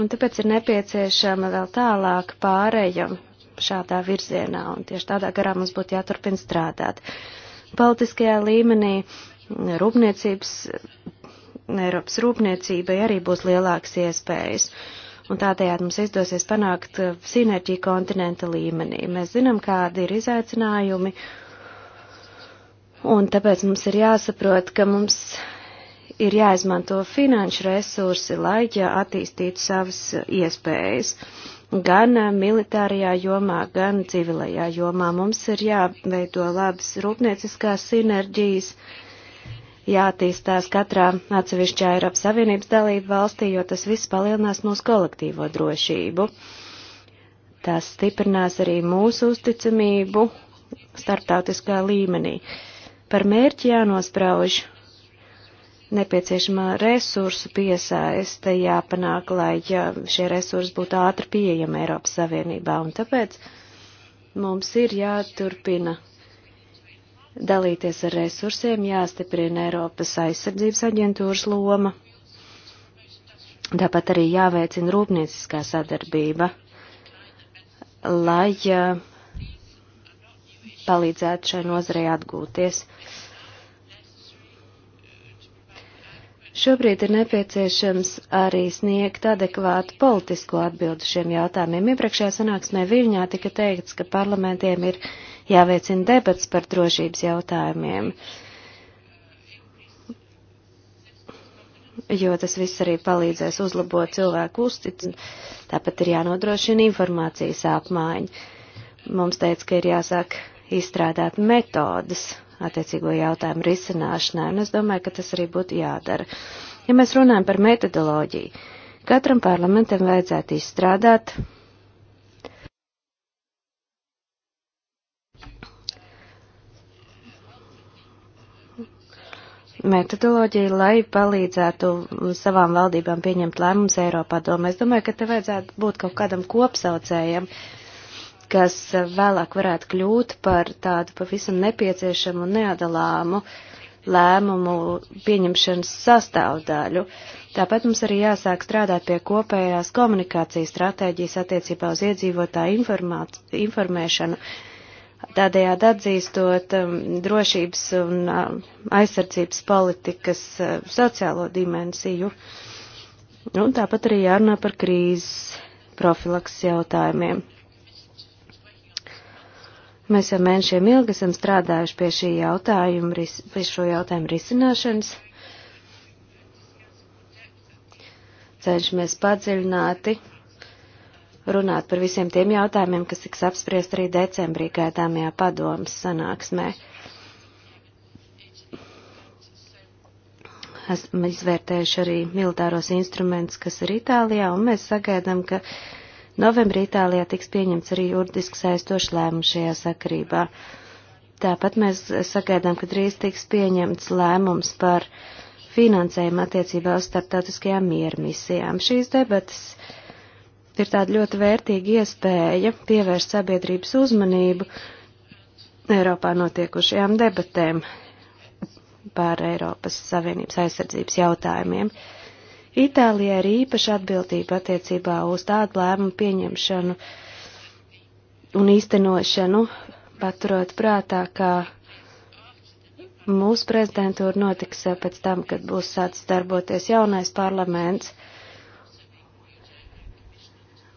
Un tāpēc ir nepieciešama vēl tālāk pāreja šādā virzienā, un tieši tādā garā mums būtu jāturpina strādāt. Politiskajā līmenī rūpniecības, Eiropas rūpniecībai arī būs lielākas iespējas. Uh, un tādējādi mums izdosies panākt uh, sinerģiju kontinenta līmenī. Mēs zinām, kādi ir izaicinājumi, un tāpēc mums ir jāsaprot, ka mums ir jāizmanto finanšu resursi, lai ja attīstītu savas uh, iespējas gan uh, militārajā jomā, gan civilajā jomā. Mums ir jāveido labas rūpnieciskās sinerģijas. Uh, jātīstās katrā atsevišķā Eiropas Savienības dalība valstī, jo tas viss palielinās mūsu kolektīvo drošību. Tas stiprinās arī mūsu uzticamību starptautiskā līmenī. Par mērķi jānosprauž nepieciešamā resursu piesaiste jāpanāk, lai ja šie resursi būtu ātri pieejami Eiropas Savienībā, un tāpēc mums ir jāturpina dalīties ar resursiem, jāstiprina Eiropas aizsardzības aģentūras loma, tāpat arī jāveicina rūpnieciskā sadarbība, lai palīdzētu šai nozarei atgūties. Šobrīd ir nepieciešams arī sniegt adekvātu politisko atbildu šiem jautājumiem. Iepriekšējā sanāksmē Viļņā tika teikts, ka parlamentiem ir jāveicina debats par drošības jautājumiem, jo tas viss arī palīdzēs uzlabot cilvēku uzticību. Tāpat ir jānodrošina informācijas apmaiņa. Mums teica, ka ir jāsāk izstrādāt metodas attiecīgo jautājumu risināšanai, un es domāju, ka tas arī būtu jādara. Ja mēs runājam par metodoloģiju, katram parlamentam vajadzētu izstrādāt metodoloģiju, lai palīdzētu savām valdībām pieņemt lēmumus Eiropā. Domā. Es domāju, ka te vajadzētu būt kaut kādam kopsaucējam, kas vēlāk varētu kļūt par tādu pavisam nepieciešamu un neadalāmu lēmumu pieņemšanas sastāvdaļu. Tāpat mums arī jāsāk strādāt pie kopējās komunikācijas stratēģijas attiecībā uz iedzīvotāju informēšanu tādējādi atzīstot um, drošības un um, aizsardzības politikas um, sociālo dimensiju. Nu, un tāpat arī jārunā par krīzes profilaks jautājumiem. Mēs jau mēnešiem ilgi esam strādājuši pie šī jautājuma, pie šo jautājumu risināšanas. Cenšamies padziļināti runāt par visiem tiem jautājumiem, kas tiks apspriest arī decembrī gaidāmajā padomas sanāksmē. Esam izvērtējuši arī militāros instrumentus, kas ir Itālijā, un mēs sagaidām, ka novembrī Itālijā tiks pieņemts arī juridiski saistošs lēmums šajā sakarībā. Tāpat mēs sagaidām, ka drīz tiks pieņemts lēmums par finansējumu attiecībā uz starptautiskajām mieru misijām. Šīs debatas uh, ir tāda ļoti vērtīga iespēja pievērst sabiedrības uzmanību Eiropā notiekušajām debatēm par Eiropas Savienības aizsardzības jautājumiem. Itālijā ir īpaša atbildība attiecībā uz tādu lēmumu pieņemšanu un īstenošanu, paturot prātā, ka mūsu prezidentūra notiks pēc tam, kad būs sācis darboties jaunais parlaments.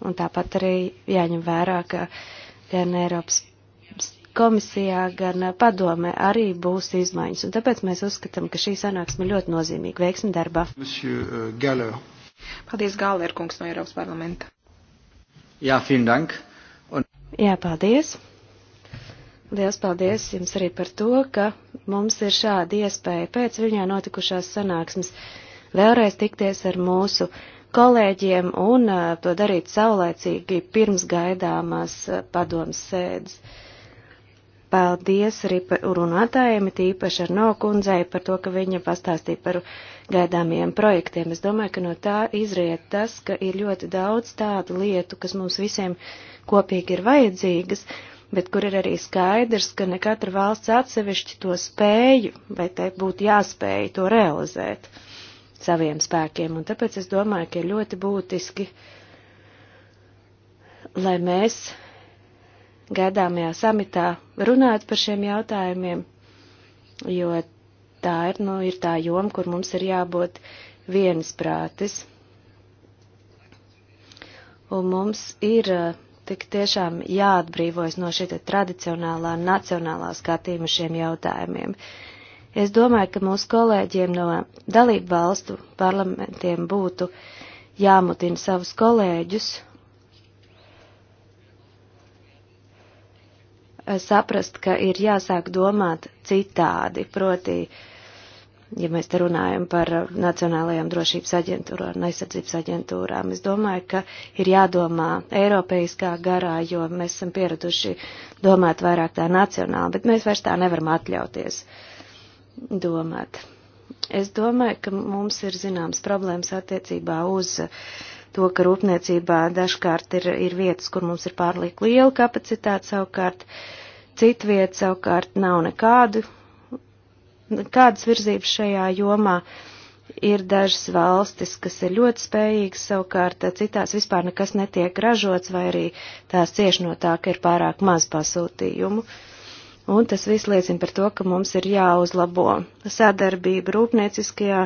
Un tāpat arī jāņem vērā, ka gan Eiropas komisijā, gan padomē arī būs izmaiņas. Un tāpēc mēs uzskatām, ka šī sanāksme ļoti nozīmīga. Veiksmi darbā! Monsieur uh, Galler. Paldies, Galler kungs no Eiropas parlamenta. Jā, vielen dank. Un... Jā, paldies. Liels paldies jums arī par to, ka mums ir šāda iespēja pēc viņā notikušās sanāksmes vēlreiz tikties ar mūsu kolēģiem un to darīt saulēcīgi pirms gaidāmās padomas sēdes. Paldies arī runātājiem, tīpaši ar Nokundzei par to, ka viņa pastāstīja par gaidāmiem projektiem. Es domāju, ka no tā izriet tas, ka ir ļoti daudz tādu lietu, kas mums visiem kopīgi ir vajadzīgas, bet kur ir arī skaidrs, ka ne katra valsts atsevišķi to spēju, vai tai būtu jāspēj to realizēt saviem spēkiem, un tāpēc es domāju, ka ir ļoti būtiski, lai mēs gaidāmajā samitā runātu par šiem jautājumiem, jo tā ir, nu, ir tā joma, kur mums ir jābūt viensprātis. Un mums ir eh, tik tiešām jāatbrīvojas no šī tradicionālā nacionālā skatījuma šiem jautājumiem. Uh, Es domāju, ka mūsu kolēģiem no dalību valstu parlamentiem būtu jāmutina savus kolēģus eh, saprast, ka ir jāsāk domāt citādi, proti, ja mēs te runājam par Nacionālajām drošības aģentūrām un aizsardzības aģentūrām, es domāju, ka ir jādomā eiropeiskā garā, jo mēs esam pieraduši domāt vairāk tā nacionāli, bet mēs vairs tā nevaram atļauties. Uh, domāt. Es domāju, ka mums ir zināms problēmas attiecībā uz to, ka rūpniecībā dažkārt ir, ir vietas, kur mums ir pārlieku liela kapacitāte, savukārt citu vietu savukārt nav nekādu, nekādas virzības šajā jomā. Ir dažas valstis, kas ir ļoti spējīgas, savukārt citās vispār nekas netiek ražots, vai arī tās cieši no tā, ka ir pārāk maz pasūtījumu. Uh, Un tas viss liecina par to, ka mums ir jāuzlabo sadarbība rūpnieciskajā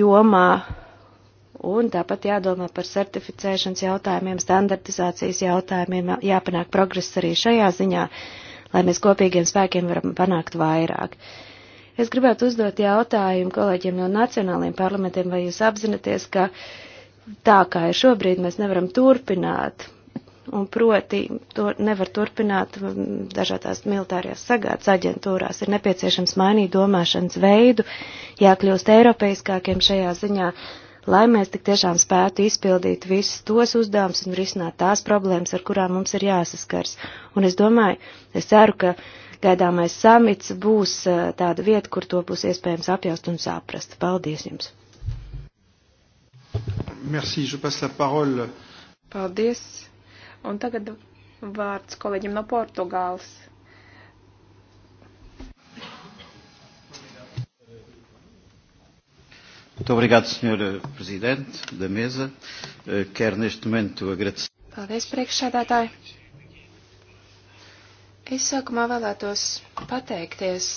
jomā un tāpat jādomā par certificēšanas jautājumiem, standartizācijas jautājumiem, jāpanāk progress arī šajā ziņā, lai mēs kopīgiem spēkiem varam panākt vairāk. Es gribētu uzdot jautājumu kolēģiem no nacionāliem parlamentiem, vai jūs apzināties, ka tā kā ir šobrīd, mēs nevaram turpināt un proti to nevar turpināt um, dažādās militārajās sagādas aģentūrās. Ir nepieciešams mainīt domāšanas veidu, jākļūst eiropeiskākiem šajā ziņā, lai mēs tik tiešām spētu izpildīt visus tos uzdevumus un risināt tās problēmas, ar kurām mums ir jāsaskars. Un es domāju, es ceru, ka gaidāmais samits būs uh, tāda vieta, kur to būs iespējams apjaust un saprast. Paldies jums! Merci, je passe la parole. Paldies. Un tagad vārds kolēģim no Portugāles. Muito obrigado, Sr. Eh, presidente da Mesa. Eh, quero neste momento agradecer. Paldies, priekšsēdētāji. Es sākumā vēlētos pateikties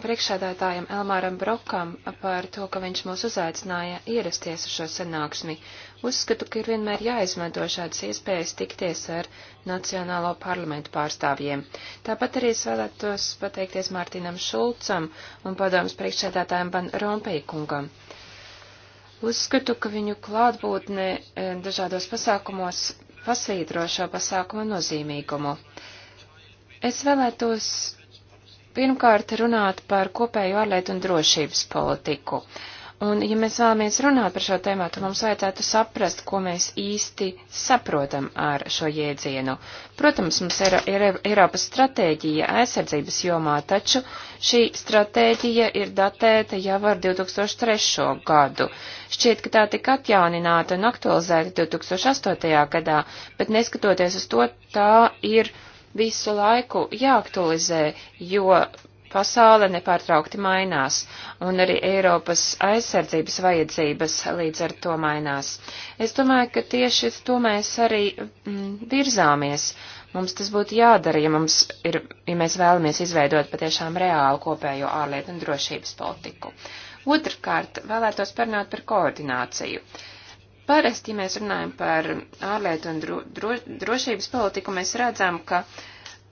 priekšsēdētājam Elmāram Brokam par to, ka viņš mūs uzaicināja ierasties uz šo sanāksmi Uzskatu, ka ir vienmēr jāizmanto šādas iespējas tikties ar Nacionālo parlamentu pārstāvjiem. Tāpat arī es vēlētos pateikties Mārtinam Šulcam un padomas priekšsēdētājiem Van Rompējkungam. Uzskatu, ka viņu klātbūtne e, dažādos pasākumos pasvītro šo pasākumu nozīmīgumu. Es vēlētos pirmkārt runāt par kopēju ārlietu un drošības politiku. Uh, Un, ja mēs vēlamies runāt par šo tēmu, tad mums vajadzētu saprast, ko mēs īsti saprotam ar šo jēdzienu. Protams, mums ir, ir Eiropas stratēģija aizsardzības jomā, taču šī stratēģija ir datēta jau ar 2003. gadu. Šķiet, ka tā tika atjaunināta un aktualizēta 2008. gadā, bet neskatoties uz to, tā ir visu laiku jāaktualizē, jo Pasaule nepārtraukti mainās, un arī Eiropas aizsardzības vajadzības līdz ar to mainās. Es domāju, ka tieši to mēs arī mm, virzāmies. Mums tas būtu jādara, ja, mums ir, ja mēs vēlamies izveidot patiešām reālu kopējo ārlietu un drošības politiku. Otrkārt, vēlētos parunāt par koordināciju. Parasti, ja mēs runājam par ārlietu un dro, dro, drošības politiku, mēs redzam, ka uh,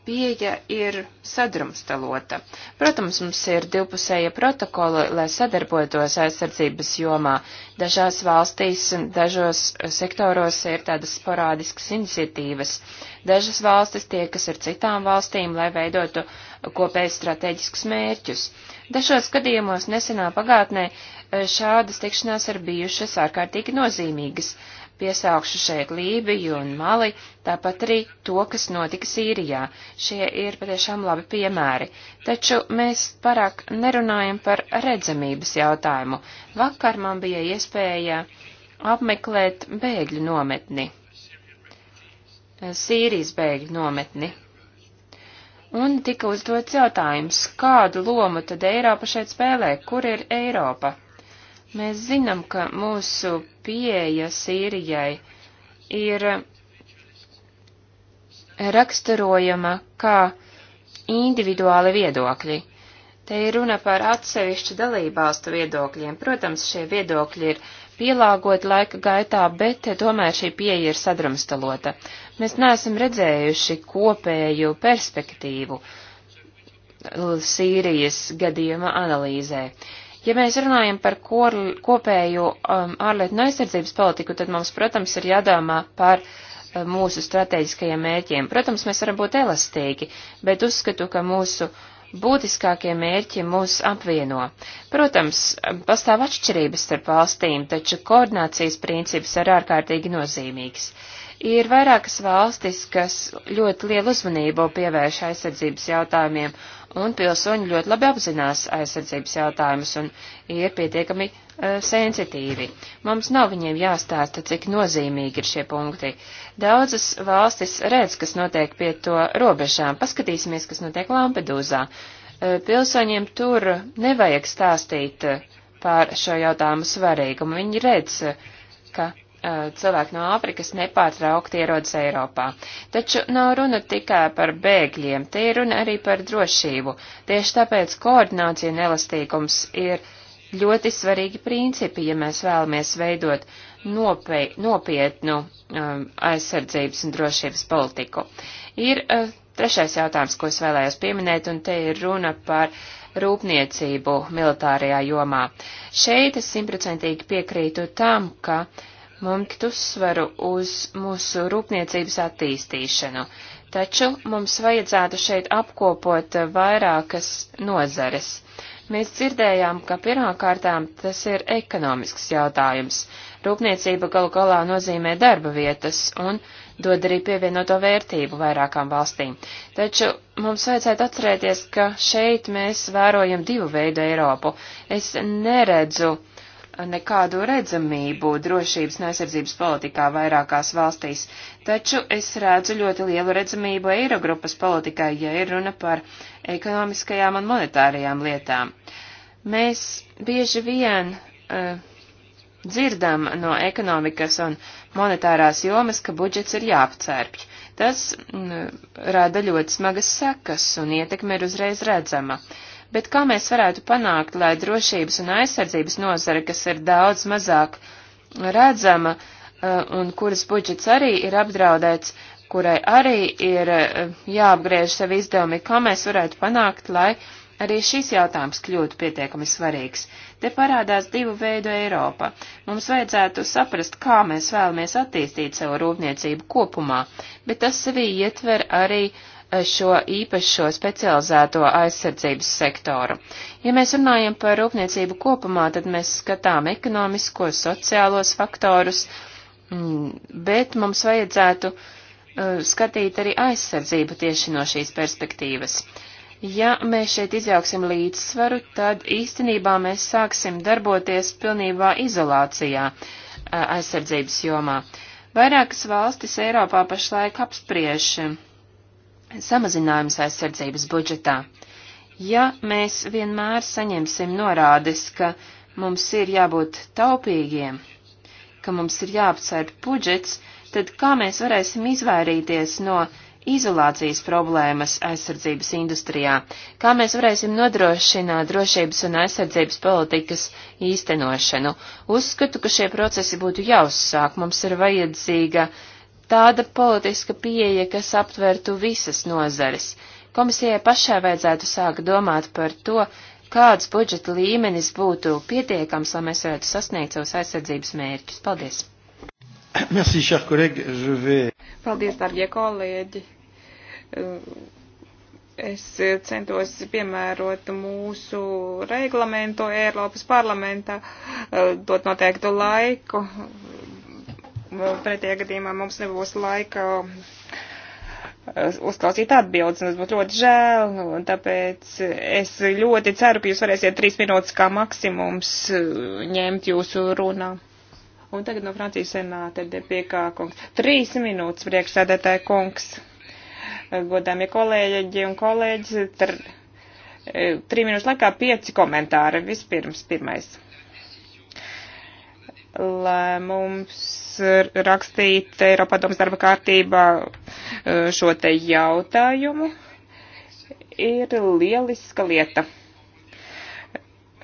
pieeja ir sadrumstalota. Protams, mums ir divpusēja protokola, lai sadarbotos aizsardzības jomā. Dažās valstīs, dažos sektoros ir tādas sporādiskas iniciatīvas. Dažas valstis tiekas ar citām valstīm, lai veidotu kopējas strateģiskus mērķus. Dažos gadījumos nesenā pagātnē eh, šādas tikšanās ir bijušas ārkārtīgi nozīmīgas. Piesaukšu šeit Lībiju un Mali, tāpat arī to, kas notika Sīrijā. Šie ir patiešām labi piemēri. Taču mēs parāk nerunājam par redzamības jautājumu. Vakar man bija iespēja apmeklēt bēgļu nometni. Sīrijas bēgļu nometni. Un tika uzdots jautājums, kādu lomu tad Eiropa šeit spēlē, kur ir Eiropa? Mēs zinām, ka mūsu pieeja Sīrijai ir raksturojama kā individuāli viedokļi. Te ir runa par atsevišķu dalībvalstu viedokļiem. Protams, šie viedokļi ir pielāgoti laika gaitā, bet tomēr šī pieeja ir sadrumstalota. Mēs neesam redzējuši kopēju perspektīvu Sīrijas gadījuma analīzē. Ja mēs runājam par kor, kopēju um, ārlietu un aizsardzības politiku, tad mums, protams, ir jādomā par um, mūsu strateģiskajiem mērķiem. Protams, mēs varam būt elastīgi, bet uzskatu, ka mūsu būtiskākie mērķi mūs apvieno. Protams, um, pastāv atšķirības starp valstīm, taču koordinācijas princips ir ārkārtīgi nozīmīgs. Uh, Ir vairākas valstis, kas ļoti lielu uzmanību pievērš aizsardzības jautājumiem, un pilsoņi ļoti labi apzinās aizsardzības jautājumus un ir pietiekami uh, sensitīvi. Mums nav viņiem jāstāsta, cik nozīmīgi ir šie punkti. Daudzas valstis redz, kas notiek pie to robežām. Paskatīsimies, kas notiek Lampedūzā. Uh, pilsoņiem tur nevajag stāstīt uh, par šo jautājumu svarīgumu. Viņi redz, uh, ka Eh, cilvēki no Āfrikas nepārtraukti ierodas Eiropā. Taču nav runa tikai par bēgļiem, te ir runa arī par drošību. Tieši tāpēc koordinācija un elastīgums ir ļoti svarīgi principi, ja mēs vēlamies veidot nopie, nopietnu um, aizsardzības un drošības politiku. Ir uh, trešais jautājums, ko es vēlējos pieminēt, un te ir runa par rūpniecību militārajā jomā. Šeit es simtprocentīgi piekrītu tam, ka uh, likt uzsvaru uz mūsu rūpniecības attīstīšanu, taču mums vajadzētu šeit apkopot vairākas nozares. Mēs dzirdējām, ka pirmkārtām tas ir ekonomisks jautājums. Rūpniecība galu galā nozīmē darba vietas un dod arī pievienoto vērtību vairākām valstīm. Taču mums vajadzētu atcerēties, ka šeit mēs vērojam divu veidu Eiropu. Es neredzu uh, nekādu redzamību drošības un aizsardzības politikā vairākās valstīs, taču es redzu ļoti lielu redzamību Eirogrupas politikai, ja ir runa par ekonomiskajām un monetārajām lietām. Mēs bieži vien uh, dzirdam no ekonomikas un monetārās jomas, ka budžets ir jāapcērpj. Tas mm, rada ļoti smagas sekas un ietekme ir uzreiz redzama. Uh, Bet kā mēs varētu panākt, lai drošības un aizsardzības nozara, kas ir daudz mazāk redzama eh, un kuras budžets arī ir apdraudēts, kurai arī ir eh, jāapgriež sevi izdevumi, kā mēs varētu panākt, lai arī šis jautājums kļūtu pietiekami svarīgs. Te parādās divu veidu Eiropa. Mums vajadzētu saprast, kā mēs vēlamies attīstīt savu rūpniecību kopumā, bet tas sevī ietver arī uh, šo īpašo specializēto aizsardzības sektoru. Ja mēs runājam par rūpniecību kopumā, tad mēs skatām ekonomiskos, sociālos faktorus, mm, bet mums vajadzētu eh, skatīt arī aizsardzību tieši no šīs perspektīvas. Ja mēs šeit izjauksim līdzsvaru, tad īstenībā mēs sāksim darboties pilnībā izolācijā eh, aizsardzības jomā. Vairākas valstis Eiropā pašlaik apspriež samazinājums aizsardzības budžetā. Ja mēs vienmēr saņemsim norādes, ka mums ir jābūt taupīgiem, ka mums ir jāapcer budžets, tad kā mēs varēsim izvairīties no izolācijas problēmas aizsardzības industrijā, kā mēs varēsim nodrošināt drošības un aizsardzības politikas īstenošanu. Uzskatu, ka šie procesi būtu jāuzsāk, mums ir vajadzīga uh, tāda politiska pieeja, kas aptvertu visas nozares. Komisijai pašai vajadzētu sākt domāt par to, kāds budžeta līmenis būtu pietiekams, lai mēs varētu sasniegt savus aizsardzības mērķus. Paldies! Merci, cher collègue, je vais... Paldies, darbie kolēģi! Eh, es centos piemērot mūsu reglamentu Eiropas parlamentā, eh, dot noteiktu laiku pretējā gadījumā mums nebūs laika uh, uzklausīt atbildes, un tas būtu ļoti žēl, un tāpēc es ļoti ceru, ka jūs varēsiet trīs minūtes kā maksimums uh, ņemt jūsu runā. Un tagad no Francijas senāta depiekā kungs. Trīs minūtes priekšsēdētāja kungs. Uh, godāmie kolēģi un kolēģis, tr, trīs minūšu laikā pieci komentāri. Vispirms, pirmais lēmums rakstīt Eiropadomas darba kārtībā uh, šo te jautājumu ir lieliska lieta.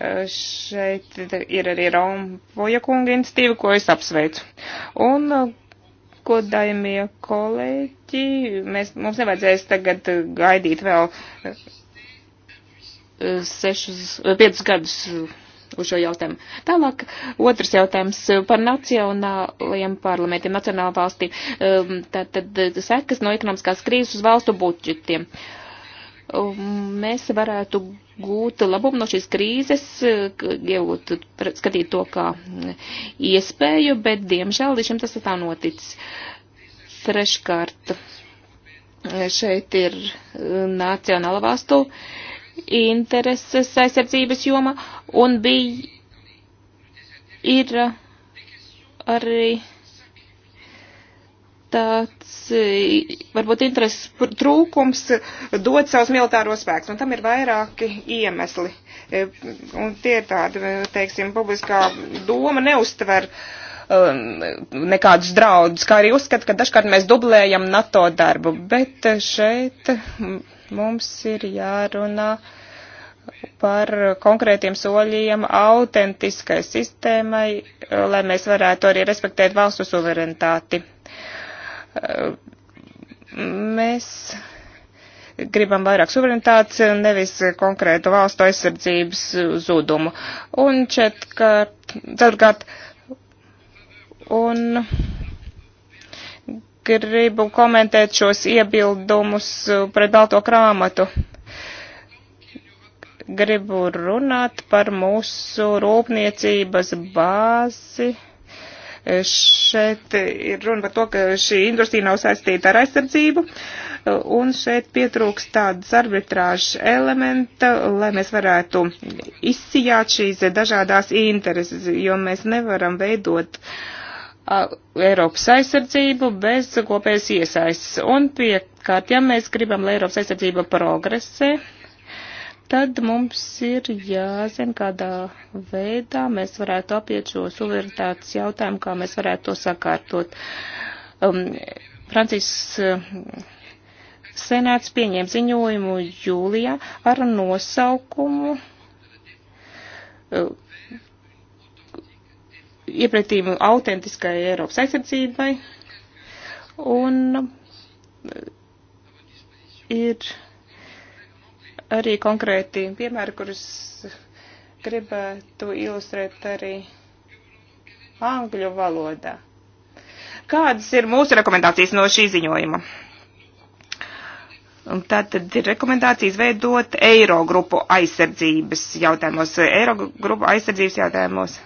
Uh, šeit ir arī Romboja kunga institīva, ko es apsveicu. Un, uh, godājumie kolēģi, mēs, mums nevajadzēs tagad gaidīt vēl sešus, piecus gadus uz šo jautājumu. Tālāk otrs jautājums par nacionālajiem parlamentiem, nacionālām valstīm. Um, Tātad eh, sekas no ekonomiskās krīzes uz valstu budžetiem. Um, mēs varētu gūt labumu no šīs krīzes, eh, iegūt, skatīt to kā iespēju, bet diemžēl līdz šim tas tā noticis. Treškārt, šeit ir eh, nacionāla valstu intereses aizsardzības joma un bija ir arī tāds varbūt intereses trūkums dot savus militāros spēkus, un tam ir vairāki iemesli. E, un tie ir tādi, teiksim, publiskā doma neuztver uh, Um, nekādus draudus, kā arī uzskat, ka dažkārt mēs dublējam NATO darbu, bet šeit mums ir jārunā par konkrētiem soļiem autentiskai sistēmai, lai mēs varētu arī respektēt valstu suverenitāti. Mēs gribam vairāk suverenitātes, nevis konkrētu valstu aizsardzības zudumu. Un četrkārt, ceturkārt, Un gribu komentēt šos iebildumus pret balto krāmatu. Gribu runāt par mūsu rūpniecības bāzi. Šeit ir runa par to, ka šī industrija nav saistīta ar aizsardzību, un šeit pietrūks tādas arbitrāžas elementa, lai mēs varētu izsijāt šīs dažādās intereses, jo mēs nevaram veidot uh, Eiropas aizsardzību bez kopējas iesaistas. Un piekārt, ja mēs gribam, lai Eiropas aizsardzība progresē, tad mums ir jāzina, kādā veidā mēs varētu apiet šo suverenitātes jautājumu, kā mēs varētu to sakārtot. Um, Francijas uh, senāts pieņēma ziņojumu jūlijā ar nosaukumu uh, iepratīmu autentiskai Eiropas aizsardzībai. Un eh, ir arī konkrēti piemēri, kurus gribētu ilustrēt arī angļu valodā. Kādas ir mūsu rekomendācijas no šī ziņojuma? Un tā tad ir rekomendācijas veidot Eirogrupu aizsardzības jautājumos, Eirogrupu aizsardzības jautājumos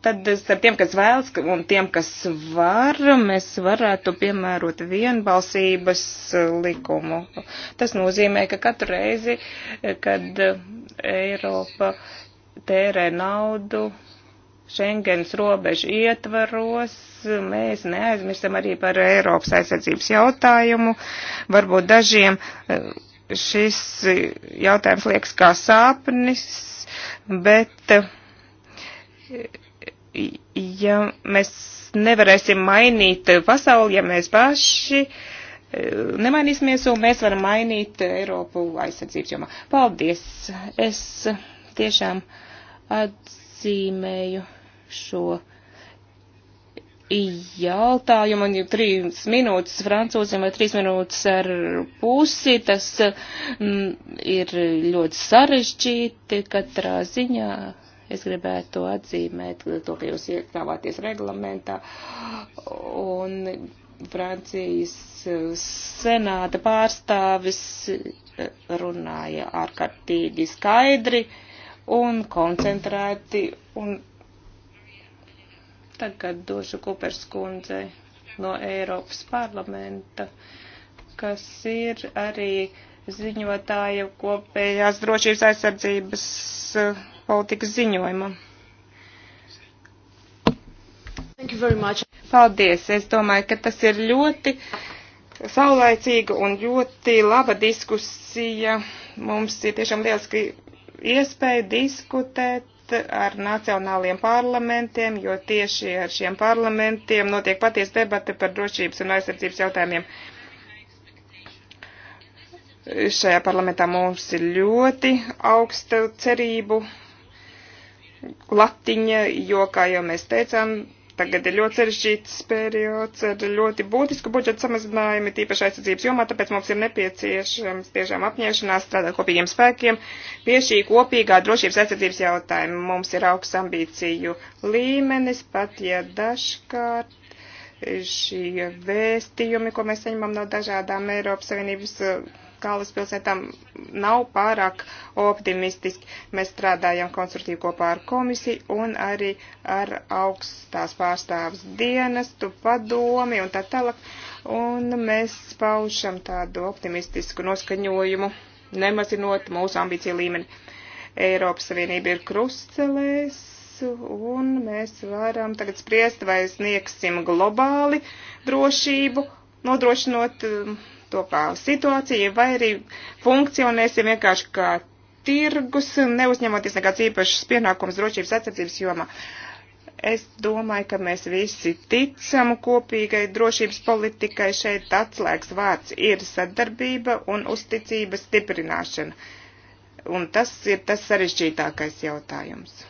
tad starp tiem, kas vēlas un tiem, kas var, mēs varētu piemērot vienbalsības uh, likumu. Tas nozīmē, ka katru reizi, uh, kad uh, Eiropa tērē naudu Schengens robežu ietvaros, mēs neaizmirstam arī par Eiropas aizsardzības jautājumu. Varbūt dažiem šis jautājums liekas kā sāpnis, bet ja mēs nevarēsim mainīt pasauli, ja mēs paši e, nemainīsimies, un mēs varam mainīt Eiropu aizsardzības jomā. Paldies! Es tiešām atzīmēju šo jautājumu, un trīs minūtes francūziem vai trīs minūtes ar pusi, tas mm, ir ļoti sarežģīti katrā ziņā. Es gribētu atzīmēt to, ka jūs iekļāvāties reglamentā un Francijas uh, senāta pārstāvis uh, runāja ārkārtīgi skaidri un koncentrēti un tagad došu Kupers kundzei no Eiropas parlamenta, kas ir arī uh, ziņotāja kopējās drošības aizsardzības eh, politikas ziņojuma. Paldies! Es domāju, ka tas ir ļoti saulaicīga un ļoti laba diskusija. Mums ir tiešām lieliski iespēja diskutēt ar nacionāliem parlamentiem, jo tieši ar šiem parlamentiem notiek patiesa debata par drošības un aizsardzības jautājumiem. Šajā parlamentā mums ir ļoti augsta cerību latiņa, jo, kā jau mēs teicām, tagad ir ļoti sarežģīts periods ar ļoti būtisku budžeta samazinājumu, tīpaši aizsardzības jomā, tāpēc mums ir nepieciešams tiešām apņēšanās strādāt kopīgiem spēkiem pie šī kopīgā drošības aizsardzības jautājuma. Mums ir augsts ambīciju līmenis, pat ja dažkārt šie vēstījumi, ko mēs saņemam no dažādām Eiropas Savienības galvaspilsētām nav pārāk optimistiski. Mēs strādājam konstruktīvi kopā ar komisiju un arī ar augstās pārstāvs dienestu, padomi un tā tālāk. Un mēs paušam tādu optimistisku noskaņojumu, nemazinot mūsu ambīciju līmeni. Eiropas Savienība ir krustcelēs, un mēs varam tagad spriest, vai sniegsim globāli drošību, nodrošinot to kā situāciju, vai arī funkcionēsim vienkārši kā tirgus, neuzņemoties nekāds īpašs pienākums drošības aizsardzības jomā. Es domāju, ka mēs visi ticam kopīgai drošības politikai. Šeit atslēgs vārds ir sadarbība un uzticības stiprināšana. Un tas ir tas sarežģītākais jautājums.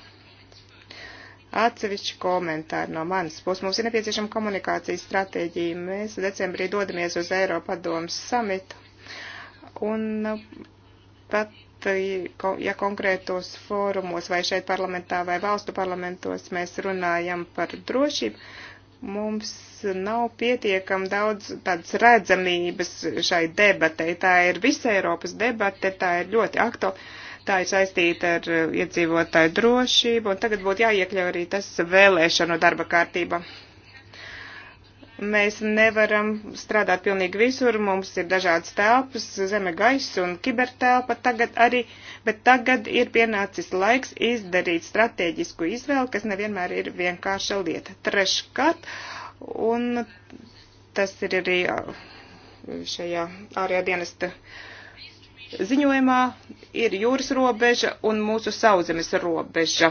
Atsevišķi komentāri no manas puses. Mums ir nepieciešama komunikācijas stratēģija. Mēs decembrī dodamies uz Eiropa padomus samitu. Un pat, ja konkrētos fórumos vai šeit parlamentā vai valstu parlamentos mēs runājam par drošību, mums nav pietiekam daudz tādas redzamības šai debatei. Tā ir visa Eiropas debate, tā ir ļoti aktuāla Tā ir saistīta ar eh, iedzīvotāju drošību, un tagad būtu jāiekļau arī tas vēlēšanu darba kārtība. Mēs nevaram strādāt pilnīgi visur, mums ir dažādas telpas, zeme, gaisa un kibertelpa tagad arī, bet tagad ir pienācis laiks izdarīt strateģisku izvēli, kas nevienmēr ir vienkārša lieta. Treškārt, un tas ir arī šajā ārējā dienesta uh, ziņojumā ir jūras robeža un mūsu sauzemes robeža.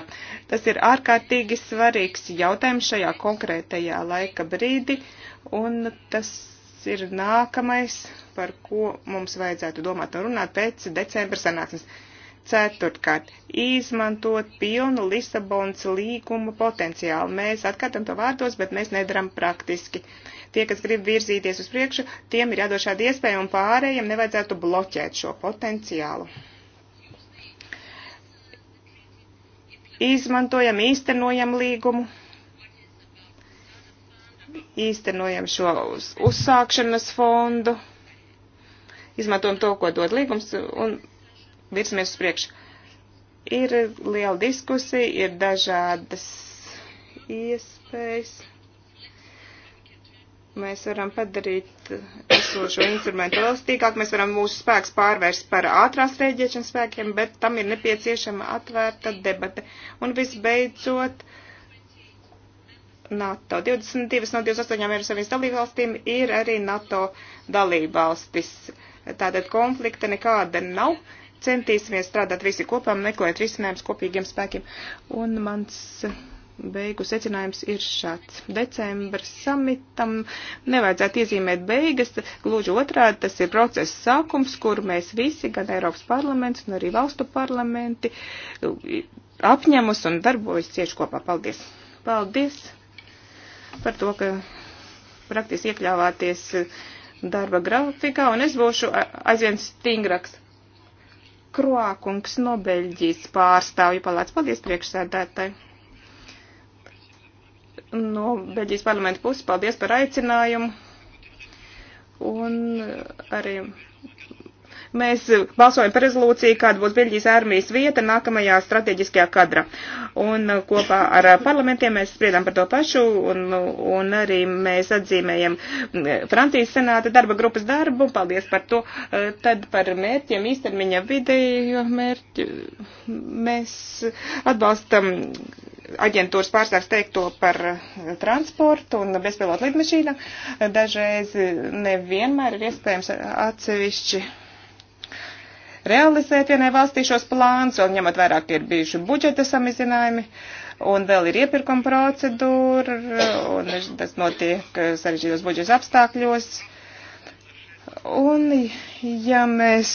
Tas ir ārkārtīgi svarīgs jautājums šajā konkrētajā laika brīdi, un tas ir nākamais, par ko mums vajadzētu domāt un runāt pēc decembra sanāksmes. Ceturtkārt, izmantot pilnu Lisabonas līguma potenciālu. Mēs atkatām to vārdos, bet mēs nedaram praktiski. Tie, kas grib virzīties uz priekšu, tiem ir jādod šāda iespēja un pārējiem nevajadzētu bloķēt šo potenciālu. Izmantojam, īstenojam līgumu, īstenojam šo uz, uzsākšanas fondu, izmantojam to, ko dod līgums un virsamies uz priekšu. Ir liela diskusija, ir dažādas iespējas. Mēs varam padarīt esošo instrumentu elastīgāk, mēs varam mūsu spēks pārvērst par ātrās rēģēšanas spēkiem, bet tam ir nepieciešama atvērta debate. Un visbeidzot, NATO. 22 no 28 Eiropas Savienības dalībvalstīm ir arī NATO dalībvalstis. Tātad konflikta nekāda nav centīsimies strādāt visi kopā, meklēt risinājumus kopīgiem spēkiem. Un mans beigu secinājums ir šāds. Decembra samitam nevajadzētu iezīmēt beigas, gluži otrādi tas ir process sākums, kur mēs visi, gan Eiropas parlaments un arī valstu parlamenti, apņemus un darbojas cieši kopā. Paldies! Paldies par to, ka praktiski iekļāvāties darba grafikā, un es būšu aizvien stingraks. Kroākungs no Beļģijas pārstāvju palāca. Paldies priekšsēdētāji. No Beļģijas parlamenta puses paldies par aicinājumu. Un arī Mēs eh, balsojam par rezolūciju, kāda būs Beļģijas armijas vieta nākamajā strateģiskajā kadra. Un eh, kopā ar eh, parlamentiem mēs spriedām par to pašu, un, un arī mēs atzīmējam mm, Francijas senāta darba grupas darbu. Paldies par to. Tad par mērķiem, īstermiņa vidējo mērķi. Mēs atbalstam aģentūras pārstāvs teikto par transportu un bezpilotu lidmašīnām. Dažreiz nevienmēr ir iespējams atsevišķi realizēt vienai valstī šos plānus, vēl ņemot vairāk ir bijuši budžeta samazinājumi, un vēl ir iepirkuma procedūra, un tas notiek sarežģītos budžeta apstākļos. Un, ja mēs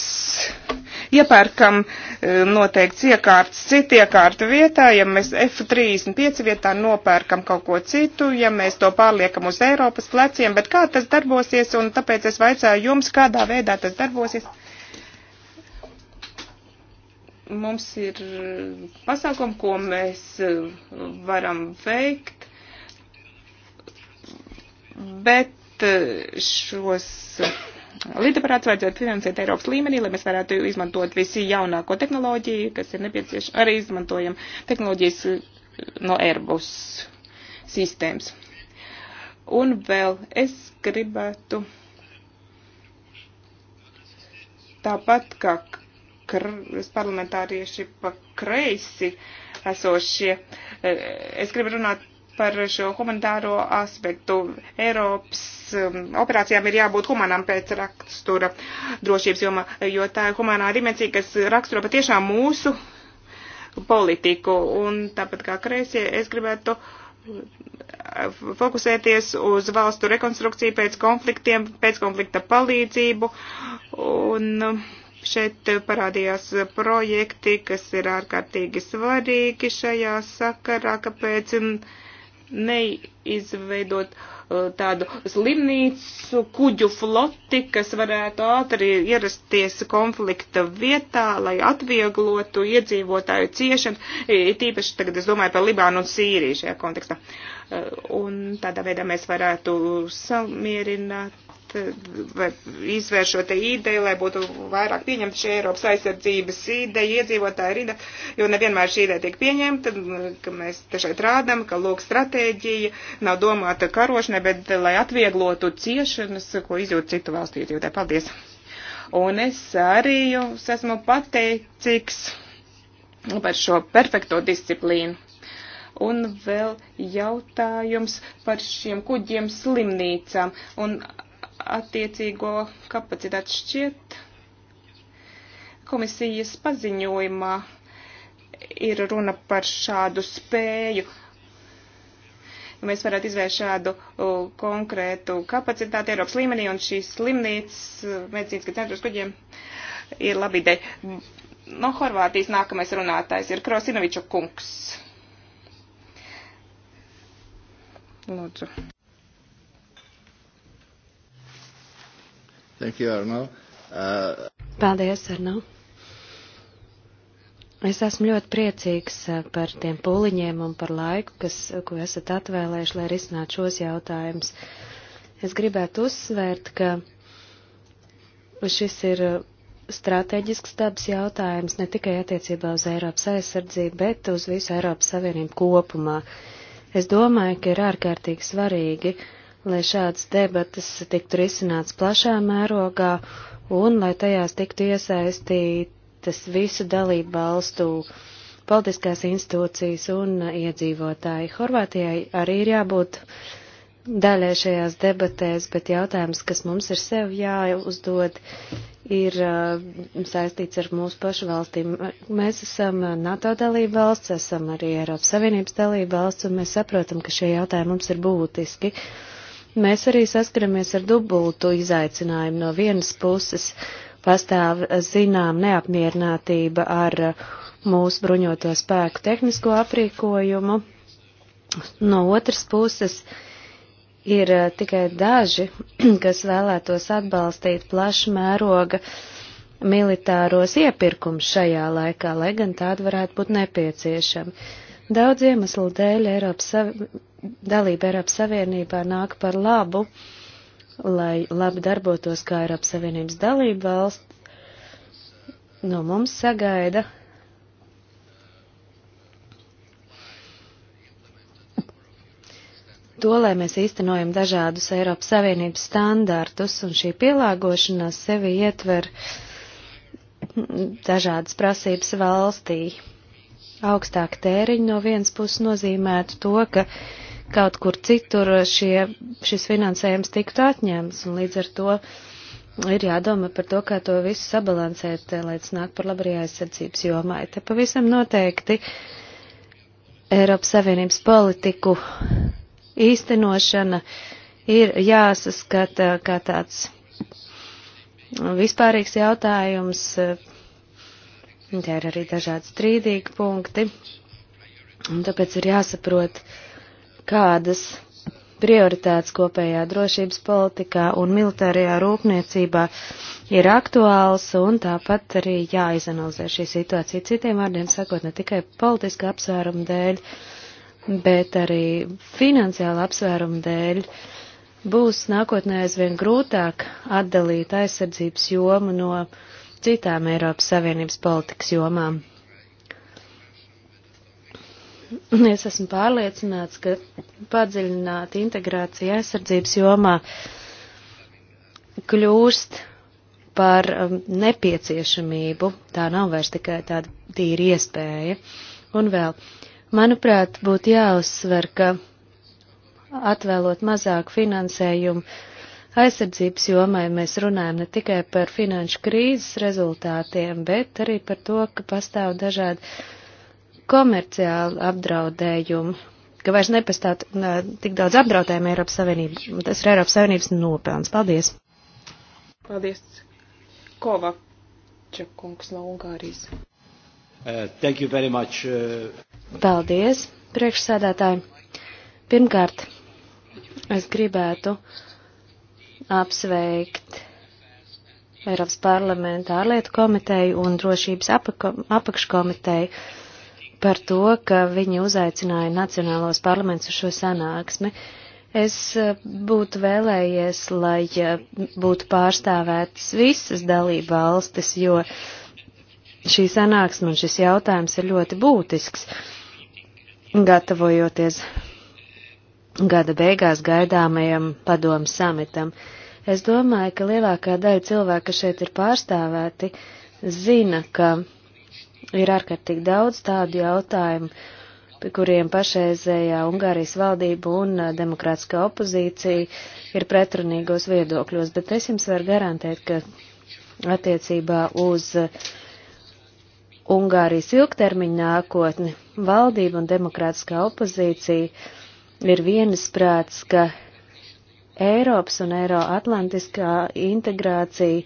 iepērkam eh, noteikts iekārts citu iekārtu vietā, ja mēs F35 vietā nopērkam kaut ko citu, ja mēs to pārliekam uz Eiropas pleciem, bet kā tas darbosies, un tāpēc es vaicāju jums, kādā veidā tas darbosies mums ir eh, pasākumi, ko mēs eh, varam veikt, bet eh, šos līdzekļus vajadzētu finansēt Eiropas līmenī, lai mēs varētu izmantot visi jaunāko tehnoloģiju, kas ir nepieciešama, arī izmantojam tehnoloģijas no Airbus sistēmas. Un vēl es gribētu tāpat kā kr parlamentārieši pa kreisi esošie. E, es gribu runāt par šo humanitāro aspektu. Eiropas um, operācijām ir jābūt humanām pēc rakstura drošības joma, jo tā ir humanā dimensija, kas raksturo patiešām mūsu politiku. Un tāpat kā kreisie, es gribētu uh, fokusēties uz valstu rekonstrukciju pēc konfliktiem, pēc konflikta palīdzību. Un, uh, Šeit eh, parādījās eh, projekti, kas ir ārkārtīgi svarīgi šajā sakarā, kāpēc mm, neizveidot eh, tādu slimnīcu kuģu floti, kas varētu ātri ierasties konflikta vietā, lai atvieglotu iedzīvotāju ciešanu, tīpaši tagad es domāju par Libānu un Sīriju šajā kontekstā. Un tādā veidā mēs varētu samierināt vai izvēršot te ideju, lai būtu vairāk pieņemta šī Eiropas aizsardzības ideja, iedzīvotāja rinda, jo nevienmēr šī ideja tiek pieņemta, ka mēs te šeit rādam, ka lūk stratēģija nav domāta karošanai, bet lai atvieglotu ciešanas, ko izjūt citu valstu iedzīvotāji. Paldies! Un es arī jums esmu pateicīgs par šo perfekto disciplīnu. Un vēl jautājums par šiem kuģiem slimnīcām. Un attiecīgo kapacitāti šķiet. Komisijas paziņojumā ir runa par šādu spēju un nu, mēs varētu izvērst šādu uh, konkrētu kapacitāti Eiropas līmenī, un šīs slimnīcas medicīnas centrus kuģiem ir labi ideja. No Horvātijas nākamais runātājs ir Krosinoviča kungs. Lūdzu. Thank you, Arno. Uh... Paldies, Arno. Es esmu ļoti priecīgs uh, par tiem pūliņiem un par laiku, kas, uh, ko esat atvēlējuši, lai risinātu šos jautājumus. Es gribētu uzsvērt, ka šis ir uh, stratēģisks dabas jautājums ne tikai attiecībā uz Eiropas aizsardzību, bet uz visu Eiropas Savienību kopumā. Es domāju, ka ir ārkārtīgi svarīgi uh, lai šāds debatas tiktu risināts plašā mērogā un lai tajās tiktu iesaistītas visu dalību valstu politiskās institūcijas un iedzīvotāji. Horvātijai arī ir jābūt daļai šajās debatēs, bet jautājums, kas mums ir sev jāuzdod, ir uh, saistīts ar mūsu pašu valstīm. Mēs esam NATO dalība valsts, esam arī Eiropas Savienības dalība valsts, un mēs saprotam, ka šie jautājumi mums ir būtiski. Uh, Mēs arī saskaramies ar dubultu izaicinājumu. No vienas puses pastāv eh, zinām neapmierinātība ar eh, mūsu bruņoto spēku tehnisko aprīkojumu. No otras puses ir eh, tikai daži, [CLEARS THROAT] kas vēlētos atbalstīt plaša mēroga militāros iepirkums šajā laikā, lai gan tāda varētu būt nepieciešama. Daudz iemeslu dēļ Eiropas Savienība dalība Eiropas Savienībā nāk par labu, lai labi darbotos kā Eiropas Savienības dalība valsts, no mums sagaida to, lai mēs īstenojam dažādus Eiropas Savienības standartus, un šī pielāgošanās sevi ietver dažādas prasības valstī. Augstāk tēriņi no vienas puses nozīmētu to, ka uh, kaut kur citur šie, šis finansējums tiktu atņemts, un līdz ar to ir jādomā par to, kā to visu sabalansēt, eh, lai tas nāk par labu arī aizsardzības jomai. Te pavisam noteikti Eiropas Savienības politiku īstenošana ir jāsaskata kā tāds vispārīgs jautājums. Eh, tie ir arī dažādi strīdīgi punkti, un tāpēc ir jāsaprot, uh, kādas prioritātes kopējā drošības politikā un militārajā rūpniecībā ir aktuāls un tāpat arī jāizanalizē šī situācija. Citiem vārdiem sakot, ne tikai politiska apsvēruma dēļ, bet arī finansiāla apsvēruma dēļ būs nākotnē aizvien grūtāk atdalīt aizsardzības jomu no citām Eiropas Savienības politikas jomām. Es esmu pārliecināts, ka padziļināta integrācija aizsardzības jomā kļūst par um, nepieciešamību. Tā nav vairs tikai tāda tīra iespēja. Un vēl, manuprāt, būtu jāuzsver, ka atvēlot mazāku finansējumu aizsardzības jomai, mēs runājam ne tikai par finanšu krīzes rezultātiem, bet arī par to, ka pastāv dažādi komerciālu apdraudējumu, ka vairs nepastāv tik daudz apdraudējumu Eiropas Savienību. Tas ir Eiropas Savienības nopelns. Paldies! Paldies! Kovača kungs no Ungārijas. Uh, thank you very much. Uh... Paldies, priekšsēdētāji. Pirmkārt, es gribētu apsveikt Eiropas parlamenta ārlietu komiteju un drošības apakškomiteju. Apakš par to, ka viņi uzaicināja Nacionālos parlaments uz šo sanāksmi. Es eh, būtu vēlējies, lai eh, būtu pārstāvētas visas dalība valstis, jo šī sanāksme un šis jautājums ir ļoti būtisks. Gatavojoties gada beigās gaidāmajam padomu samitam, es domāju, ka lielākā daļa cilvēka šeit ir pārstāvēti, zina, ka Ir ārkārtīgi daudz tādu jautājumu, pie kuriem pašreizējā Ungārijas valdība un demokrātiskā opozīcija ir pretrunīgos viedokļos, bet es jums varu garantēt, ka attiecībā uz Ungārijas ilgtermiņa nākotni valdība un demokrātiskā opozīcija ir vienisprāts, ka Eiropas un Eiroatlantiskā integrācija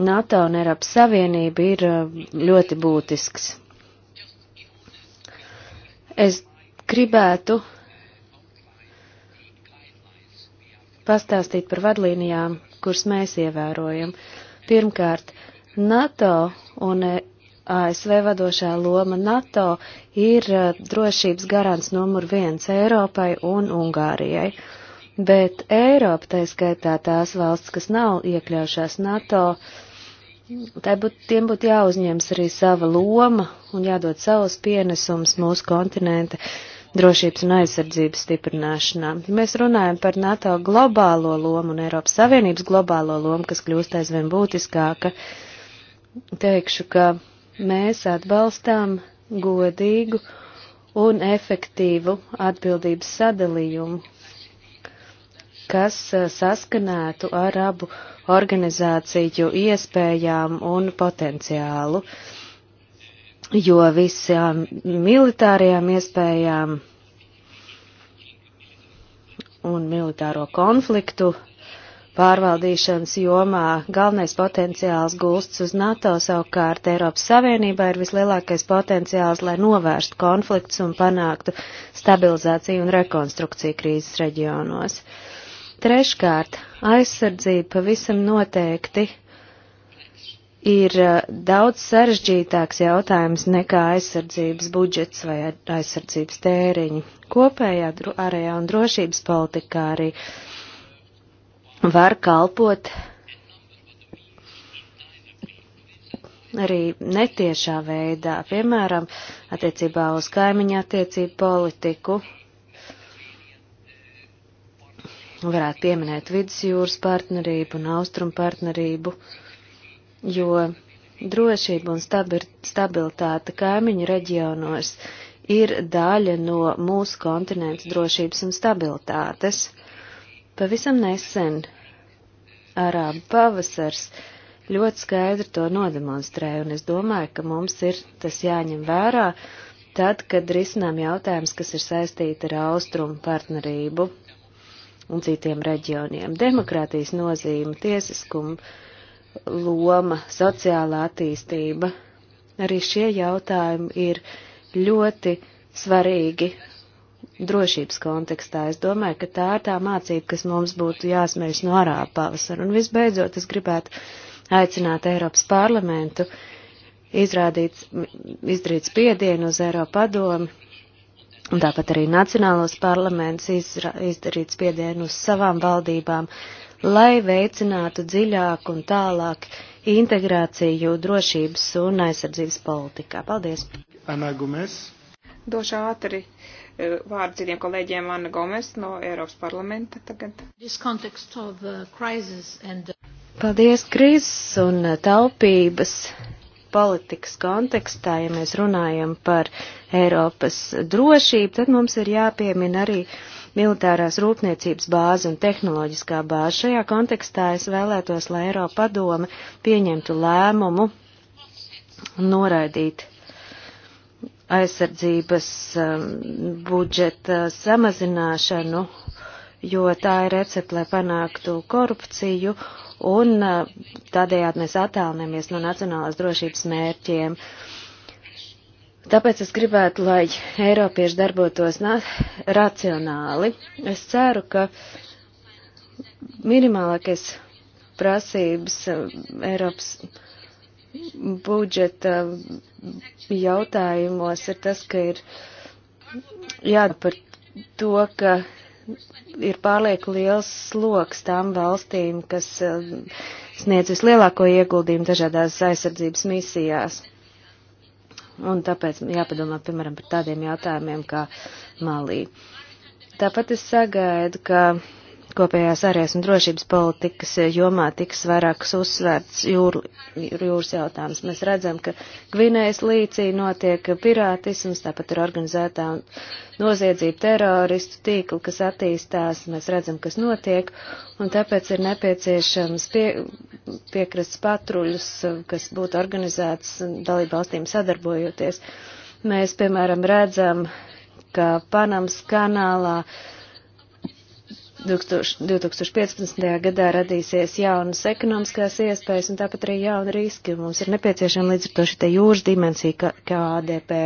NATO un Eiropas Savienība ir uh, ļoti būtisks. Es gribētu pastāstīt par vadlīnijām, kuras mēs ievērojam. Pirmkārt, NATO un eh, ASV vadošā loma NATO ir eh, drošības garants numur viens Eiropai un Ungārijai. Bet Eiropa, tā skaitā tās valsts, kas nav iekļaušās NATO, uh, tai būt, tiem būtu jāuzņems arī sava loma un jādod savus pienesums mūsu kontinenta drošības un aizsardzības stiprināšanā. Ja mēs runājam par NATO globālo lomu un Eiropas Savienības globālo lomu, kas kļūst aizvien būtiskāka, teikšu, ka mēs atbalstām godīgu un efektīvu atbildības sadalījumu kas saskanētu ar abu organizāciju iespējām un potenciālu, jo visām militārajām iespējām un militāro konfliktu pārvaldīšanas jomā galvenais potenciāls gulsts uz NATO, savukārt Eiropas Savienībā ir vislielākais potenciāls, lai novērstu konflikts un panāktu stabilizāciju un rekonstrukciju krīzes reģionos. Uh, Treškārt, aizsardzība pavisam noteikti ir eh, daudz sarežģītāks jautājums nekā aizsardzības budžets vai aizsardzības tēriņi. Kopējā ārējā un drošības politikā arī var kalpot arī netiešā veidā, piemēram, attiecībā uz kaimiņa attiecību politiku, varētu pieminēt vidusjūras partnerību un austrumu partnerību, jo drošība un stabilitāte kaimiņu reģionos ir daļa no mūsu kontinentu drošības un stabilitātes. Pavisam nesen Arābu pavasars ļoti skaidri to nodemonstrēja, un es domāju, ka mums ir tas jāņem vērā tad, kad risinām jautājums, kas ir saistīti ar austrumu partnerību un citiem reģioniem. Demokrātijas nozīme, tiesiskuma loma, sociālā attīstība, arī šie jautājumi ir ļoti svarīgi drošības kontekstā. Es domāju, ka tā ir tā mācība, kas mums būtu jāsmējas no ārāba pavasara. Un visbeidzot, es gribētu aicināt Eiropas parlamentu izrādīt, izdarīt spiedienu uz Eiropa padomi, Un tāpat arī Nacionālos parlaments izdarīt spiedienu uz savām valdībām, lai veicinātu dziļāku un tālāk integrāciju drošības un aizsardzības politikā. Paldies! Anā Gumes. Došu ātri e, vārdu citiem kolēģiem Anna Gomes no Eiropas parlamenta tagad. Uh, uh, Paldies krīzes un uh, taupības politikas kontekstā, ja mēs runājam par Eiropas drošību, tad mums ir jāpiemina arī militārās rūpniecības bāze un tehnoloģiskā bāze. Šajā kontekstā es vēlētos, lai Eiropa padome pieņemtu lēmumu noraidīt aizsardzības um, budžeta samazināšanu, jo tā ir recepte, lai panāktu korupciju un uh, tādējādi mēs attālinamies no nacionālās drošības mērķiem. Tāpēc es gribētu, lai Eiropieši darbotos racionāli. Es ceru, ka minimālākais prasības uh, Eiropas budžeta uh, jautājumos ir tas, ka ir jādomā par to, ka ir pārlieku liels sloks tām valstīm, kas eh, sniedz vislielāko ieguldījumu dažādās aizsardzības misijās. Un tāpēc jāpadomā, piemēram, par tādiem jautājumiem kā Malī. Tāpat es sagaidu, ka kopējās ārējās un drošības politikas eh, jomā tiks vairākas uzsvērts jūru, jūras jautājums. Mēs redzam, ka Gvinējas līcī notiek pirātisms, tāpat ir organizētā noziedzība teroristu tīkli, kas attīstās, mēs redzam, kas notiek, un tāpēc ir nepieciešams pie, piekrasts patruļus, kas būtu organizēts dalību valstīm sadarbojoties. Mēs, piemēram, redzam, ka Panamas kanālā uh, 2015. gadā radīsies jaunas ekonomiskās iespējas un tāpat arī jauni riski. Mums ir nepieciešama līdz ar to šī jūras dimensija, kā, kā ADP.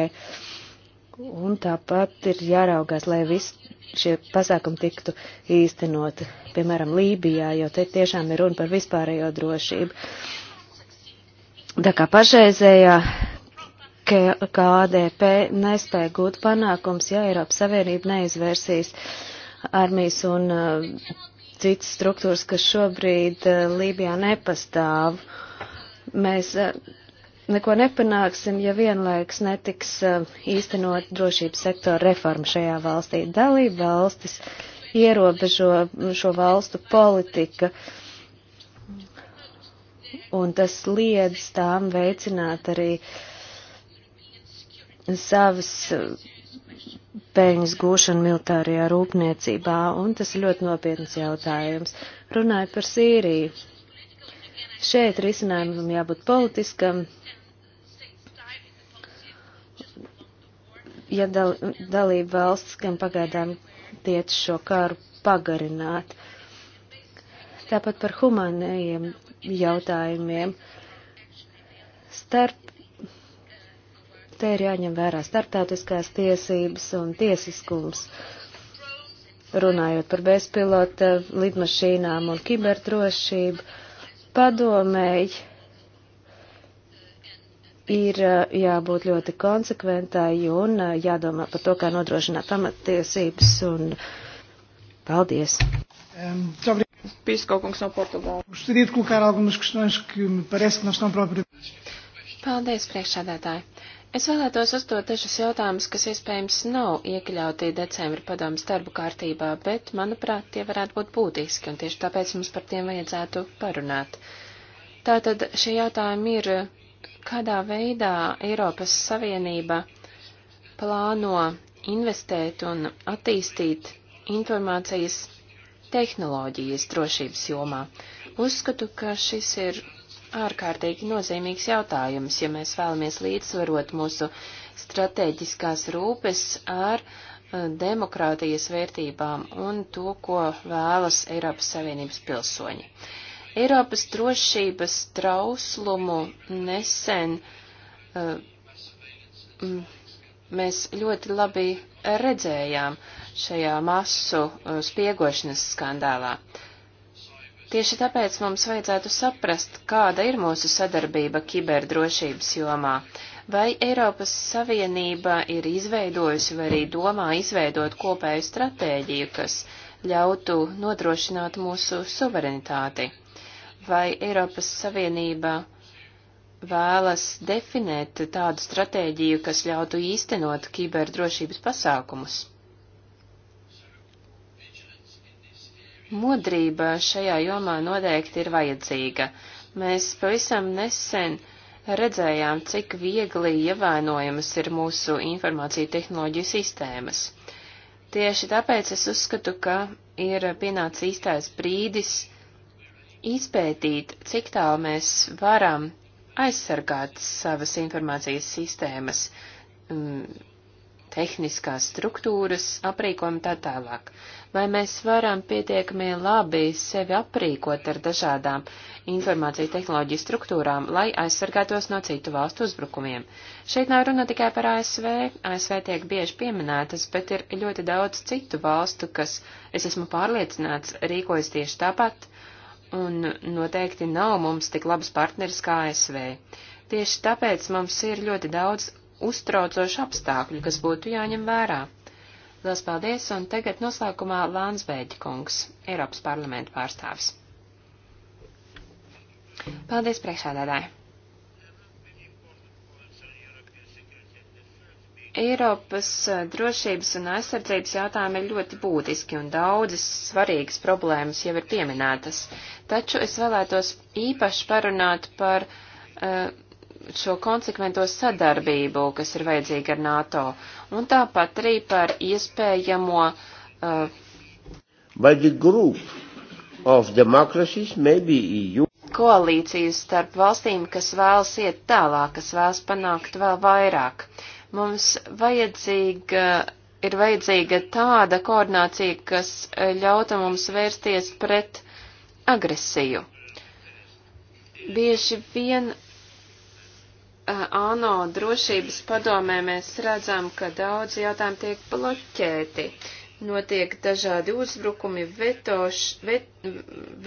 Un tāpat ir jāraugās, lai viss šie pasākumi tiktu īstenoti. Piemēram, Lībijā, jo te tiešām ir runa par vispārējo drošību. Tā kā pašreizējā KDP nespēja gūt panākums, ja Eiropas Savienība neizvērsīs uh, armijas un eh, citas struktūras, kas šobrīd eh, Lībijā nepastāv. Mēs eh, neko nepanāksim, ja vienlaiks netiks īstenot drošības sektora reforma šajā valstī. Dalība valstis ierobežo šo valstu politika, un tas liedz tām veicināt arī savas peļņas gūšanu militārajā rūpniecībā, un tas ir ļoti nopietns jautājums. Runājot par Sīriju, šeit risinājumam jābūt politiskam. Ja dal, dalība valsts, kam pagaidām tiec šo karu pagarināt. Tāpat par humanējiem jautājumiem. Starp Te ir jāņem vērā starptautiskās tiesības un tiesiskums. Runājot par bezpilota lidmašīnām un kiberdrošību, padomēji ir eh, jābūt ļoti konsekventai un eh, jādomā par to, kā nodrošināt pamattiesības. Un paldies! Ehm, Pīskokungs no Portugāles. Paldies, priekšsēdētāji! Es vēlētos uzdot dažus jautājumus, kas iespējams nav iekļauti decembra padomas darbu kārtībā, bet, manuprāt, tie varētu būt būtiski, un tieši tāpēc mums par tiem vajadzētu parunāt. Tātad šie jautājumi ir, kādā veidā Eiropas Savienība plāno investēt un attīstīt informācijas tehnoloģijas drošības jomā. Uzskatu, ka šis ir ārkārtīgi nozīmīgs jautājums, ja mēs vēlamies līdzsvarot mūsu stratēģiskās rūpes ar uh, demokrātijas vērtībām un to, ko vēlas Eiropas Savienības pilsoņi. Eiropas drošības trauslumu nesen uh, mēs ļoti labi redzējām šajā masu uh, spiegošanas skandālā. Uh, Tieši tāpēc mums vajadzētu saprast, kāda ir mūsu sadarbība kiberdrošības jomā. Vai Eiropas Savienība ir izveidojusi vai arī domā izveidot kopēju stratēģiju, kas ļautu nodrošināt mūsu suverenitāti? Vai Eiropas Savienība vēlas definēt tādu stratēģiju, kas ļautu īstenot kiberdrošības pasākumus? Modrība šajā jomā noteikti ir vajadzīga. Mēs pavisam nesen redzējām, cik viegli ievainojamas ir mūsu informācija tehnoloģiju sistēmas. Tieši tāpēc es uzskatu, ka ir pienācis īstais brīdis izpētīt, cik tālu mēs varam aizsargāt savas informācijas sistēmas, mm, tehniskās struktūras, aprīkojumu tā tālāk. Vai mēs varam pietiekami labi sevi aprīkot ar dažādām informāciju tehnoloģiju struktūrām, lai aizsargātos no citu valstu uzbrukumiem? Šeit nav runa tikai par ASV. ASV tiek bieži pieminētas, bet ir ļoti daudz citu valstu, kas, es esmu pārliecināts, rīkojas tieši tāpat, un noteikti nav mums tik labs partneris kā ASV. Tieši tāpēc mums ir ļoti daudz uztraucoši apstākļi, kas būtu jāņem vērā. Lielas paldies, un tagad noslēgumā Lānsbēģi kungs, Eiropas parlamenta pārstāvis. Paldies priekšādādāji. Eiropas drošības un aizsardzības jautājumi ir ļoti būtiski un daudzas svarīgas problēmas jau ir pieminētas, taču es vēlētos īpaši parunāt par uh, šo konsekvento sadarbību, kas ir vajadzīga ar NATO, un tāpat arī par iespējamo. Uh, e koalīcijas starp valstīm, kas vēlas iet tālāk, kas vēlas panākt vēl vairāk. Mums vajadzīga, ir vajadzīga tāda koordinācija, kas ļauta mums vērsties pret agresiju. Bieži vien Eh, ANO drošības padomē mēs redzam, ka daudz jautājumu tiek bloķēti. Notiek dažādi uzbrukumi, vetoš, vet,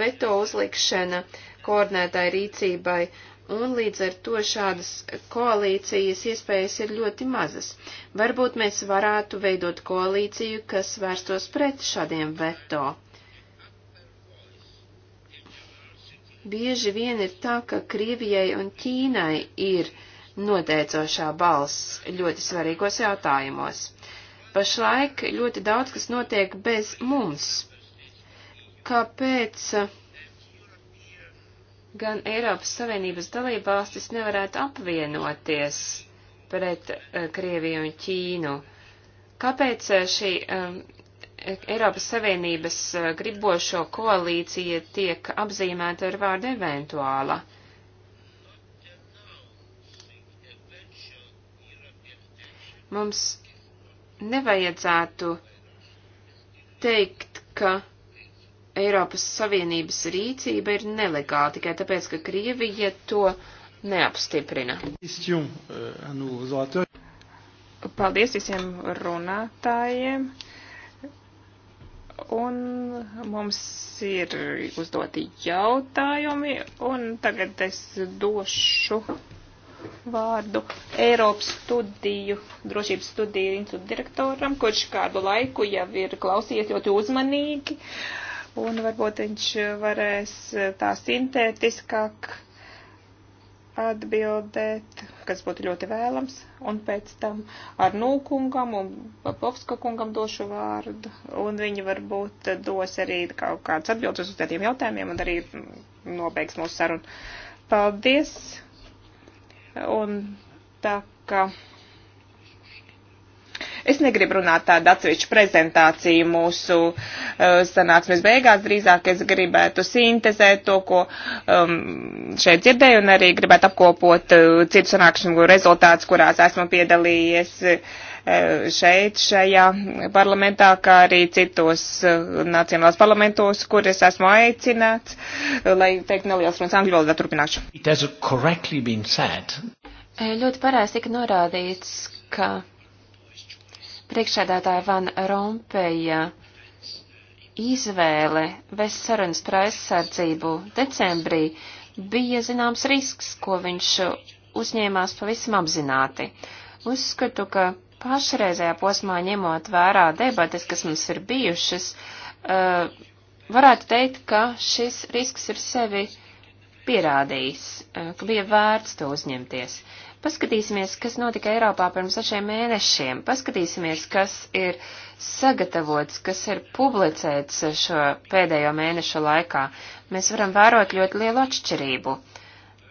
veto uzlikšana koordinētai rīcībai, un līdz ar to šādas koalīcijas iespējas ir ļoti mazas. Varbūt mēs varētu veidot koalīciju, kas vērstos pret šādiem veto. Bieži vien ir tā, ka Krievijai un Ķīnai ir uh, noteicošā balss ļoti svarīgos jautājumos. Pašlaik ļoti daudz kas notiek bez mums. Kāpēc gan Eiropas Savienības dalībvalstis nevarētu apvienoties pret eh, Krieviju un Ķīnu? Kāpēc eh, šī um, Eiropas Savienības gribošo koalīcija tiek apzīmēta ar vārdu eventuāla? Mums nevajadzētu teikt, ka Eiropas Savienības rīcība ir nelegāla tikai tāpēc, ka Krievija to neapstiprina. Euh, Paldies visiem runātājiem. Un mums ir uzdoti jautājumi, un tagad es došu vārdu Eiropas studiju, drošības studiju institūta direktoram, kurš kādu laiku jau ir klausījies ļoti uzmanīgi, un varbūt viņš varēs tā sintētiskāk atbildēt, kas būtu ļoti vēlams, un pēc tam ar nūkungam un Popovska kungam došu vārdu, un viņi varbūt dos arī kaut kādas atbildes uz tādiem jautājumiem, un arī mm, nobeigs mūsu sarunu. Paldies! Un tā kā. Es negribu runāt tādu atsevišķu prezentāciju mūsu uh, sanāksmes beigās, drīzāk es gribētu sintezēt to, ko um, šeit dzirdēju, un arī gribētu apkopot uh, citu sanāksmu rezultātus, kurās esmu piedalījies. Uh, E, šeit, šajā parlamentā, kā arī citos e, nacionālās parlamentos, kur es esmu aicināts, e, lai teikt neliels runas angļu valodā turpināšu. Ļoti pareizi tika norādīts, ka priekšsēdētāja Van Rompeja izvēle vest sarunas par aizsardzību decembrī bija zināms risks, ko viņš uzņēmās pavisam apzināti. Uzskatu, ka pašreizējā posmā ņemot vērā debates, kas mums ir bijušas, eh, varētu teikt, ka šis risks ir sevi pierādījis, eh, ka bija vērts to uzņemties. Paskatīsimies, kas notika Eiropā pirms sešiem mēnešiem. Paskatīsimies, kas ir sagatavots, kas ir publicēts šo pēdējo mēnešu laikā. Mēs varam vērot ļoti lielu atšķirību.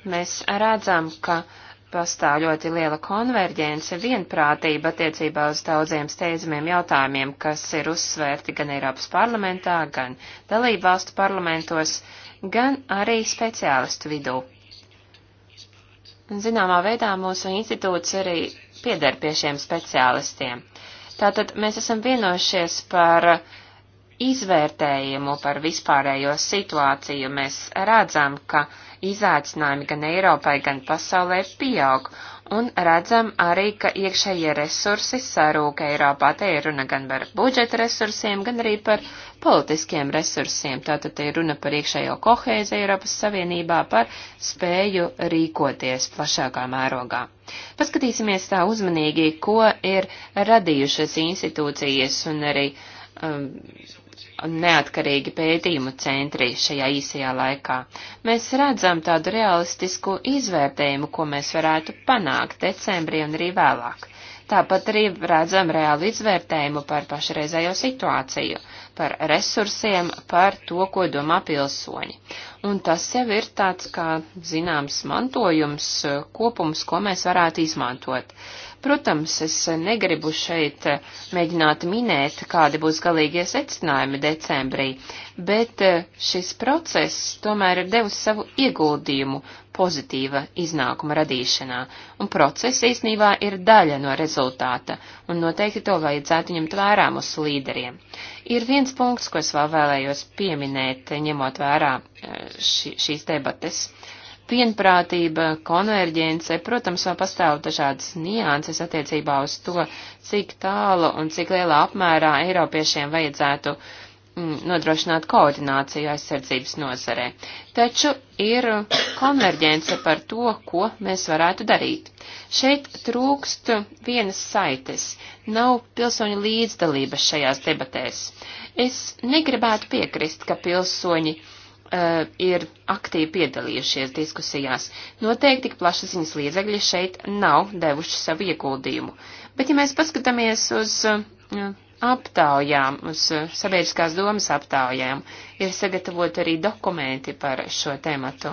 Mēs redzam, ka uh, pastāv ļoti liela konverģence, vienprātība attiecībā uz daudziem steidzamiem jautājumiem, kas ir uzsvērti gan Eiropas parlamentā, gan dalību valstu parlamentos, gan arī speciālistu vidū. Zināmā veidā mūsu institūts arī pieder pie šiem speciālistiem. Tātad mēs esam vienojušies par izvērtējumu par vispārējo situāciju. Mēs redzam, ka uh, izaicinājumi gan Eiropai, gan pasaulē pieaug, un redzam arī, ka iekšējie resursi sarūk Eiropā. Te ir runa gan par budžeta resursiem, gan arī par politiskiem resursiem. Tātad te ir runa par iekšējo kohēzi Eiropas Savienībā, par spēju rīkoties plašākā mērogā. Paskatīsimies tā uzmanīgi, ko ir radījušas institūcijas un arī um, neatkarīgi pētījumu centri šajā īsajā laikā. Mēs redzam tādu realistisku izvērtējumu, ko mēs varētu panākt decembrī un arī vēlāk. Tāpat arī redzam reālu izvērtējumu par pašreizējo situāciju, par resursiem, par to, ko domā pilsoņi. Un tas jau ir tāds kā zināms mantojums, kopums, ko mēs varētu izmantot. Uh, Protams, es negribu šeit eh, mēģināt minēt, kādi būs galīgie secinājumi decembrī, bet eh, šis process tomēr ir devis savu ieguldījumu pozitīva iznākuma radīšanā, un process īsnībā ir daļa no rezultāta, un noteikti to vajadzētu ņemt vērā mūsu līderiem. Ir viens punkts, ko es vēl vēlējos pieminēt, ņemot vērā eh, ši, šīs debates. Uh, vienprātība, konverģence, protams, vēl pastāv dažādas nianses attiecībā uz to, cik tālu un cik lielā apmērā Eiropiešiem vajadzētu mm, nodrošināt koordināciju aizsardzības nozarē. Taču ir konverģence par to, ko mēs varētu darīt. Šeit trūkst vienas saites, nav pilsoņu līdzdalības šajās debatēs. Es negribētu piekrist, ka pilsoņi uh, Eh, ir aktīvi piedalījušies diskusijās. Noteikti tik plašas ziņas līdzekļi šeit nav devuši savu ieguldījumu. Bet ja mēs paskatāmies uz eh, aptaujām, uz eh, sabiedriskās domas aptaujām, ir sagatavot arī dokumenti par šo tematu.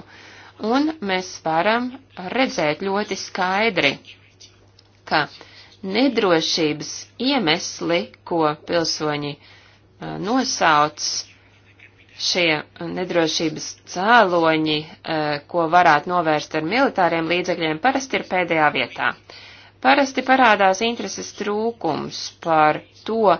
Un mēs varam redzēt ļoti skaidri, ka nedrošības iemesli, ko pilsoņi nosauc, šie nedrošības cēloņi, eh, ko varētu novērst ar militāriem līdzekļiem, parasti ir pēdējā vietā. Parasti parādās intereses trūkums par to,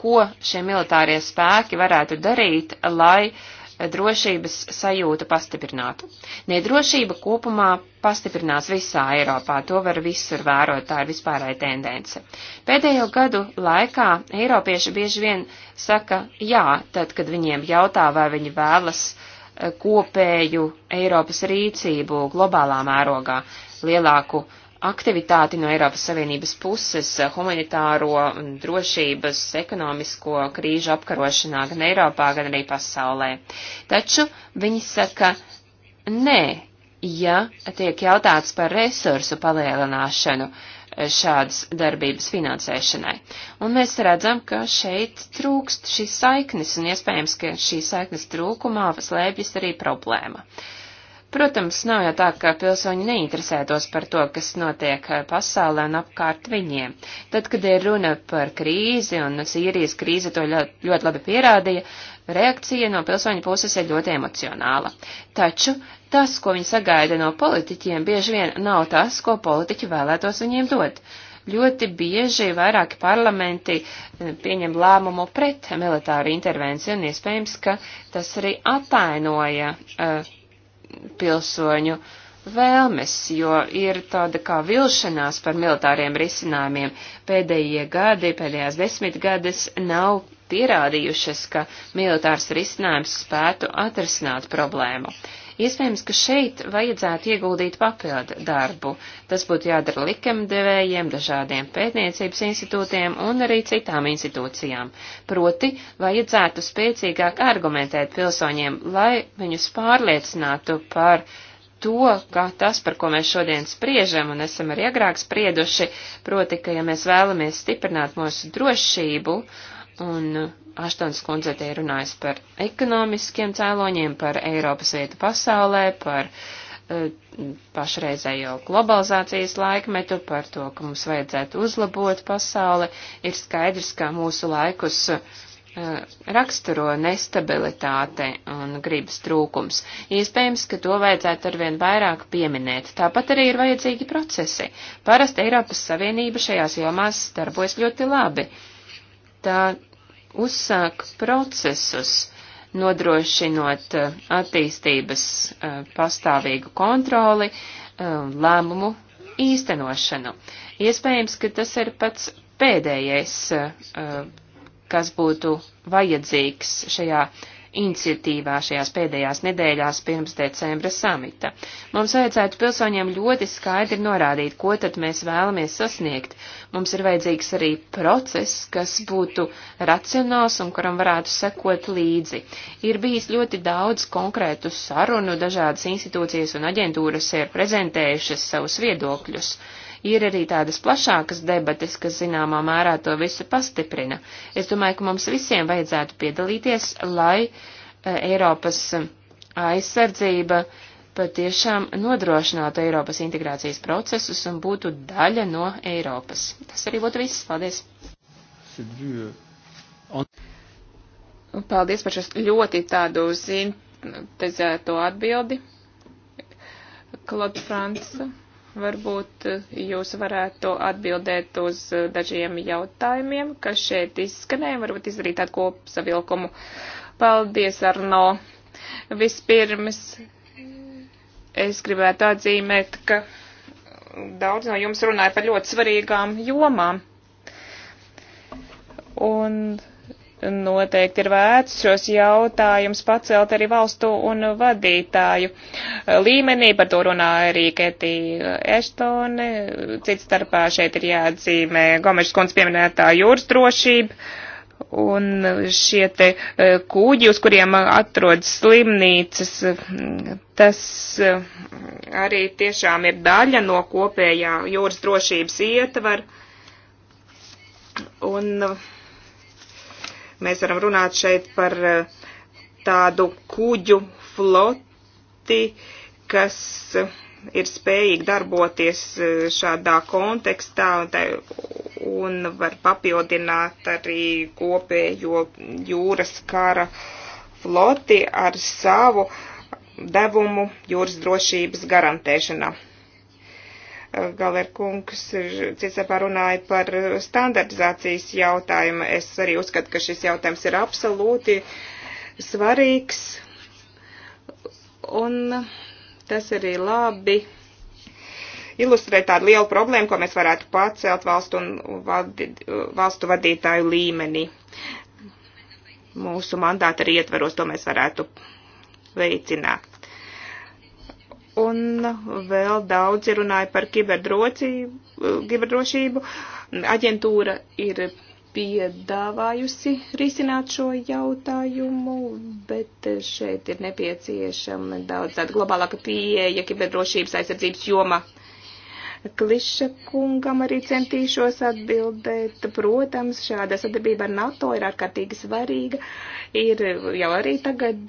ko šie militārie spēki varētu darīt, lai uh, drošības sajūta pastiprinātu. Nedrošība kopumā pastiprinās visā Eiropā, to var visur vērot, tā ir vispārēja tendence. Pēdējo gadu laikā Eiropieši bieži vien saka jā, tad, kad viņiem jautā, vai viņi vēlas eh, kopēju Eiropas rīcību globālā mērogā, lielāku uh, aktivitāti no Eiropas Savienības puses eh, humanitāro un mm, drošības, ekonomisko krīžu apkarošanā gan Eiropā, gan arī pasaulē. Taču viņi saka, nē, ja tiek jautāts par resursu palielināšanu eh, šādas darbības finansēšanai. Un mēs redzam, ka šeit trūkst šīs saiknes, un iespējams, ka šīs saiknes trūkumā slēpjas arī problēma. Uh, Protams, nav jau tā, ka pilsoņi neinteresētos par to, kas notiek eh, pasaulē un apkārt viņiem. Tad, kad ir runa par krīzi, un Sīrijas krīze to ļoti, ļoti labi pierādīja, reakcija no pilsoņa puses ir ļoti emocionāla. Taču tas, ko viņi sagaida no politiķiem, bieži vien nav tas, ko politiķi vēlētos viņiem dot. Ļoti bieži vairāki parlamenti eh, pieņem lēmumu pret militāru intervenciju, un iespējams, ka tas arī atainoja uh, pilsoņu vēlmes, jo ir tāda kā vilšanās par militāriem risinājumiem. Pēdējie gadi, pēdējās desmitgades nav pierādījušas, ka militārs risinājums spētu atrisināt problēmu. Uh, Iespējams, ka šeit vajadzētu ieguldīt papildu darbu. Tas būtu jādara likumdevējiem, dažādiem pētniecības institūtiem un arī citām institūcijām. Proti, vajadzētu spēcīgāk argumentēt pilsoņiem, lai viņus pārliecinātu par to, ka tas, par ko mēs šodien spriežam un esam arī agrāk sprieduši, proti, ka ja mēs vēlamies stiprināt mūsu drošību un Aštons kundze te ir runājis par ekonomiskiem cēloņiem, par Eiropas vietu pasaulē, par uh, pašreizējo globalizācijas laikmetu, par to, ka mums vajadzētu uzlabot pasauli. Ir skaidrs, ka mūsu laikus uh, raksturo nestabilitāte un gribas trūkums. Iespējams, ka to vajadzētu arvien vairāk pieminēt. Tāpat arī ir vajadzīgi procesi. Parasti Eiropas Savienība šajās jomās darbojas ļoti labi. Uh, tā uzsāk procesus, nodrošinot uh, attīstības uh, pastāvīgu kontroli, uh, lēmumu īstenošanu. Iespējams, ka tas ir pats pēdējais, kas būtu vajadzīgs šajā iniciatīvā šajās pēdējās nedēļās pirms decembra samita. Mums vajadzētu pilsoņiem ļoti skaidri norādīt, ko tad mēs vēlamies sasniegt. Mums ir vajadzīgs arī process, kas būtu racionāls un kuram varētu sekot līdzi. Ir bijis ļoti daudz konkrētu sarunu, dažādas institūcijas un aģentūras ir prezentējušas savus viedokļus ir arī tādas plašākas debates, kas zināmā mērā to visu pastiprina. Es domāju, ka mums visiem vajadzētu piedalīties, lai e, Eiropas aizsardzība patiešām nodrošinātu Eiropas integrācijas procesus un būtu daļa no Eiropas. Tas arī būtu viss. Paldies! Paldies par šo ļoti tādu zintezēto atbildi. Klod Franca varbūt eh, jūs varētu atbildēt uz eh, dažiem jautājumiem, kas šeit izskanēja, varbūt izdarīt tādu kopsavilkumu. Paldies, Arno! Vispirms es gribētu atzīmēt, ka daudz no jums runāja par ļoti svarīgām jomām. Un noteikti ir vērts šos jautājumus pacelt arī valstu un vadītāju līmenī. Par to runā arī Keti Eštone. Cits starpā šeit ir jāatzīmē Gomešs kundz pieminētā jūras drošība. Un šie te e, kūģi, uz kuriem atrodas slimnīcas, tas e, arī tiešām ir daļa no kopējā jūras drošības ietvara. Un uh, Mēs varam runāt šeit par eh, tādu kuģu floti, kas ir spējīgi darboties eh, šādā kontekstā un var papildināt arī kopējo jūras kara floti ar savu devumu jūras drošības garantēšanā. Galer kungs ciesapā runāja par standartizācijas jautājumu. Es arī uzskatu, ka šis jautājums ir absolūti svarīgs. Un tas arī labi ilustrē tādu lielu problēmu, ko mēs varētu pacelt valstu, un vadi, valstu vadītāju līmenī. Mūsu mandāta arī ietveros, to mēs varētu veicināt. Un vēl daudzi runāja par kiberdrošību. Aģentūra ir piedāvājusi risināt šo jautājumu, bet šeit ir nepieciešama daudz tāda globālāka pieeja kiberdrošības aizsardzības jomā. Kliša kungam arī centīšos atbildēt. Protams, šāda sadarbība ar NATO ir ārkārtīgi svarīga. Ir jau arī tagad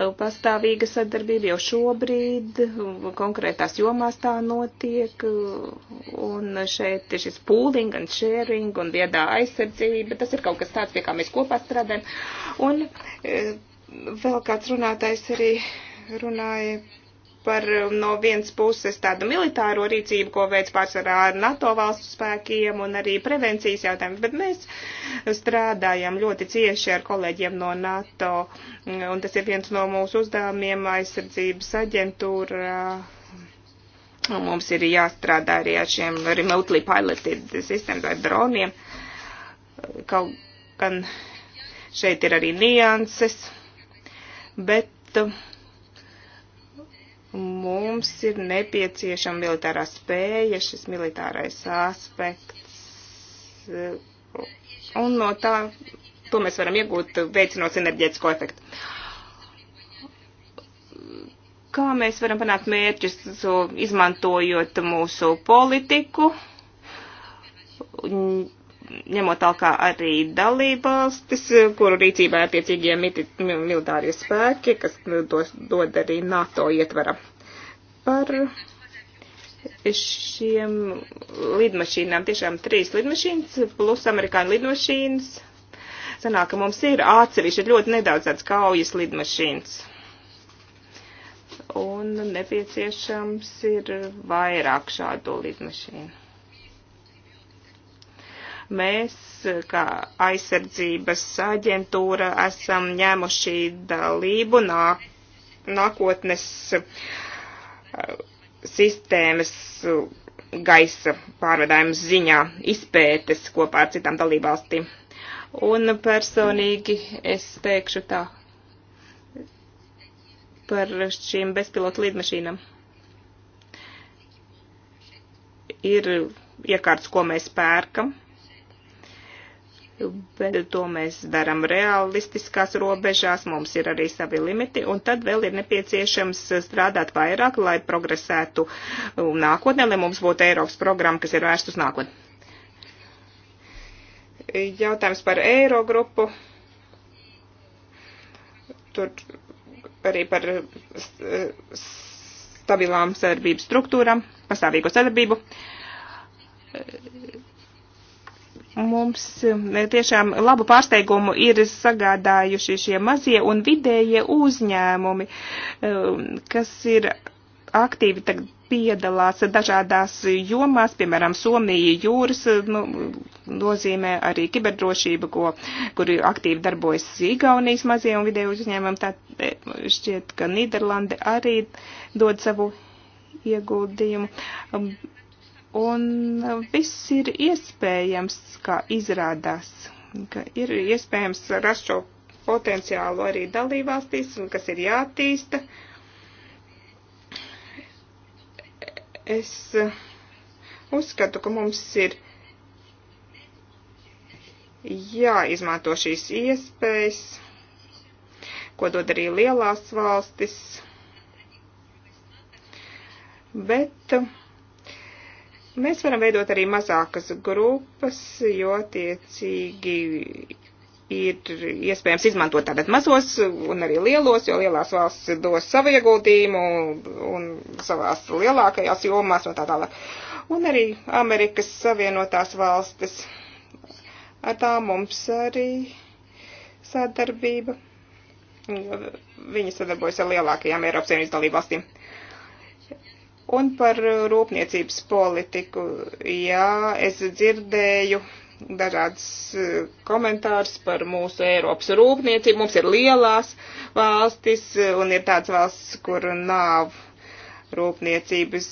Uh, pastāvīga sadarbība jau šobrīd, uh, konkrētās jomās tā notiek, uh, un šeit ir šis pooling and sharing un viedā aizsardzība, tas ir kaut kas tāds, pie kā mēs kopā strādājam, un vēl kāds runātājs arī runāja par um, no vienas puses tādu militāro rīcību, ko veids pārsvarā ar NATO valstu spēkiem un arī prevencijas jautājumu, bet mēs strādājam ļoti cieši ar kolēģiem no NATO, mm, un tas ir viens no mūsu uzdevumiem aizsardzības aģentūra. Mums ir jāstrādā arī ar šiem remotely piloted sistēmas vai droniem. Kaut gan šeit ir arī nianses, bet uh, Mums ir nepieciešama militārā spēja, šis militārais aspekts, eh, un no tā to mēs varam iegūt, veicinot enerģētisko efektu. Kā mēs varam panākt mērķus, izmantojot mūsu politiku, ņemot tālāk arī dalībvalstis, kuru rīcībā ir attiecīgie militārie spēki, kas dos, dod arī NATO ietvara par šiem lidmašīnām. Tiešām trīs lidmašīnas plus amerikāņu lidmašīnas. Sanāk, ka mums ir atsevišķi ļoti nedaudz tāds kaujas lidmašīnas. Un nepieciešams ir vairāk šādu lidmašīnu. Mēs, kā aizsardzības aģentūra, esam ņēmuši dalību nāk, nākotnes uh, sistēmas uh, gaisa pārvedājums ziņā izpētes kopā ar citām dalībvalstīm. Un personīgi es teikšu tā par šīm bezpilotu lidmašīnām. Ir iekārts, ko mēs pērkam bet to mēs darām realistiskās robežās, mums ir arī savi limiti, un tad vēl ir nepieciešams strādāt vairāk, lai progresētu nākotnē, lai mums būtu Eiropas programma, kas ir vērst uz nākotni. Jautājums par Eirogrupu. Tur arī par stabilām sadarbības struktūram, pastāvīgo sadarbību Mums eh, tiešām labu pārsteigumu ir sagādājuši šie mazie un vidējie uzņēmumi, eh, kas ir aktīvi tagad piedalās dažādās jomās, piemēram, Somija jūras eh, nu, nozīmē arī kiberdrošība, ko, kur aktīvi darbojas Igaunijas mazie un vidēju uzņēmumi. Tā šķiet, ka Nīderlande arī dod savu ieguldījumu. Um, Un viss ir iespējams, kā izrādās, ka ir iespējams rast šo potenciālu arī dalībvalstīs, un kas ir jātīsta. Es uzskatu, ka mums ir jāizmanto šīs iespējas, ko dod arī lielās valstis. Bet uh, Mēs varam veidot arī mazākas grupas, jo tiecīgi ir iespējams izmantot tātad mazos un arī lielos, jo lielās valsts dos savu ieguldījumu un savās lielākajās jomās un tā tālāk. Un arī Amerikas Savienotās valstis. Ar tā mums arī sadarbība. Viņi sadarbojas ar lielākajām Eiropas Savienības dalībvalstīm. Un par uh, rūpniecības politiku. Jā, es dzirdēju dažādas uh, komentārs par mūsu Eiropas rūpniecību. Mums ir lielās valstis uh, un ir tādas valstis, kur nav rūpniecības.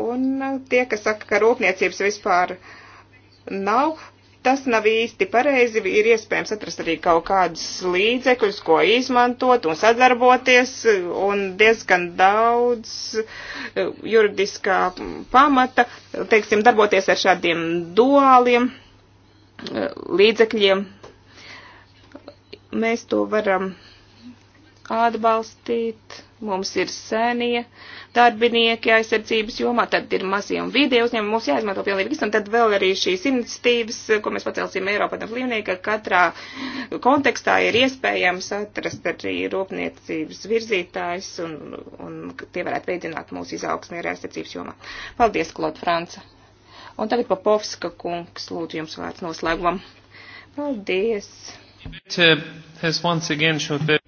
Un tie, kas saka, ka rūpniecības vispār nav, tas nav īsti pareizi. Ir iespējams atrast arī kaut kādus līdzekļus, ko izmantot un sadarboties, un diezgan daudz eh, juridiskā pamata, teiksim, darboties ar šādiem duāliem eh, līdzekļiem. Mēs to varam atbalstīt mums ir senie darbinieki aizsardzības jomā, tad ir mazie un vidie uzņēmumi, mums jāizmanto pilnīgi viss, un tad vēl arī šīs iniciatīvas, ko mēs pacelsim Eiropā tam līmenī, ka katrā kontekstā ir iespējams atrast arī rūpniecības virzītājs, un, un tie varētu veicināt mūsu izaugsmi arī aizsardzības jomā. Paldies, Klot Franca! Un tagad Papovska kungs, lūdzu jums vārds noslēgumam. Paldies! It, uh, has once again shown that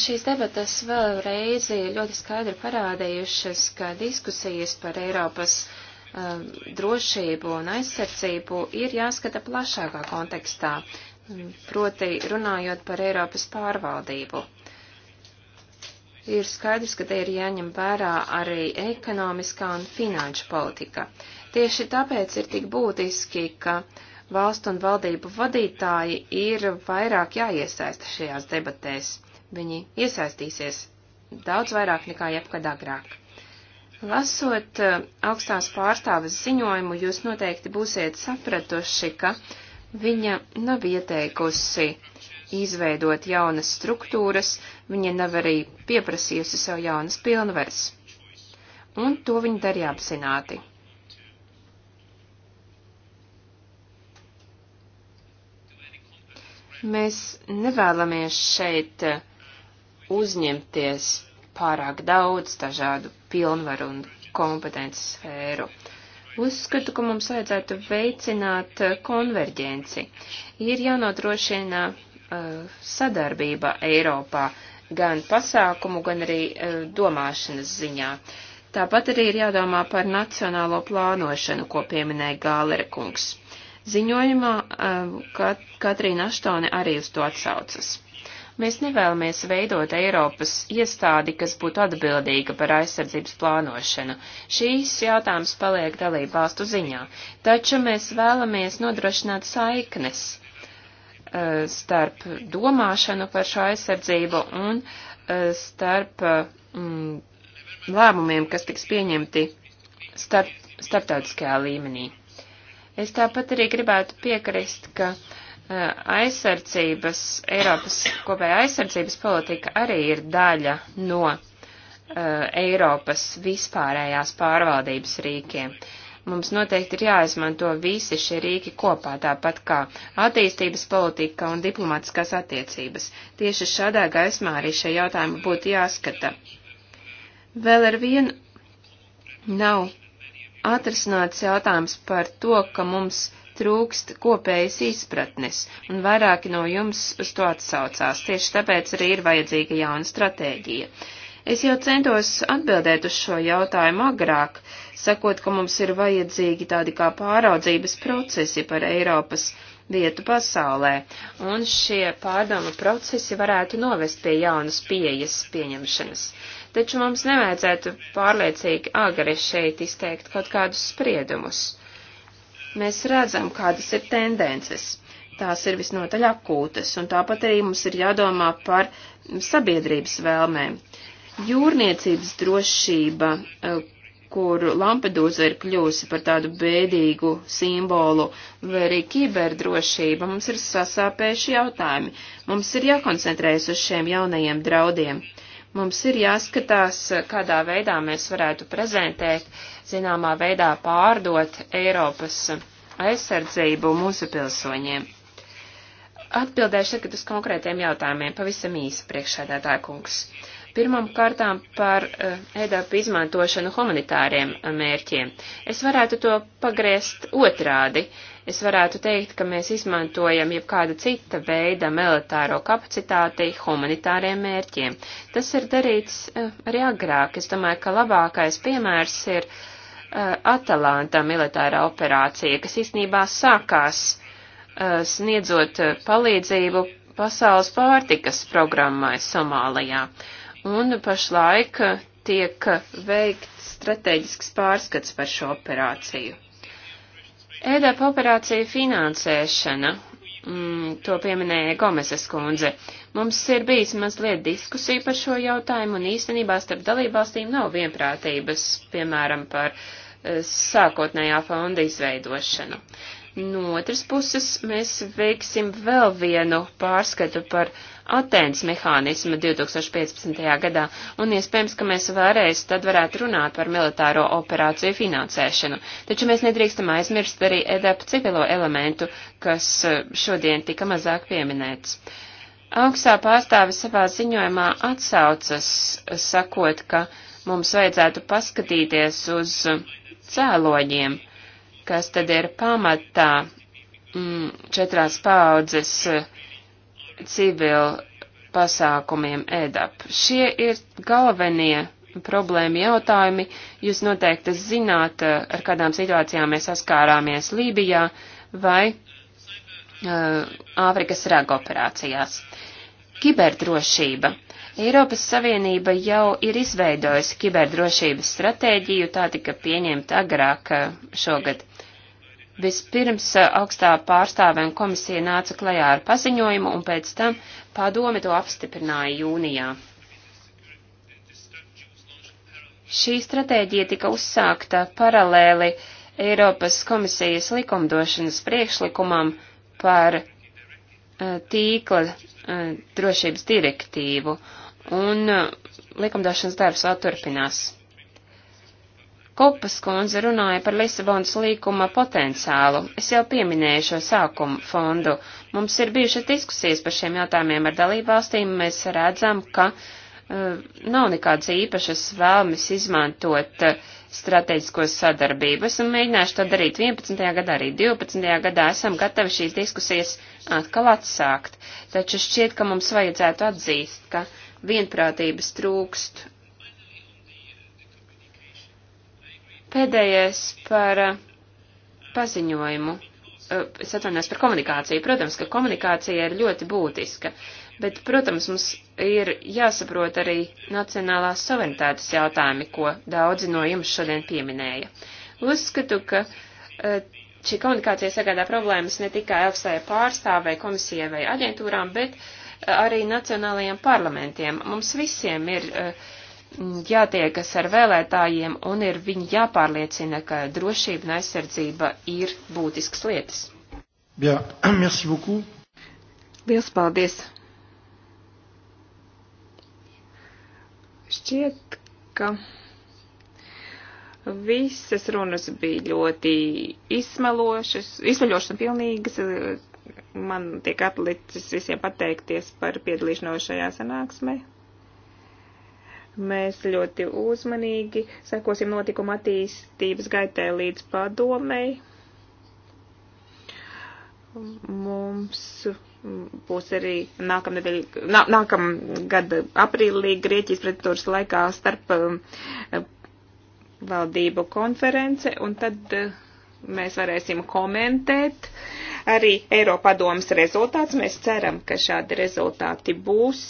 Šīs debatas vēlreiz ir ļoti skaidri parādījušas, ka diskusijas par Eiropas um, drošību un aizsardzību ir jāskata plašākā kontekstā, proti runājot par Eiropas pārvaldību. Ir skaidrs, ka te ir jāņem vērā arī ekonomiskā un finanšu politika. Tieši tāpēc ir tik būtiski, ka valstu un valdību vadītāji ir vairāk jāiesaista šajās debatēs. Viņi iesaistīsies daudz vairāk nekā jebkad agrāk. Lasot eh, augstās pārstāves ziņojumu, jūs noteikti būsiet sapratuši, ka viņa nav ieteikusi izveidot jaunas struktūras, viņa nav arī pieprasījusi sev jaunas pilnvaras. Un to viņa darīja apzināti. Mēs nevēlamies šeit uh, uzņemties pārāk daudz dažādu pilnvaru un kompetences sfēru. Uzskatu, ka mums vajadzētu veicināt eh, konverģenci. Ir jānodrošina uh, sadarbība Eiropā gan pasākumu, gan arī uh, domāšanas ziņā. Tāpat arī ir jādomā par nacionālo plānošanu, ko pieminēja Gālera kungs. Ziņojumā uh, Katrīna Aštone arī uz to atsaucas. Mēs nevēlamies veidot Eiropas iestādi, kas būtu atbildīga par aizsardzības plānošanu. Šīs jautājums paliek dalību valstu ziņā, taču mēs vēlamies nodrošināt saiknes uh, starp domāšanu par šo aizsardzību un uh, starp mm, lēmumiem, kas tiks pieņemti starp, starptautiskajā līmenī. Es tāpat arī gribētu piekrist, ka uh, Eh, aizsardzības, Eiropas kopējā aizsardzības politika arī ir daļa no uh, Eiropas vispārējās pārvaldības rīkiem. Mums noteikti ir jāizmanto visi šie rīki kopā, tāpat kā attīstības politika un diplomatiskās attiecības. Tieši šādā gaismā arī šie jautājumi būtu jāskata. Vēl ar vienu nav atrasināts jautājums par to, ka mums trūkst kopējas izpratnes, un vairāki no jums uz to atsaucās, tieši tāpēc arī ir vajadzīga jauna stratēģija. Es jau centos atbildēt uz šo jautājumu agrāk, sakot, ka mums ir vajadzīgi tādi kā pāraudzības procesi par Eiropas vietu pasaulē, un šie pārdomu procesi varētu novest pie jaunas pieejas pieņemšanas taču mums nevajadzētu pārliecīgi agri šeit izteikt kaut kādus spriedumus mēs redzam, kādas ir tendences. Tās ir visnotaļ akūtas, un tāpat arī mums ir jādomā par sabiedrības vēlmēm. Jūrniecības drošība, eh, kur Lampedūza ir kļūsi par tādu bēdīgu simbolu, vai arī kiberdrošība, mums ir sasāpējuši jautājumi. Mums ir jākoncentrējas uz šiem jaunajiem draudiem. Uh, Mums ir jāskatās, kādā veidā mēs varētu prezentēt, zināmā veidā pārdot Eiropas aizsardzību mūsu pilsoņiem. Atbildēšu tagad uz konkrētiem jautājumiem, pavisam īsi priekšsēdētāja kungs. Pirmam kārtām par uh, eh, EDAP izmantošanu humanitāriem eh, mērķiem. Es varētu to pagriezt otrādi. Uh, es varētu teikt, ka mēs izmantojam jebkāda cita veida militāro kapacitāti humanitāriem mērķiem. Tas ir darīts eh, arī agrāk. Es domāju, ka labākais piemērs ir eh, Atalanta militārā operācija, kas īstenībā sākās eh, sniedzot palīdzību pasaules pārtikas programmai Somālijā. Un pašlaik tiek veikts strateģisks pārskats par šo operāciju. EDAP operācija finansēšana, mm, to pieminēja Gomeses kundze. Mums ir bijis mazliet diskusija par šo jautājumu, un īstenībā starp dalībvalstīm nav vienprātības, piemēram, par eh, sākotnējā fonda izveidošanu. No otras puses, mēs veiksim vēl vienu pārskatu par uh, Atēnas mehānisma 2015. gadā, un iespējams, ka mēs vēlreiz tad varētu runāt par militāro operāciju finansēšanu. Taču mēs nedrīkstam aizmirst arī EDAP civilo elementu, kas eh, šodien tika mazāk pieminēts. Augstā pārstāve savā ziņojumā atsaucas, sakot, ka mums vajadzētu paskatīties uz cēloņiem, kas tad ir pamatā mm, četrās paudzes uh, civil pasākumiem EDAP. Šie ir galvenie problēma jautājumi. Jūs noteikti zināt, eh, ar kādām situācijām mēs saskārāmies Lībijā vai eh, Āfrikas uh, raga operācijās. Kiberdrošība. Eiropas Savienība jau ir izveidojusi kiberdrošības stratēģiju, tā tika pieņemta agrāk eh, šogad. Vispirms eh, augstā pārstāve un komisija nāca klajā ar paziņojumu, un pēc tam padome to apstiprināja jūnijā. Šī stratēģija tika uzsākta paralēli Eiropas komisijas likumdošanas priekšlikumam par eh, tīkla eh, drošības direktīvu, un likumdošanas darbs vēl turpinās. Kopas kundze runāja par Lisabonas līkuma potenciālu. Es jau pieminēju šo sākumu fondu. Mums ir bijušas diskusijas par šiem jautājumiem ar dalībvalstīm. Mēs redzam, ka uh, nav nekādas īpašas vēlmes izmantot uh, strateģisko sadarbību. Esam mēģinājuši to darīt 11. gadā, arī 12. gadā esam gatavi šīs diskusijas atkal atsākt. Taču šķiet, ka mums vajadzētu atzīst, ka vienprātības trūkst Pēdējais par eh, paziņojumu. Eh, es atvainojos par komunikāciju. Protams, ka komunikācija ir ļoti būtiska, bet, protams, mums ir jāsaprot arī nacionālās suverenitātes jautājumi, ko daudzi no jums šodien pieminēja. Uzskatu, ka eh, šī komunikācija sagādā problēmas ne tikai EFSA pārstāvei, komisijai vai aģentūrām, bet arī nacionālajiem parlamentiem. Mums visiem ir uh, jātiekas ar vēlētājiem un ir viņi jāpārliecina, ka drošība un aizsardzība ir būtisks lietas. Bien, [CLEARS THROAT] merci beaucoup. Liels paldies. Šķiet, ka visas runas bija ļoti izsmelošas, izsmeļošas un pilnīgas. Man tiek atlicis visiem pateikties par piedalīšanos šajā sanāksmē. Mēs ļoti uzmanīgi sekosim notikuma attīstības gaitē līdz padomei. Mums būs arī nākamnedēļ, nā, nākamgada aprīlī Grieķijas pretitūras laikā starp um, valdību konference, un tad uh, mēs varēsim komentēt arī Eiropadomas rezultāts. Mēs ceram, ka šādi rezultāti būs.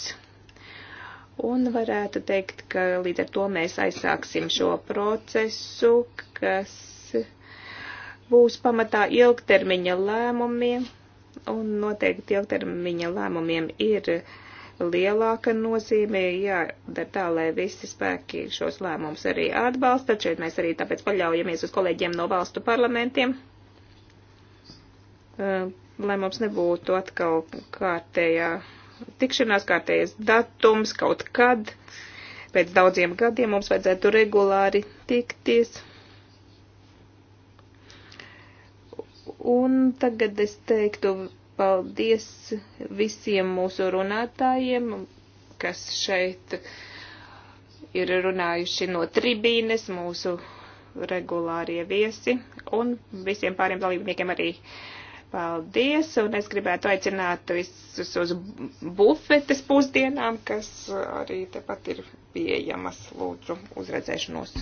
Un varētu teikt, ka līdz ar to mēs aizsāksim šo procesu, kas būs pamatā ilgtermiņa lēmumiem, un noteikti ilgtermiņa lēmumiem ir lielāka nozīme, jādara tā, lai visi spēki šos lēmumus arī atbalsta. Šeit mēs arī tāpēc paļaujamies uz kolēģiem no valstu parlamentiem, eh, lai mums nebūtu atkal kārtējā tikšanās kārtējas datums kaut kad. Pēc daudziem gadiem mums vajadzētu regulāri tikties. Un tagad es teiktu paldies visiem mūsu runātājiem, kas šeit ir runājuši no tribīnes, mūsu regulārie viesi un visiem pāriem dalībniekiem arī. Paldies, un es gribētu aicināt visus uz bufetes pusdienām, kas arī tepat ir pieejamas, lūdzu, uzredzēšanos.